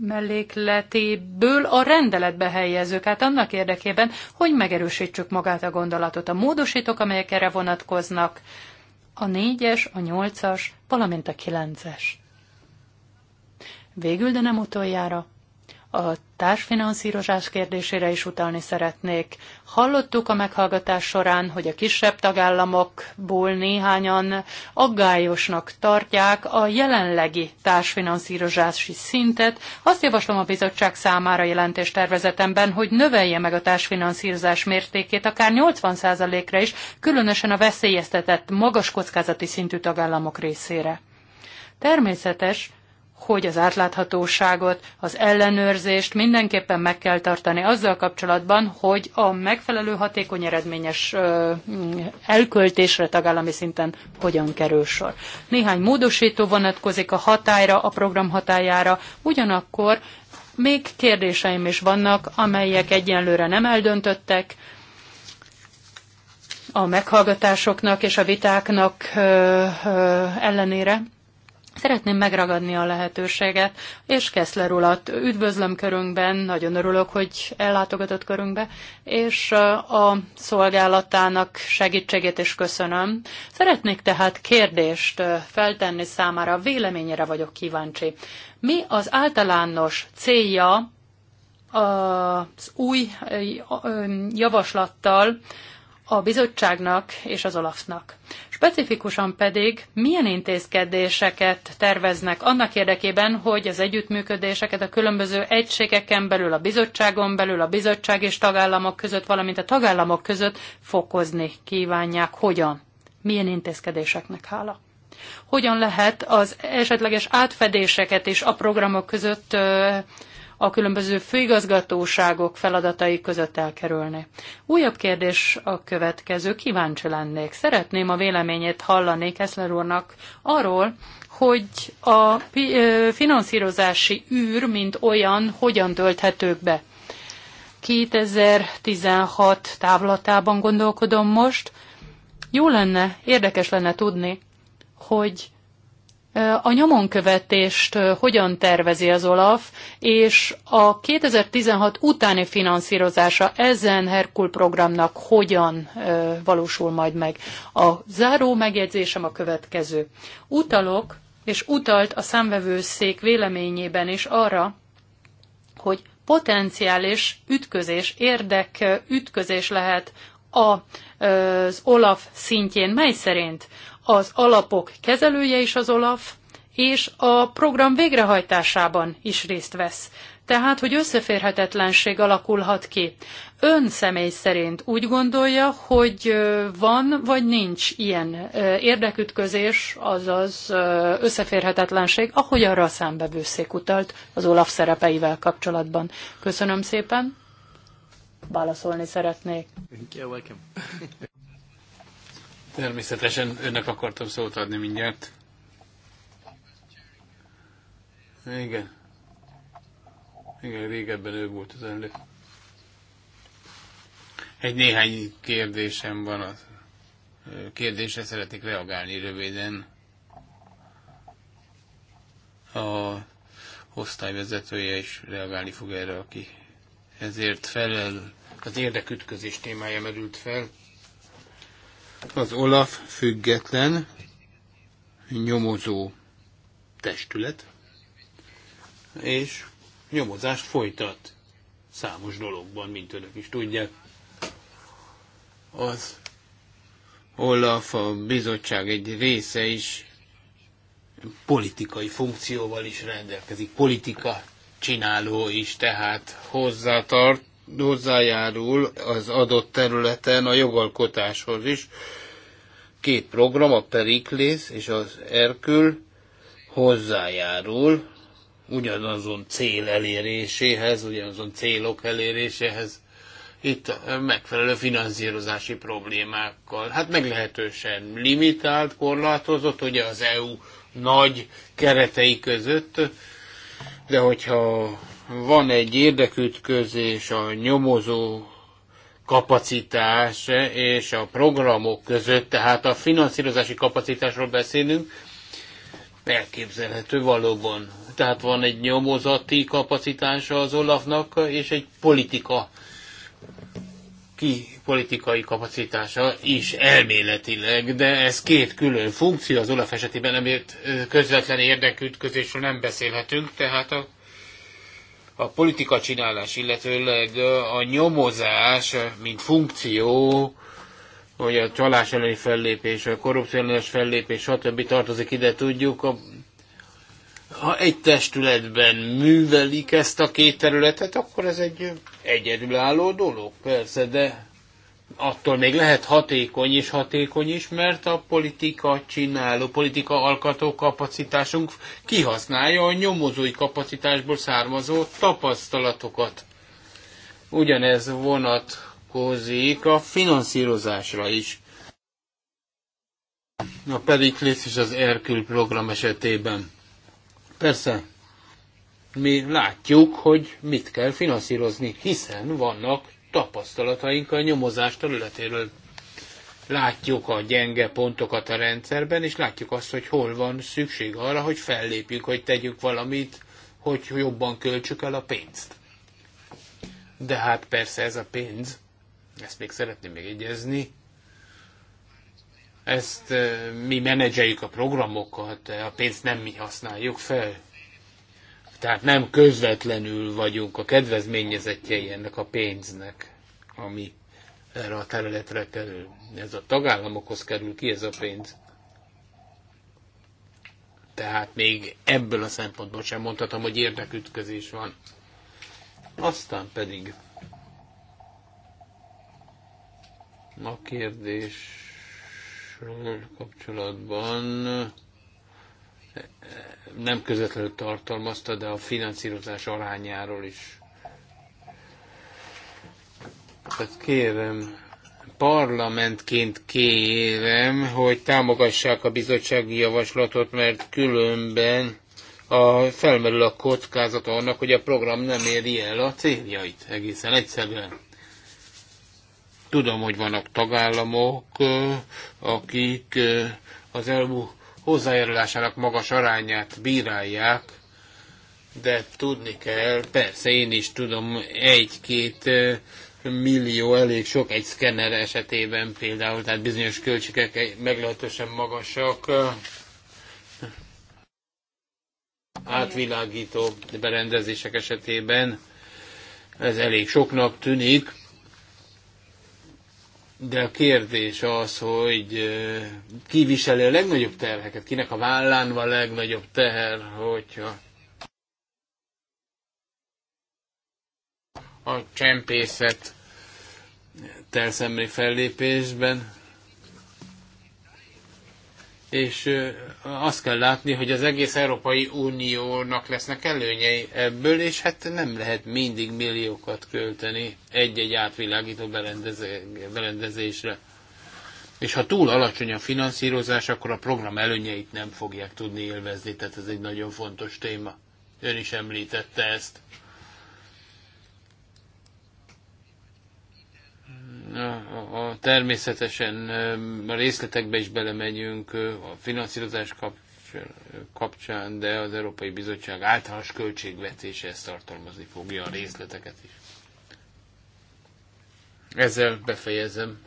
mellékletéből a rendeletbe helyezők, hát annak érdekében, hogy megerősítsük magát a gondolatot. A módosítók, amelyek erre vonatkoznak, a négyes, a nyolcas, valamint a kilences. Végül, de nem utoljára, a társfinanszírozás kérdésére is utalni szeretnék. Hallottuk a meghallgatás során, hogy a kisebb tagállamokból néhányan aggályosnak tartják a jelenlegi társfinanszírozási szintet. Azt javaslom a bizottság számára jelentéstervezetemben, hogy növelje meg a társfinanszírozás mértékét akár 80%-ra is, különösen a veszélyeztetett magas kockázati szintű tagállamok részére. Természetes, hogy az átláthatóságot, az ellenőrzést mindenképpen meg kell tartani azzal kapcsolatban, hogy a megfelelő hatékony eredményes elköltésre tagállami szinten hogyan kerül sor. Néhány módosító vonatkozik a hatályra, a program hatájára, ugyanakkor még kérdéseim is vannak, amelyek egyenlőre nem eldöntöttek, a meghallgatásoknak és a vitáknak ellenére Szeretném megragadni a lehetőséget, és Keszler urat üdvözlöm körünkben, nagyon örülök, hogy ellátogatott körünkbe, és a szolgálatának segítségét is köszönöm. Szeretnék tehát kérdést feltenni számára, véleményére vagyok kíváncsi. Mi az általános célja az új javaslattal a bizottságnak és az Olafnak? Specifikusan pedig milyen intézkedéseket terveznek annak érdekében, hogy az együttműködéseket a különböző egységeken belül, a bizottságon belül, a bizottság és tagállamok között, valamint a tagállamok között fokozni kívánják. Hogyan? Milyen intézkedéseknek hála? Hogyan lehet az esetleges átfedéseket is a programok között a különböző főigazgatóságok feladatai között elkerülni. Újabb kérdés a következő. Kíváncsi lennék. Szeretném a véleményét hallani Keszler úrnak arról, hogy a finanszírozási űr, mint olyan, hogyan tölthetők be. 2016 távlatában gondolkodom most. Jó lenne, érdekes lenne tudni, hogy a nyomonkövetést hogyan tervezi az OLAF, és a 2016 utáni finanszírozása ezen Herkul programnak hogyan valósul majd meg? A záró megjegyzésem a következő. Utalok, és utalt a számvevőszék véleményében is arra, hogy potenciális ütközés, érdek ütközés lehet az OLAF szintjén, mely szerint az alapok kezelője is az OLAF, és a program végrehajtásában is részt vesz. Tehát, hogy összeférhetetlenség alakulhat ki. Ön személy szerint úgy gondolja, hogy van vagy nincs ilyen érdekütközés, azaz összeférhetetlenség, ahogy arra a számbevőszék utalt az Olaf szerepeivel kapcsolatban. Köszönöm szépen. Válaszolni szeretnék. Yeah, welcome. [laughs] Természetesen önnek akartam szót adni mindjárt. Igen. Igen, régebben ő volt az elő. Egy néhány kérdésem van. A kérdésre szeretnék reagálni röviden. A osztályvezetője is reagálni fog erre, aki ezért felel. Az érdekütközés témája merült fel az Olaf független nyomozó testület, és nyomozást folytat számos dologban, mint önök is tudják. Az Olaf, a bizottság egy része is politikai funkcióval is rendelkezik, politika csináló is, tehát hozzátart hozzájárul az adott területen a jogalkotáshoz is. Két program, a Periklész és az Erkül hozzájárul ugyanazon cél eléréséhez, ugyanazon célok eléréséhez, itt megfelelő finanszírozási problémákkal. Hát meglehetősen limitált, korlátozott, ugye az EU nagy keretei között, de hogyha van egy érdekütközés a nyomozó kapacitás és a programok között, tehát a finanszírozási kapacitásról beszélünk, elképzelhető valóban. Tehát van egy nyomozati kapacitása az Olafnak, és egy politika ki politikai kapacitása is elméletileg, de ez két külön funkció az Olaf esetében, amiért közvetlen érdekütközésről nem beszélhetünk, tehát a a politika csinálás, illetőleg a nyomozás, mint funkció, hogy a csalás elleni fellépés, a korrupció elleni fellépés, stb. tartozik ide, tudjuk. A, ha egy testületben művelik ezt a két területet, akkor ez egy egyedülálló dolog, persze, de attól még lehet hatékony és hatékony is, mert a politika csináló, politika alkató kapacitásunk kihasználja a nyomozói kapacitásból származó tapasztalatokat. Ugyanez vonatkozik a finanszírozásra is. A Periklész és az Erkül program esetében. Persze, mi látjuk, hogy mit kell finanszírozni, hiszen vannak tapasztalataink a nyomozás területéről. Látjuk a gyenge pontokat a rendszerben, és látjuk azt, hogy hol van szükség arra, hogy fellépjünk, hogy tegyünk valamit, hogy jobban költsük el a pénzt. De hát persze ez a pénz, ezt még szeretném megjegyezni, ezt eh, mi menedzseljük a programokat, a pénzt nem mi használjuk fel. Tehát nem közvetlenül vagyunk a kedvezményezettjei ennek a pénznek, ami erre a területre kerül. Ez a tagállamokhoz kerül ki ez a pénz. Tehát még ebből a szempontból sem mondhatom, hogy érdekütközés van. Aztán pedig a kérdésről kapcsolatban nem közvetlenül tartalmazta, de a finanszírozás arányáról is. Tehát kérem, parlamentként kérem, hogy támogassák a bizottsági javaslatot, mert különben a, felmerül a kockázat annak, hogy a program nem éri el a céljait egészen egyszerűen. Tudom, hogy vannak tagállamok, akik az elmúlt hozzájárulásának magas arányát bírálják, de tudni kell, persze én is tudom, egy-két millió elég sok egy szkenner esetében például, tehát bizonyos költségek meglehetősen magasak. Átvilágító berendezések esetében ez elég soknak tűnik, de a kérdés az, hogy ki viseli a legnagyobb terheket, kinek a vállán van a legnagyobb teher, hogyha a csempészet telszemli fellépésben és azt kell látni, hogy az egész Európai Uniónak lesznek előnyei ebből, és hát nem lehet mindig milliókat költeni egy-egy átvilágító berendezésre. És ha túl alacsony a finanszírozás, akkor a program előnyeit nem fogják tudni élvezni, tehát ez egy nagyon fontos téma. Ön is említette ezt. a, természetesen a részletekbe is belemegyünk a finanszírozás kapcsán, de az Európai Bizottság általános költségvetése ezt tartalmazni fogja a részleteket is. Ezzel befejezem,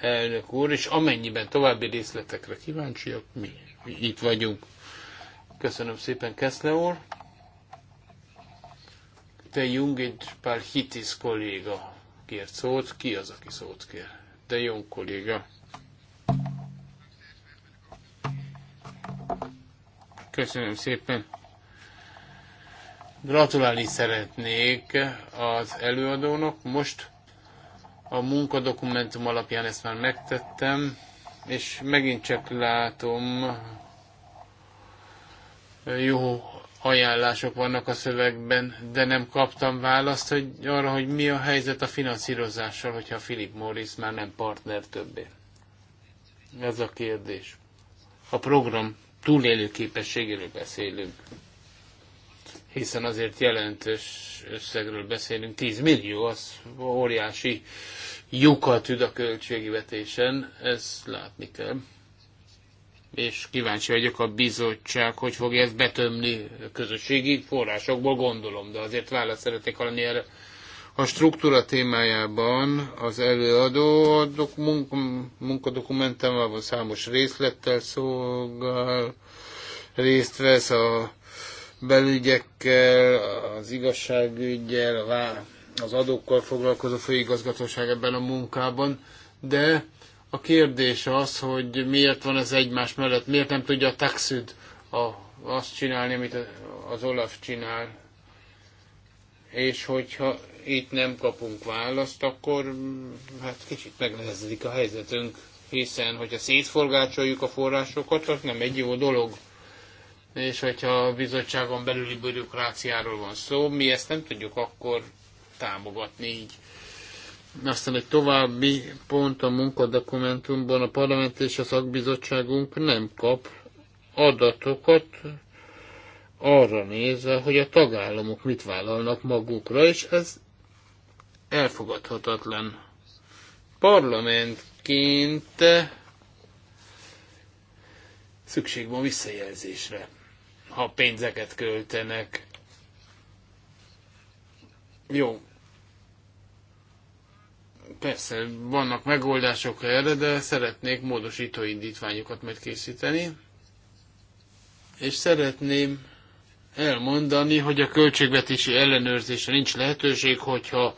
elnök úr, és amennyiben további részletekre kíváncsiak, mi itt vagyunk. Köszönöm szépen, Keszle úr. Te Jungit és Parhitis kolléga kért szót. Ki az, aki szót kér? De jó kolléga. Köszönöm szépen. Gratulálni szeretnék az előadónak. Most a munkadokumentum alapján ezt már megtettem, és megint csak látom jó ajánlások vannak a szövegben, de nem kaptam választ hogy arra, hogy mi a helyzet a finanszírozással, hogyha Philip Morris már nem partner többé. Ez a kérdés. A program túlélő képességéről beszélünk, hiszen azért jelentős összegről beszélünk. 10 millió, az óriási lyukat üd a költségvetésen, ezt látni kell és kíváncsi vagyok a bizottság, hogy fogja ezt betömni közösségi forrásokból, gondolom, de azért választ szeretnék hallani erre. A struktúra témájában az előadó a munkadokumentumában számos részlettel szolgál, részt vesz a belügyekkel, az igazságügyel, az adókkal foglalkozó főigazgatóság ebben a munkában, de a kérdés az, hogy miért van ez egymás mellett, miért nem tudja a taxid a, azt csinálni, amit az Olaf csinál. És hogyha itt nem kapunk választ, akkor hát kicsit megnehezedik a helyzetünk, hiszen hogyha szétforgácsoljuk a forrásokat, az nem egy jó dolog. És hogyha a bizottságon belüli bürokráciáról van szó, mi ezt nem tudjuk akkor támogatni így. Aztán egy további pont a munkadokumentumban a parlament és a szakbizottságunk nem kap adatokat arra nézve, hogy a tagállamok mit vállalnak magukra, és ez elfogadhatatlan. Parlamentként szükség van visszajelzésre, ha pénzeket költenek. Jó, Persze, vannak megoldások erre, de szeretnék módosító indítványokat megkészíteni. készíteni. És szeretném elmondani, hogy a költségvetési ellenőrzésre nincs lehetőség, hogyha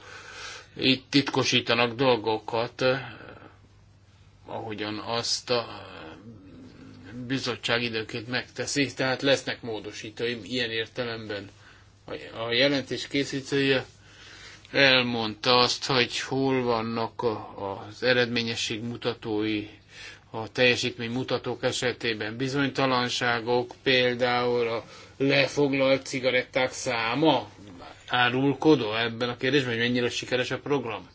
itt titkosítanak dolgokat, eh, ahogyan azt a bizottság időként megteszi, tehát lesznek módosítóim ilyen értelemben. A jelentés készítője elmondta azt, hogy hol vannak az eredményesség mutatói, a teljesítmény mutatók esetében bizonytalanságok, például a lefoglalt cigaretták száma árulkodó ebben a kérdésben, hogy mennyire sikeres a program?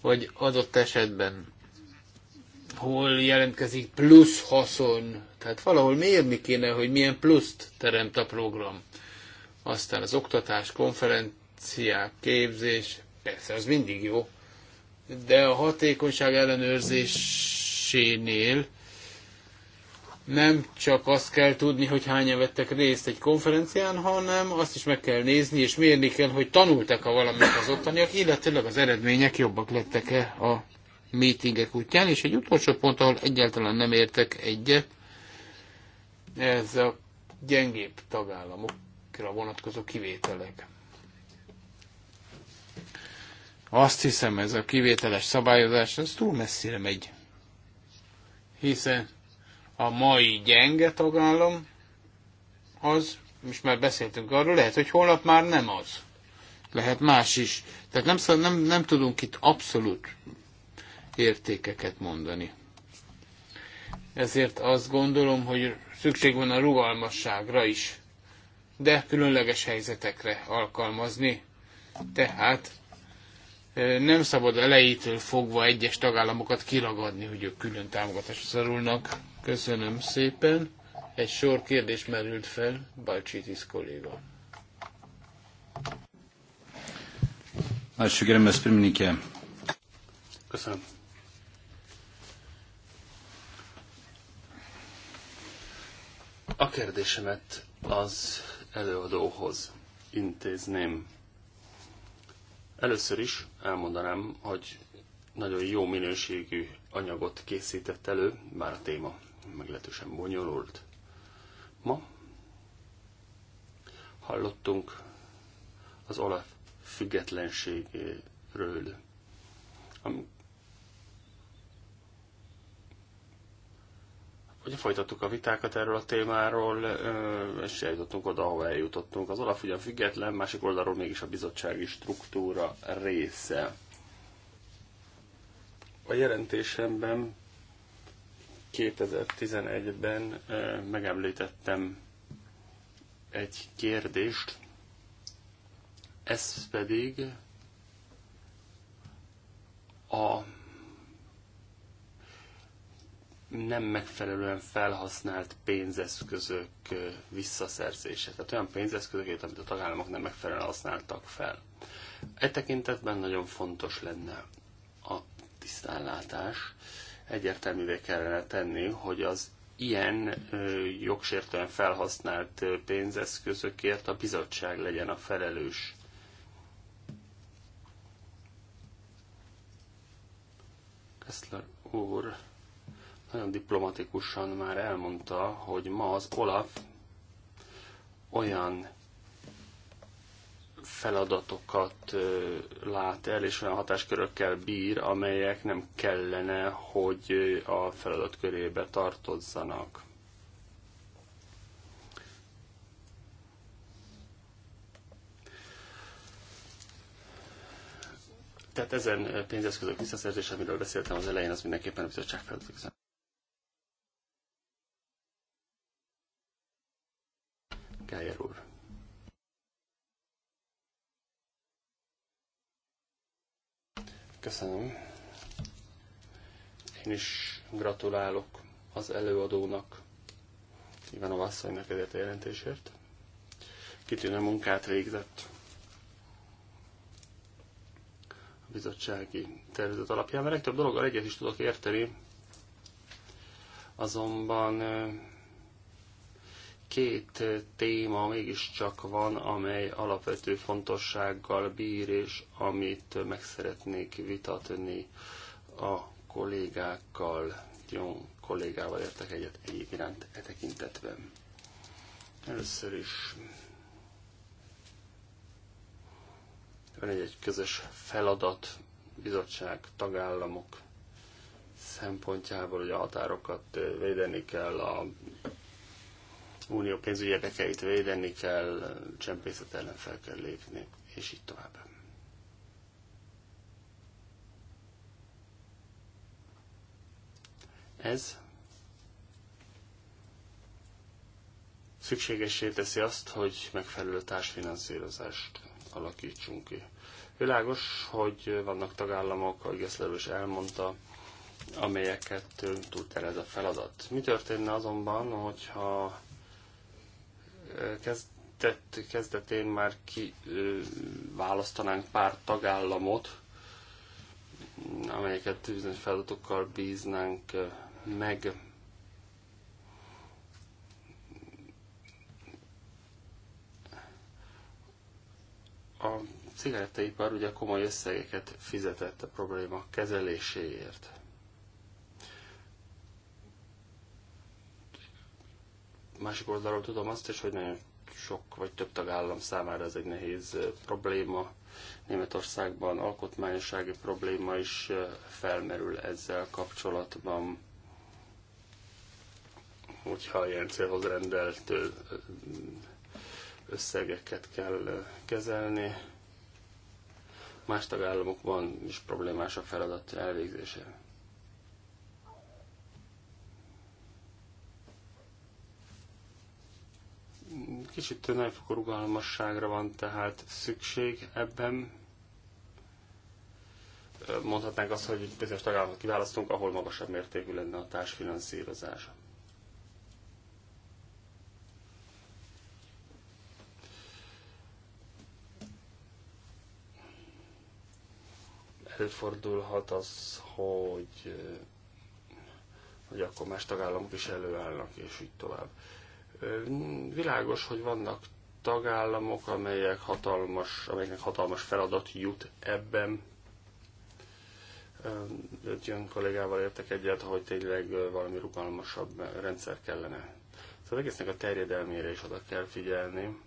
Vagy adott esetben hol jelentkezik plusz haszon? Tehát valahol mérni kéne, hogy milyen pluszt teremt a program. Aztán az oktatás konferenc garanciák, képzés, persze az mindig jó, de a hatékonyság ellenőrzésénél nem csak azt kell tudni, hogy hányan vettek részt egy konferencián, hanem azt is meg kell nézni, és mérni kell, hogy tanultak-e valamit az ottaniak, illetőleg az eredmények jobbak lettek-e a meetingek útján, és egy utolsó pont, ahol egyáltalán nem értek egyet, ez a gyengébb tagállamokra vonatkozó kivételek. Azt hiszem, ez a kivételes szabályozás, az túl messzire megy. Hiszen a mai gyenge tagállam az, most már beszéltünk arról, lehet, hogy holnap már nem az. Lehet más is. Tehát nem, nem, nem tudunk itt abszolút értékeket mondani. Ezért azt gondolom, hogy szükség van a rugalmasságra is, de különleges helyzetekre alkalmazni. Tehát nem szabad elejétől fogva egyes tagállamokat kiragadni, hogy ők külön támogatásra szorulnak. Köszönöm szépen. Egy sor kérdés merült fel, Balcsitis kolléga. Köszönöm. A kérdésemet az előadóhoz intézném. Először is elmondanám, hogy nagyon jó minőségű anyagot készített elő, bár a téma meglehetősen bonyolult. Ma hallottunk az Olaf függetlenségéről, ugye folytattuk a vitákat erről a témáról, és eljutottunk oda, ahova eljutottunk. Az Olaf ugyan független, másik oldalról mégis a bizottsági struktúra része. A jelentésemben 2011-ben megemlítettem egy kérdést, ez pedig a nem megfelelően felhasznált pénzeszközök visszaszerzése. Tehát olyan pénzeszközökét, amit a tagállamok nem megfelelően használtak fel. E tekintetben nagyon fontos lenne a tisztánlátás. Egyértelművé kellene tenni, hogy az ilyen jogsértően felhasznált pénzeszközökért a bizottság legyen a felelős. Kessler úr nagyon diplomatikusan már elmondta, hogy ma az Olaf olyan feladatokat lát el, és olyan hatáskörökkel bír, amelyek nem kellene, hogy a feladat körébe tartozzanak. Tehát ezen pénzeszközök visszaszerzés, amiről beszéltem az elején, az mindenképpen a bizottság feladatok. Geyer úr. Köszönöm. Én is gratulálok az előadónak, Iván a asszonynak ezért a jelentésért. Kitűnő munkát végzett a bizottsági tervezet alapján, mert legtöbb dologgal egyet is tudok érteni, azonban két téma mégiscsak van, amely alapvető fontossággal bír, és amit meg szeretnék vitatni a kollégákkal, jó kollégával értek egyet egyéb iránt e tekintetben. Először is van egy, egy közös feladat, bizottság, tagállamok szempontjából, hogy a határokat védeni kell, a unió pénzügyi érdekeit védeni kell, csempészet ellen fel kell lépni, és így tovább. Ez szükségessé teszi azt, hogy megfelelő társfinanszírozást alakítsunk ki. Világos, hogy vannak tagállamok, ahogy Geszler is elmondta, amelyeket tőlünk tud el ez a feladat. Mi történne azonban, hogyha kezdett kezdetén már ki választanánk pár tagállamot, amelyeket tűzön feladatokkal bíznánk meg. A cigarettaipar ugye komoly összegeket fizetett a probléma kezeléséért. másik oldalról tudom azt is, hogy nagyon sok vagy több tagállam számára ez egy nehéz probléma. Németországban alkotmányossági probléma is felmerül ezzel kapcsolatban, hogyha ilyen célhoz rendelt összegeket kell kezelni. Más tagállamokban is problémás a feladat elvégzése. Kicsit nagyfokú rugalmasságra van tehát szükség ebben. Mondhatnánk azt, hogy bizonyos tagállamot kiválasztunk, ahol magasabb mértékű lenne a társfinanszírozás. Előfordulhat az, hogy hogy akkor más tagállamok is előállnak, és így tovább. Világos, hogy vannak tagállamok, amelyek hatalmas, amelyeknek hatalmas feladat jut ebben. Öt jön kollégával értek egyet, hogy tényleg valami rugalmasabb rendszer kellene. Szóval egésznek a terjedelmére is oda kell figyelni.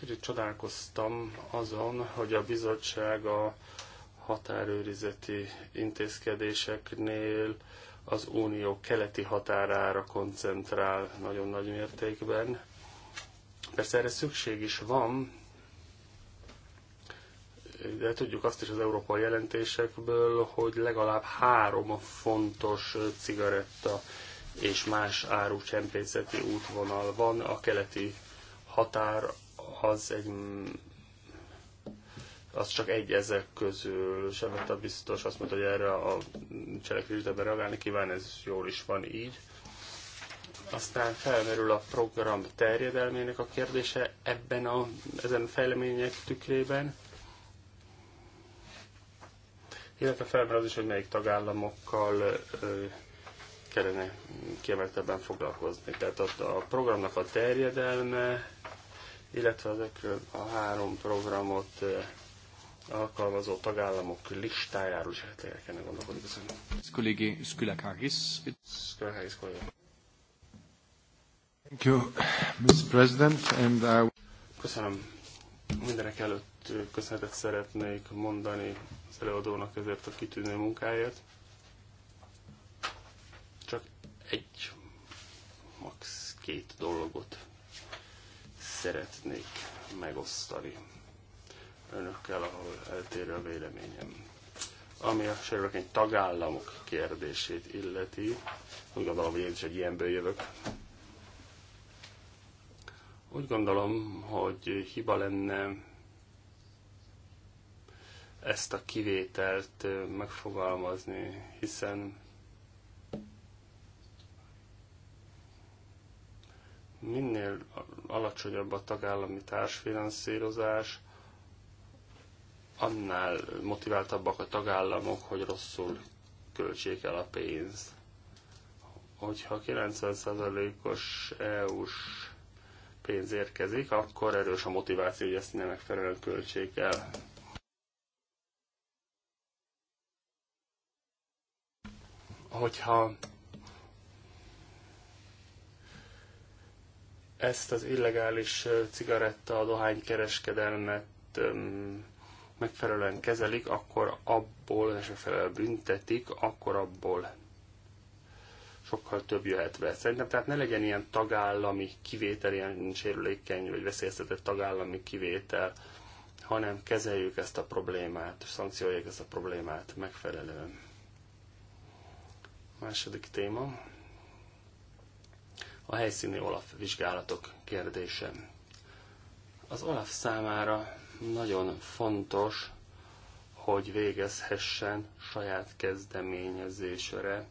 Kicsit csodálkoztam azon, hogy a bizottság a határőrizeti intézkedéseknél az unió keleti határára koncentrál nagyon nagy mértékben. Persze erre szükség is van, de tudjuk azt is az európai jelentésekből, hogy legalább három fontos cigaretta és más áru csempészeti útvonal van. A keleti határ az egy az csak egy ezek közül sem a biztos azt mondta, hogy erre a cselekvésre reagálni kíván, ez jól is van így. Aztán felmerül a program terjedelmének a kérdése ebben a, ezen fejlemények tükrében. Illetve felmerül az is, hogy melyik tagállamokkal ö, kellene kiemeltebben foglalkozni. Tehát ott a programnak a terjedelme, illetve ezekről a három programot alkalmazó tagállamok listájáról is lehet kellene gondolkodni. Köszönöm. Szkollégi Szkülekakis. Thank you, Mr. President, and I... Köszönöm. Mindenek előtt köszönetet szeretnék mondani az előadónak ezért a kitűnő munkáért. Csak egy, max. két dolgot szeretnék megosztani önökkel, ahol eltérő a véleményem. Ami a sérülként tagállamok kérdését illeti, úgy gondolom, hogy én is egy ilyenből jövök. Úgy gondolom, hogy hiba lenne ezt a kivételt megfogalmazni, hiszen minél alacsonyabb a tagállami társfinanszírozás, annál motiváltabbak a tagállamok, hogy rosszul költsék el a pénzt. Hogyha 90%-os EU-s pénz érkezik, akkor erős a motiváció, hogy ezt nem megfelelően költsék el. Hogyha ezt az illegális cigaretta, dohánykereskedelmet öm, megfelelően kezelik, akkor abból, és megfelelően büntetik, akkor abból sokkal több jöhet be. Szerintem tehát ne legyen ilyen tagállami kivétel, ilyen sérülékeny vagy veszélyeztetett tagállami kivétel, hanem kezeljük ezt a problémát, szankcioljuk ezt a problémát megfelelően. Második téma. A helyszíni Olaf vizsgálatok kérdése. Az Olaf számára nagyon fontos, hogy végezhessen saját kezdeményezésre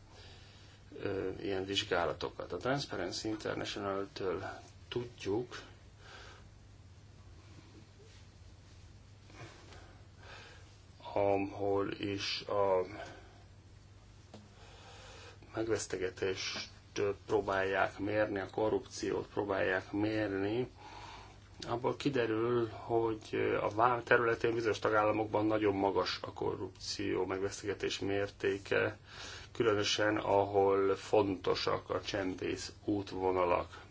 ö, ilyen vizsgálatokat. A Transparency International-től tudjuk, ahol is a megvesztegetést próbálják mérni, a korrupciót próbálják mérni, abból kiderül, hogy a vám területén bizonyos tagállamokban nagyon magas a korrupció megvesztegetés mértéke, különösen ahol fontosak a csendész útvonalak.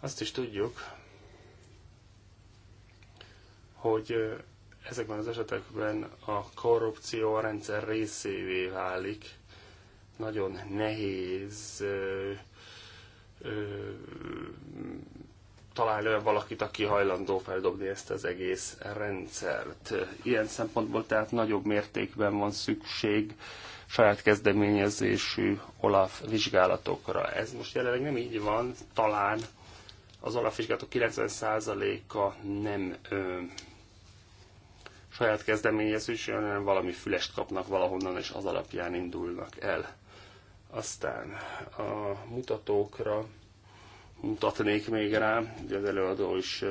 Azt is tudjuk, hogy ezekben az esetekben a korrupció a rendszer részévé válik. Nagyon nehéz találni olyan valakit, aki hajlandó feldobni ezt az egész rendszert. Ilyen szempontból tehát nagyobb mértékben van szükség saját kezdeményezésű Olaf vizsgálatokra. Ez most jelenleg nem így van, talán az Olaf vizsgálatok 90%-a nem ö, saját kezdeményezésű, hanem valami fülest kapnak valahonnan, és az alapján indulnak el. Aztán a mutatókra mutatnék még rá, ugye az előadó is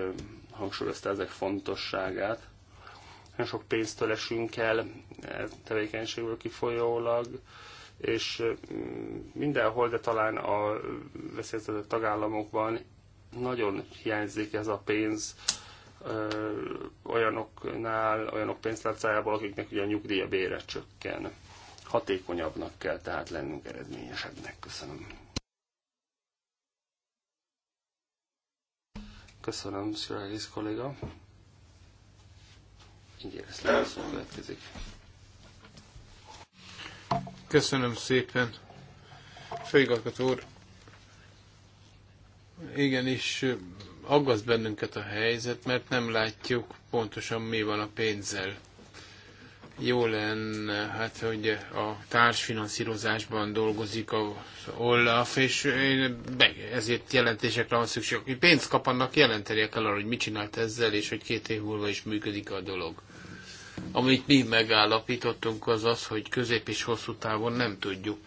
hangsúlyozta ezek fontosságát. Nagyon sok pénzt esünk el e tevékenységből kifolyólag, és mindenhol, de talán a veszélyeztetett tagállamokban nagyon hiányzik ez a pénz olyanoknál, olyanok pénztárcájából, akiknek ugye a nyugdíja bére csökken. Hatékonyabbnak kell tehát lennünk eredményesebbnek. Köszönöm. Köszönöm, Szüregész kolléga. Így ezt következik. Köszönöm szépen, főigazgató úr. Igenis, eh, aggaszt bennünket a helyzet, mert nem látjuk pontosan mi van a pénzzel jó lenne, hát, hogy a társfinanszírozásban dolgozik az Olaf, és ezért jelentésekre van szükség. Aki pénzt kap, annak jelentenie kell arra, hogy mit csinált ezzel, és hogy két év múlva is működik a dolog. Amit mi megállapítottunk, az az, hogy közép és hosszú távon nem tudjuk,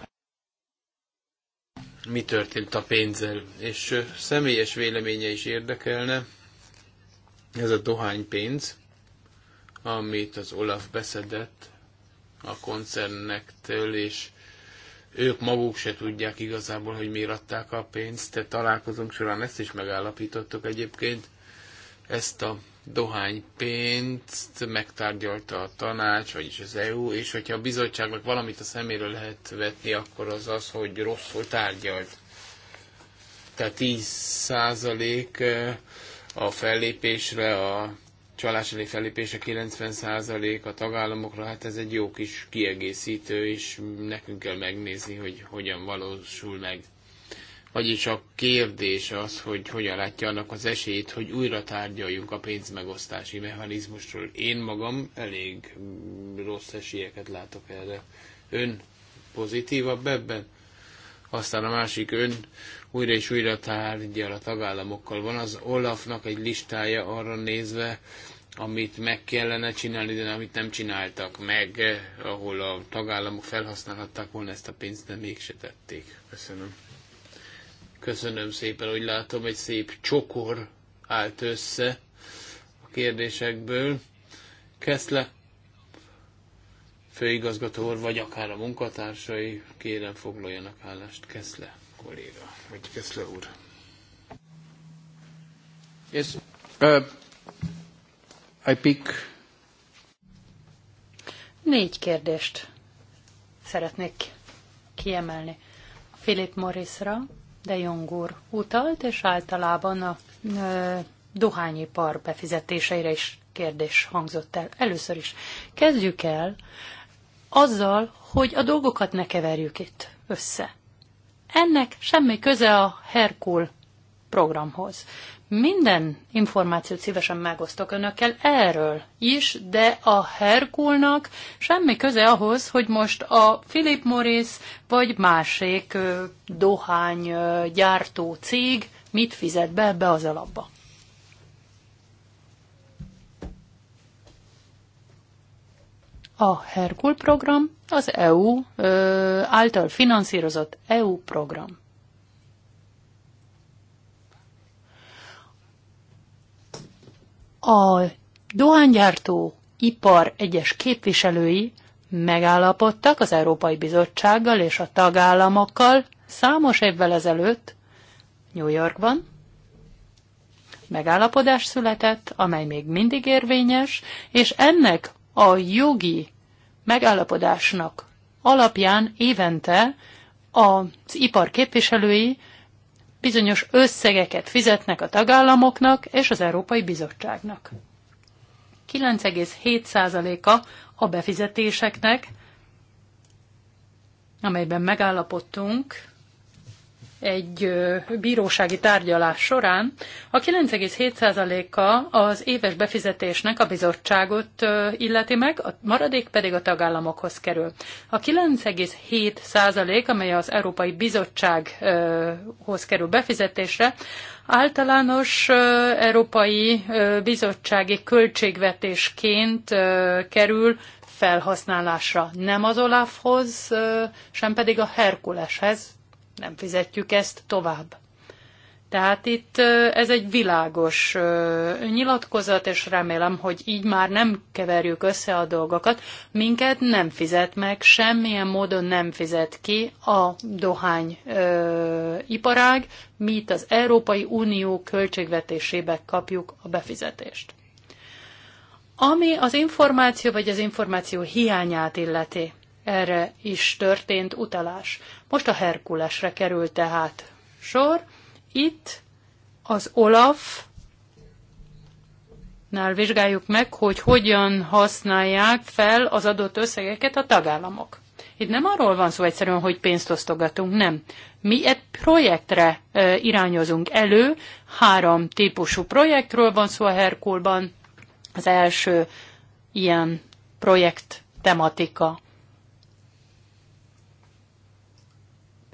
mi történt a pénzzel. És személyes véleménye is érdekelne, ez a dohánypénz. pénz amit az Olaf beszedett a koncernektől, és ők maguk se tudják igazából, hogy miért adták a pénzt. Te találkozunk során ezt is megállapítottuk egyébként. Ezt a dohánypénzt megtárgyalta a tanács, vagyis az EU, és hogyha a bizottságnak valamit a szeméről lehet vetni, akkor az az, hogy rosszul tárgyalt. Tehát 10 százalék eh, a fellépésre, a csalás elé fellépése 90% a tagállamokra, hát ez egy jó kis kiegészítő, és nekünk kell megnézni, hogy hogyan valósul meg. Vagyis a kérdés az, hogy hogyan látja annak az esélyt, hogy újra tárgyaljunk a pénzmegosztási mechanizmusról. Én magam elég mm, rossz esélyeket látok erre. Ön pozitívabb ebben? aztán a másik ön újra és újra tárgyal a tagállamokkal. Van az Olafnak egy listája arra nézve, amit meg kellene csinálni, de amit nem csináltak meg, ahol a tagállamok felhasználhatták volna ezt a pénzt, de mégse tették. Köszönöm. Köszönöm szépen, hogy látom, egy szép csokor állt össze a kérdésekből. Keszlek főigazgató úr, vagy akár a munkatársai, kérem foglaljanak állást. Keszle kolléga, vagy Keszle úr. Yes. Uh, I pick. Négy kérdést szeretnék kiemelni. Philip Morrisra, de Jong úr utalt, és általában a ö, dohányipar befizetéseire is kérdés hangzott el. Először is kezdjük el azzal, hogy a dolgokat ne keverjük itt össze. Ennek semmi köze a Herkul programhoz. Minden információt szívesen megosztok önökkel erről is, de a Herkulnak semmi köze ahhoz, hogy most a Philip Morris vagy másik dohánygyártó cég mit fizet be ebbe az alapba. A Herkul program az EU ö, által finanszírozott EU program. A dohánygyártó ipar egyes képviselői megállapodtak az Európai Bizottsággal és a tagállamokkal számos évvel ezelőtt New Yorkban. Megállapodás született, amely még mindig érvényes, és ennek a jogi megállapodásnak alapján évente az ipar képviselői bizonyos összegeket fizetnek a tagállamoknak és az Európai Bizottságnak. 9,7%-a a befizetéseknek, amelyben megállapodtunk, egy bírósági tárgyalás során a 9,7%-a az éves befizetésnek a bizottságot illeti meg, a maradék pedig a tagállamokhoz kerül. A 9,7%, amely az Európai Bizottsághoz kerül befizetésre, általános Európai Bizottsági költségvetésként kerül felhasználásra, nem az Olafhoz, sem pedig a Herkuleshez nem fizetjük ezt tovább. Tehát itt ez egy világos nyilatkozat, és remélem, hogy így már nem keverjük össze a dolgokat. Minket nem fizet meg, semmilyen módon nem fizet ki a dohány ö, iparág, mi itt az Európai Unió költségvetésébe kapjuk a befizetést. Ami az információ vagy az információ hiányát illeti erre is történt utalás. Most a Herkulesre került tehát sor. Itt az Olaf nál vizsgáljuk meg, hogy hogyan használják fel az adott összegeket a tagállamok. Itt nem arról van szó egyszerűen, hogy pénzt osztogatunk, nem. Mi egy projektre e, irányozunk elő, három típusú projektről van szó a Herkulban. Az első ilyen projekt tematika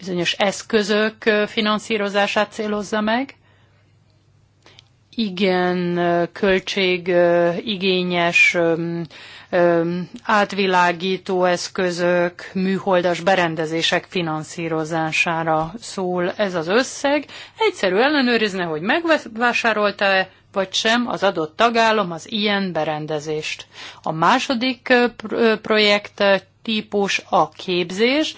bizonyos eszközök finanszírozását célozza meg. Igen, költségigényes átvilágító eszközök, műholdas berendezések finanszírozására szól ez az összeg. Egyszerű ellenőrizne, hogy megvásárolta-e vagy sem az adott tagállam az ilyen berendezést. A második projekt típus a képzés,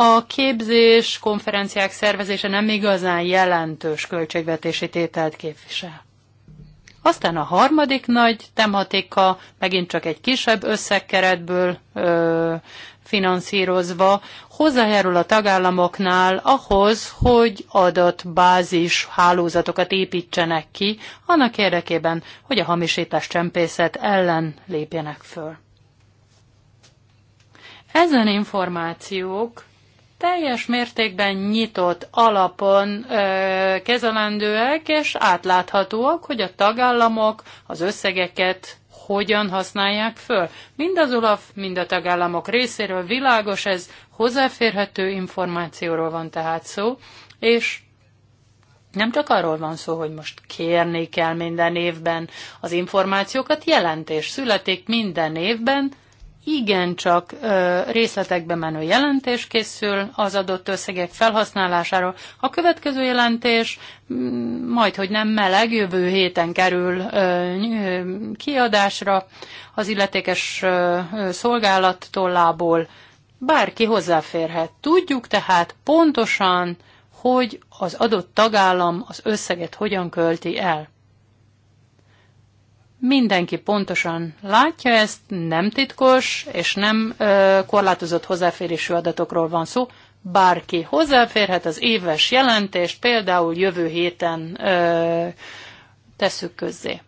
a képzés, konferenciák szervezése nem igazán jelentős költségvetési tételt képvisel. Aztán a harmadik nagy tematika, megint csak egy kisebb összegkeretből ö, finanszírozva, hozzájárul a tagállamoknál ahhoz, hogy adatbázis hálózatokat építsenek ki, annak érdekében, hogy a hamisítás csempészet ellen lépjenek föl. Ezen információk teljes mértékben nyitott alapon ö, kezelendőek, és átláthatóak, hogy a tagállamok az összegeket hogyan használják föl. Mind az olaf, mind a tagállamok részéről világos ez, hozzáférhető információról van tehát szó, és nem csak arról van szó, hogy most kérni kell minden évben az információkat, jelentés születik minden évben, igencsak ö, részletekbe menő jelentés készül az adott összegek felhasználásáról. A következő jelentés majd, hogy nem meleg, jövő héten kerül ö, kiadásra az illetékes ö, szolgálat tollából. Bárki hozzáférhet. Tudjuk tehát pontosan, hogy az adott tagállam az összeget hogyan költi el. Mindenki pontosan látja ezt, nem titkos és nem ö, korlátozott hozzáférésű adatokról van szó. Bárki hozzáférhet az éves jelentést, például jövő héten ö, tesszük közzé.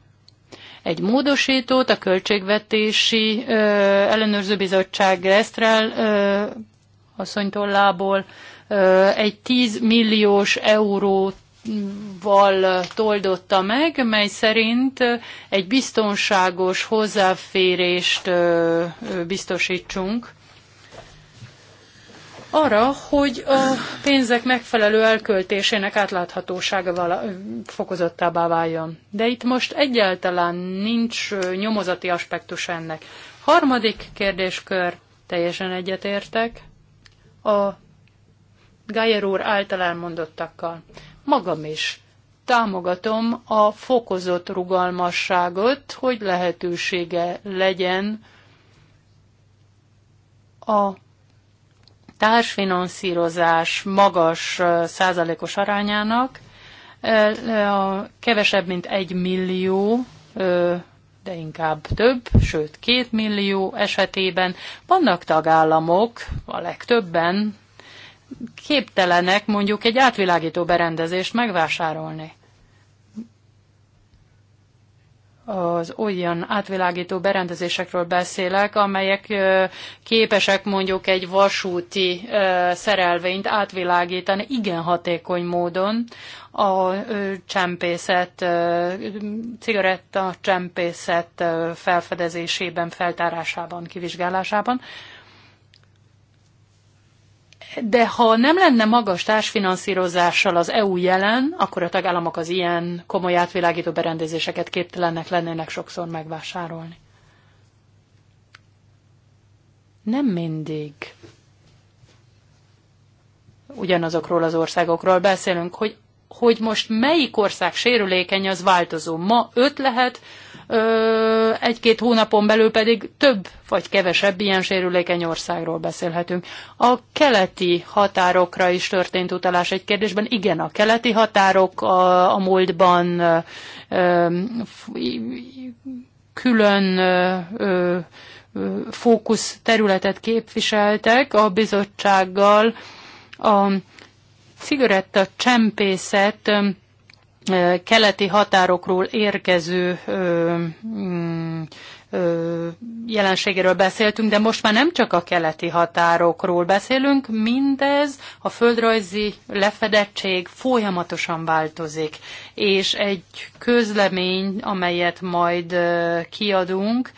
Egy módosítót a Költségvetési ö, Ellenőrző Bizottság Esztrel asszonytollából egy 10 milliós eurót val toldotta meg, mely szerint egy biztonságos hozzáférést biztosítsunk arra, hogy a pénzek megfelelő elköltésének átláthatósága fokozottabbá váljon. De itt most egyáltalán nincs nyomozati aspektus ennek. Harmadik kérdéskör, teljesen egyetértek, a Gájer úr által elmondottakkal magam is támogatom a fokozott rugalmasságot, hogy lehetősége legyen a társfinanszírozás magas százalékos arányának, kevesebb, mint egy millió, de inkább több, sőt két millió esetében. Vannak tagállamok, a legtöbben, képtelenek mondjuk egy átvilágító berendezést megvásárolni. Az olyan átvilágító berendezésekről beszélek, amelyek képesek mondjuk egy vasúti szerelvényt átvilágítani igen hatékony módon a csempészet, cigaretta csempészet felfedezésében, feltárásában, kivizsgálásában de ha nem lenne magas társfinanszírozással az EU jelen, akkor a tagállamok az ilyen komoly átvilágító berendezéseket képtelenek lennének sokszor megvásárolni. Nem mindig ugyanazokról az országokról beszélünk, hogy, hogy most melyik ország sérülékeny, az változó. Ma öt lehet, egy-két hónapon belül pedig több vagy kevesebb ilyen sérülékeny országról beszélhetünk. A keleti határokra is történt utalás egy kérdésben. Igen, a keleti határok a, a múltban külön fókusz területet képviseltek a bizottsággal. A cigaretta csempészet keleti határokról érkező mm, jelenségéről beszéltünk, de most már nem csak a keleti határokról beszélünk, mindez a földrajzi lefedettség folyamatosan változik, és egy közlemény, amelyet majd kiadunk,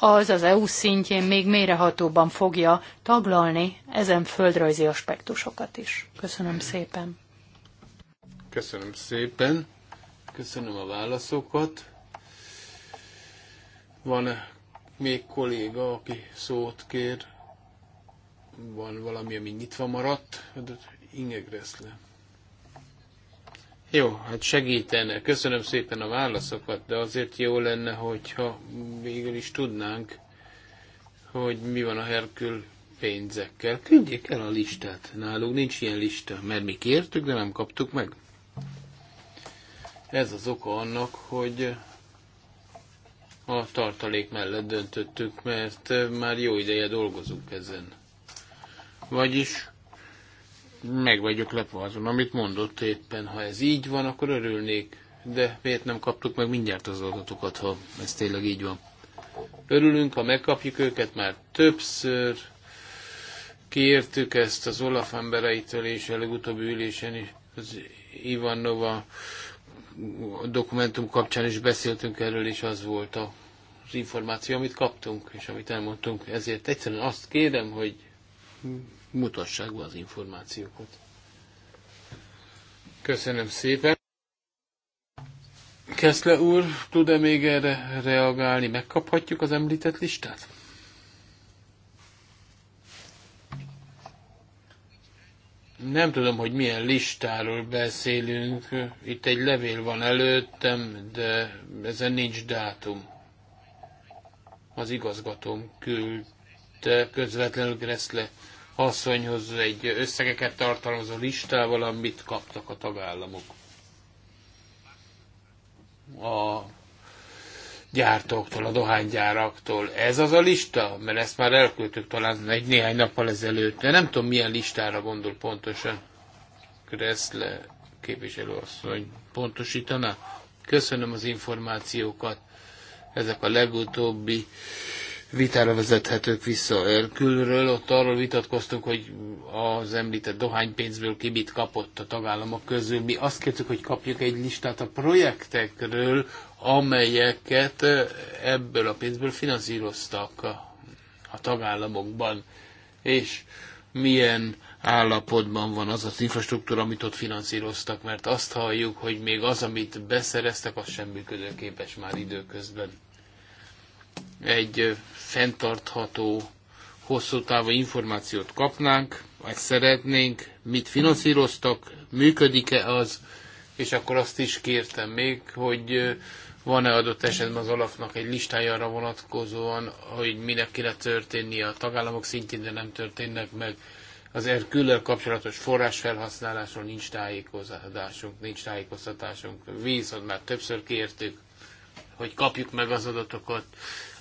az az EU szintjén még mérehatóban fogja taglalni ezen földrajzi aspektusokat is. Köszönöm szépen. Köszönöm szépen. Köszönöm a válaszokat. Van -e még kolléga, aki szót kér? Van valami, ami nyitva maradt? Ingegressz le. Jó, hát segítene. Köszönöm szépen a válaszokat, de azért jó lenne, hogyha végül is tudnánk, hogy mi van a Herkül pénzekkel. Küldjék el a listát. Nálunk nincs ilyen lista, mert mi kértük, de nem kaptuk meg. Ez az oka annak, hogy a tartalék mellett döntöttük, mert már jó ideje dolgozunk ezen. Vagyis meg vagyok lepve azon, amit mondott éppen. Ha ez így van, akkor örülnék. De miért nem kaptuk meg mindjárt az adatokat, ha ez tényleg így van? Örülünk, ha megkapjuk őket, már többször kértük ezt az Olaf embereitől, és legutóbbi ülésen is az Ivanova dokumentum kapcsán is beszéltünk erről, és az volt a az információ, amit kaptunk, és amit elmondtunk. Ezért egyszerűen azt kérem, hogy mutassák be az információkat. Köszönöm szépen. Keszle úr, tud-e még erre reagálni? Megkaphatjuk az említett listát? Nem tudom, hogy milyen listáról beszélünk. Itt egy levél van előttem, de ezen nincs dátum. Az igazgatóm küldte közvetlenül Greszle asszonyhoz egy összegeket tartalmazó listával, amit kaptak a tagállamok. A gyártóktól, a dohánygyáraktól. Ez az a lista? Mert ezt már elküldtük talán egy néhány nappal ezelőtt, de nem tudom milyen listára gondol pontosan. Kreszle asszony pontosítana. Köszönöm az információkat. Ezek a legutóbbi vitára vezethetők vissza Erkülről. Ott arról vitatkoztunk, hogy az említett dohánypénzből ki mit kapott a tagállamok közül. Mi azt kértük, hogy kapjuk egy listát a projektekről, amelyeket ebből a pénzből finanszíroztak a tagállamokban, és milyen állapotban van az az infrastruktúra, amit ott finanszíroztak, mert azt halljuk, hogy még az, amit beszereztek, az sem működőképes már időközben. Egy fenntartható, hosszú távú információt kapnánk, vagy szeretnénk, mit finanszíroztak, működik-e az, és akkor azt is kértem még, hogy van-e adott esetben az Olafnak egy listája arra vonatkozóan, hogy minek kéne történni a tagállamok szintén de nem történnek meg? Az erküllel kapcsolatos forrásfelhasználásról nincs tájékozásunk, nincs tájékoztatásunk. Viszont már többször kértük, hogy kapjuk meg az adatokat.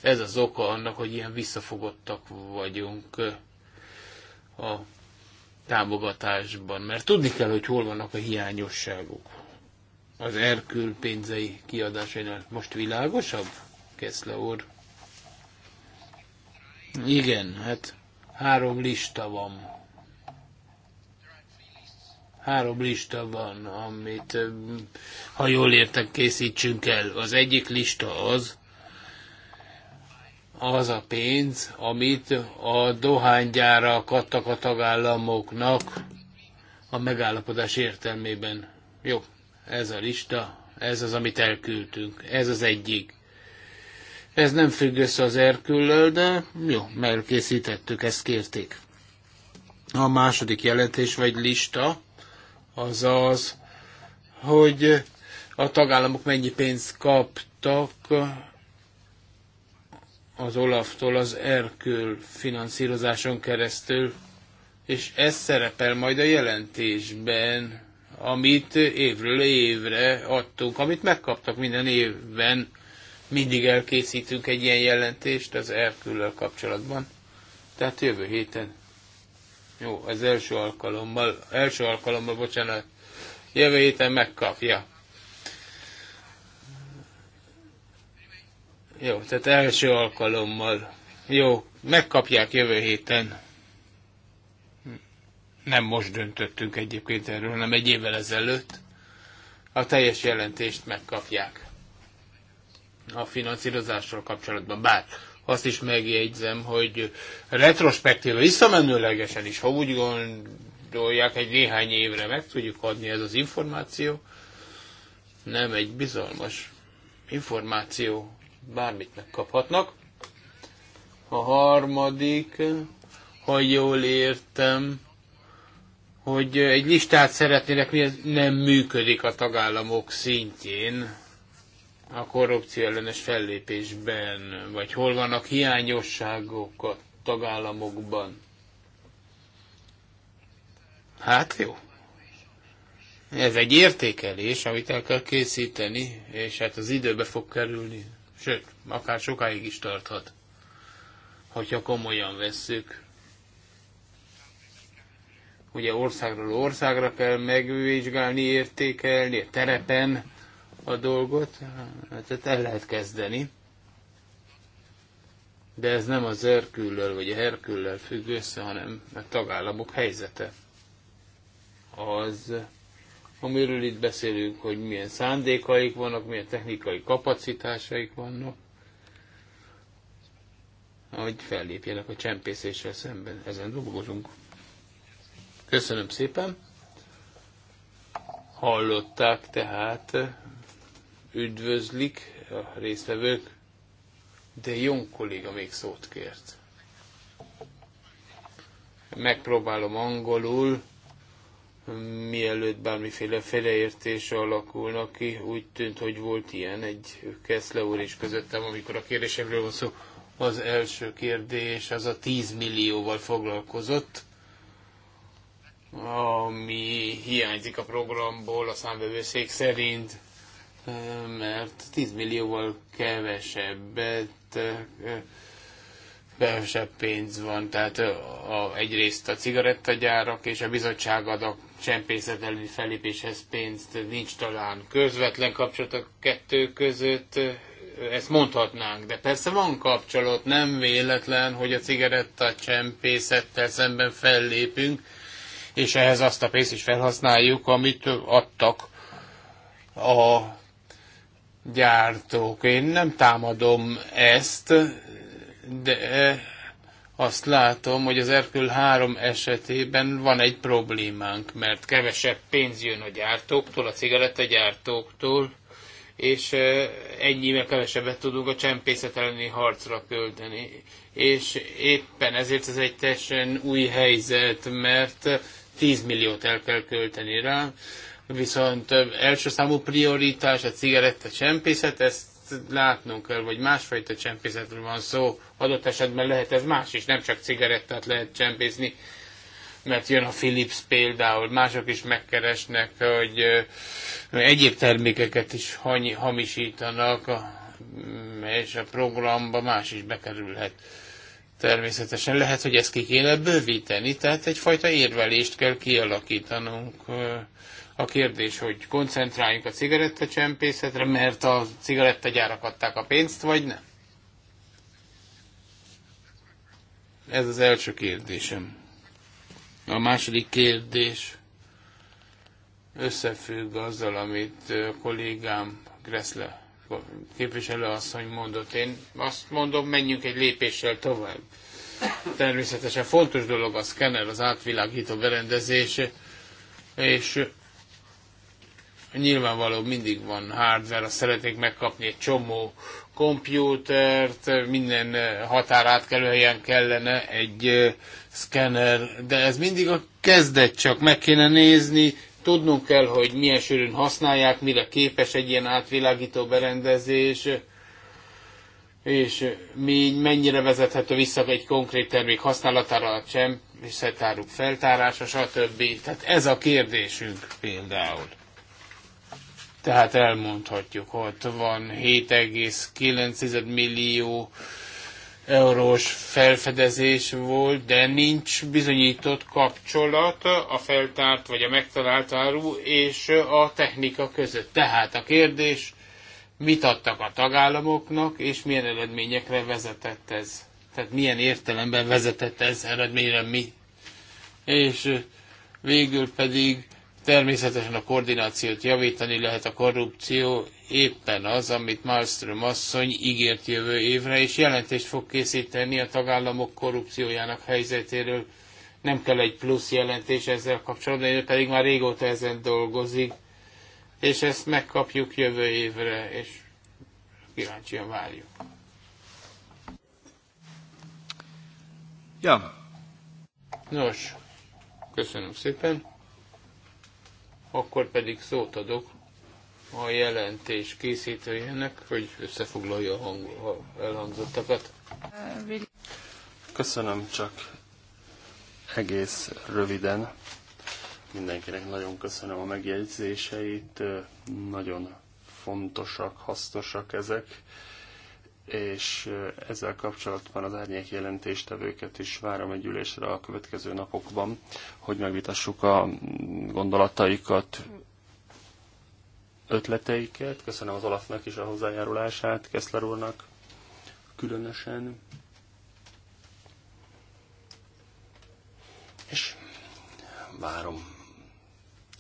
Ez az oka annak, hogy ilyen visszafogottak vagyunk a támogatásban, mert tudni kell, hogy hol vannak a hiányosságok az Erkül pénzei kiadásainál. Most világosabb, Keszle úr? Igen, hát három lista van. Három lista van, amit, ha jól értek, készítsünk el. Az egyik lista az, az a pénz, amit a dohánygyárak kattak a tagállamoknak a megállapodás értelmében. Jó, ez a lista, ez az, amit elküldtünk, ez az egyik. Ez nem függ össze az erküllel, de jó, mert készítettük, ezt kérték. A második jelentés vagy lista az az, hogy a tagállamok mennyi pénzt kaptak az Olaftól az Erkül finanszírozáson keresztül, és ez szerepel majd a jelentésben amit évről évre adtunk, amit megkaptak minden évben. Mindig elkészítünk egy ilyen jelentést az Erkülről kapcsolatban. Tehát jövő héten. Jó, az első alkalommal, első alkalommal, bocsánat, jövő héten megkapja. Jó, tehát első alkalommal. Jó, megkapják jövő héten. Nem most döntöttünk egyébként erről, hanem egy évvel ezelőtt. A teljes jelentést megkapják a finanszírozással kapcsolatban. Bár azt is megjegyzem, hogy retrospektíve visszamenőlegesen is, ha úgy gondolják, egy néhány évre meg tudjuk adni ez az információ, nem egy bizalmas információ, bármit megkaphatnak. A harmadik, ha jól értem, hogy egy listát szeretnének, mi ez nem működik a tagállamok szintjén a korrupció ellenes fellépésben, vagy hol vannak hiányosságok a tagállamokban. Hát jó. Ez egy értékelés, amit el kell készíteni, és hát az időbe fog kerülni. Sőt, akár sokáig is tarthat, hogyha komolyan vesszük. Ugye országról országra kell megvizsgálni, értékelni, a terepen a dolgot, tehát el lehet kezdeni. De ez nem az erküllel vagy a herküllel függ össze, hanem a tagállamok helyzete. Az, amiről itt beszélünk, hogy milyen szándékaik vannak, milyen technikai kapacitásaik vannak, hogy fellépjenek a csempészéssel szemben. Ezen dolgozunk. Köszönöm szépen. Hallották tehát, üdvözlik a résztvevők, de jó kolléga még szót kért. Megpróbálom angolul, mielőtt bármiféle feleértés alakulna ki, úgy tűnt, hogy volt ilyen egy Keszle úr is közöttem, amikor a kérdésekről van szó. Az első kérdés az a 10 millióval foglalkozott ami hiányzik a programból a számvevőszék szerint, eh, mert 10 millióval kevesebbet, eh, kevesebb pénz van, tehát eh, a, egyrészt a cigarettagyárak és a bizottság ad a csempészet elleni fellépéshez pénzt, nincs talán közvetlen kapcsolat a kettő között, ezt mondhatnánk, de persze van kapcsolat, nem véletlen, hogy a cigaretta csempészettel szemben fellépünk, és ehhez azt a pénzt is felhasználjuk, amit adtak a gyártók. Én nem támadom ezt, de azt látom, hogy az Erkül 3 esetében van egy problémánk, mert kevesebb pénz jön a gyártóktól, a cigarettagyártóktól, és ennyivel kevesebbet tudunk a csempészet elleni harcra költeni. És éppen ezért ez egy teljesen új helyzet, mert 10 milliót el kell költeni rá, viszont első számú prioritás a cigaretta csempészet, ezt látnunk kell, vagy másfajta csempészetről van szó, adott esetben lehet ez más is, nem csak cigarettát lehet csempészni, mert jön a Philips például, mások is megkeresnek, hogy egyéb termékeket is hamisítanak, mm, és a programba más is bekerülhet. Természetesen lehet, hogy ezt ki kéne bővíteni, tehát egyfajta érvelést kell kialakítanunk. A kérdés, hogy koncentráljunk a cigarettacsempészetre, mert a cigarettagyárak adták a pénzt, vagy nem? Ez az első kérdésem. A második kérdés összefügg azzal, amit kollégám Gressler képviselő asszony mondott. Én azt mondom, menjünk egy lépéssel tovább. Természetesen fontos dolog a szkenner, az átvilágító berendezés, és nyilvánvaló mindig van hardware, szeretnék megkapni egy csomó kompjútert, minden helyen kellene egy szkenner, de ez mindig a kezdet csak, meg kéne nézni, Tudnunk kell, hogy milyen sűrűn használják, mire képes egy ilyen átvilágító berendezés, és mi mennyire vezethető vissza egy konkrét termék használatára a csem, és szetáruk feltárása, stb. Tehát ez a kérdésünk például. Tehát elmondhatjuk, ott van 7,9 millió eurós felfedezés volt, de nincs bizonyított kapcsolat a feltárt vagy a megtalált áru és a technika között. Tehát a kérdés, mit adtak a tagállamoknak, és milyen eredményekre vezetett ez. Tehát milyen értelemben vezetett ez eredményre mi. És végül pedig természetesen a koordinációt javítani lehet a korrupció éppen az, amit Malmström asszony ígért jövő évre, és jelentést fog készíteni a tagállamok korrupciójának helyzetéről. Nem kell egy plusz jelentés ezzel kapcsolatban, ő pedig már régóta ezen dolgozik, és ezt megkapjuk jövő évre, és kíváncsian várjuk. Ja. Nos, köszönöm szépen. Akkor pedig szót adok a jelentés készítőjének, hogy összefoglalja a hang, a elhangzottakat. Köszönöm csak egész röviden. Mindenkinek nagyon köszönöm a megjegyzéseit, nagyon fontosak, hasznosak ezek, és ezzel kapcsolatban az árnyék jelentéstevőket is várom egy ülésre a következő napokban, hogy megvitassuk a gondolataikat, ötleteiket, köszönöm az Olafnak is a hozzájárulását, Keszler úrnak különösen. És várom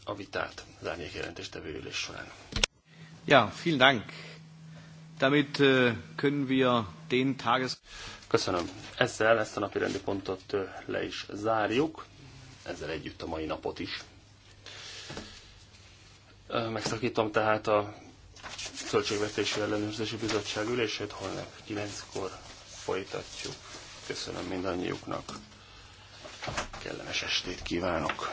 a vitát az árnyék jelentéstevő ülés során. Ja, vielen Dank. Damit äh, können wir den Tages... Köszönöm. Ezzel ezt a napi rendi pontot äh, le is zárjuk, ezzel együtt a mai napot is. Megszakítom tehát a Költségvetési Ellenőrzési Bizottság ülését, holnap 9-kor folytatjuk. Köszönöm mindannyiuknak. Kellemes estét kívánok!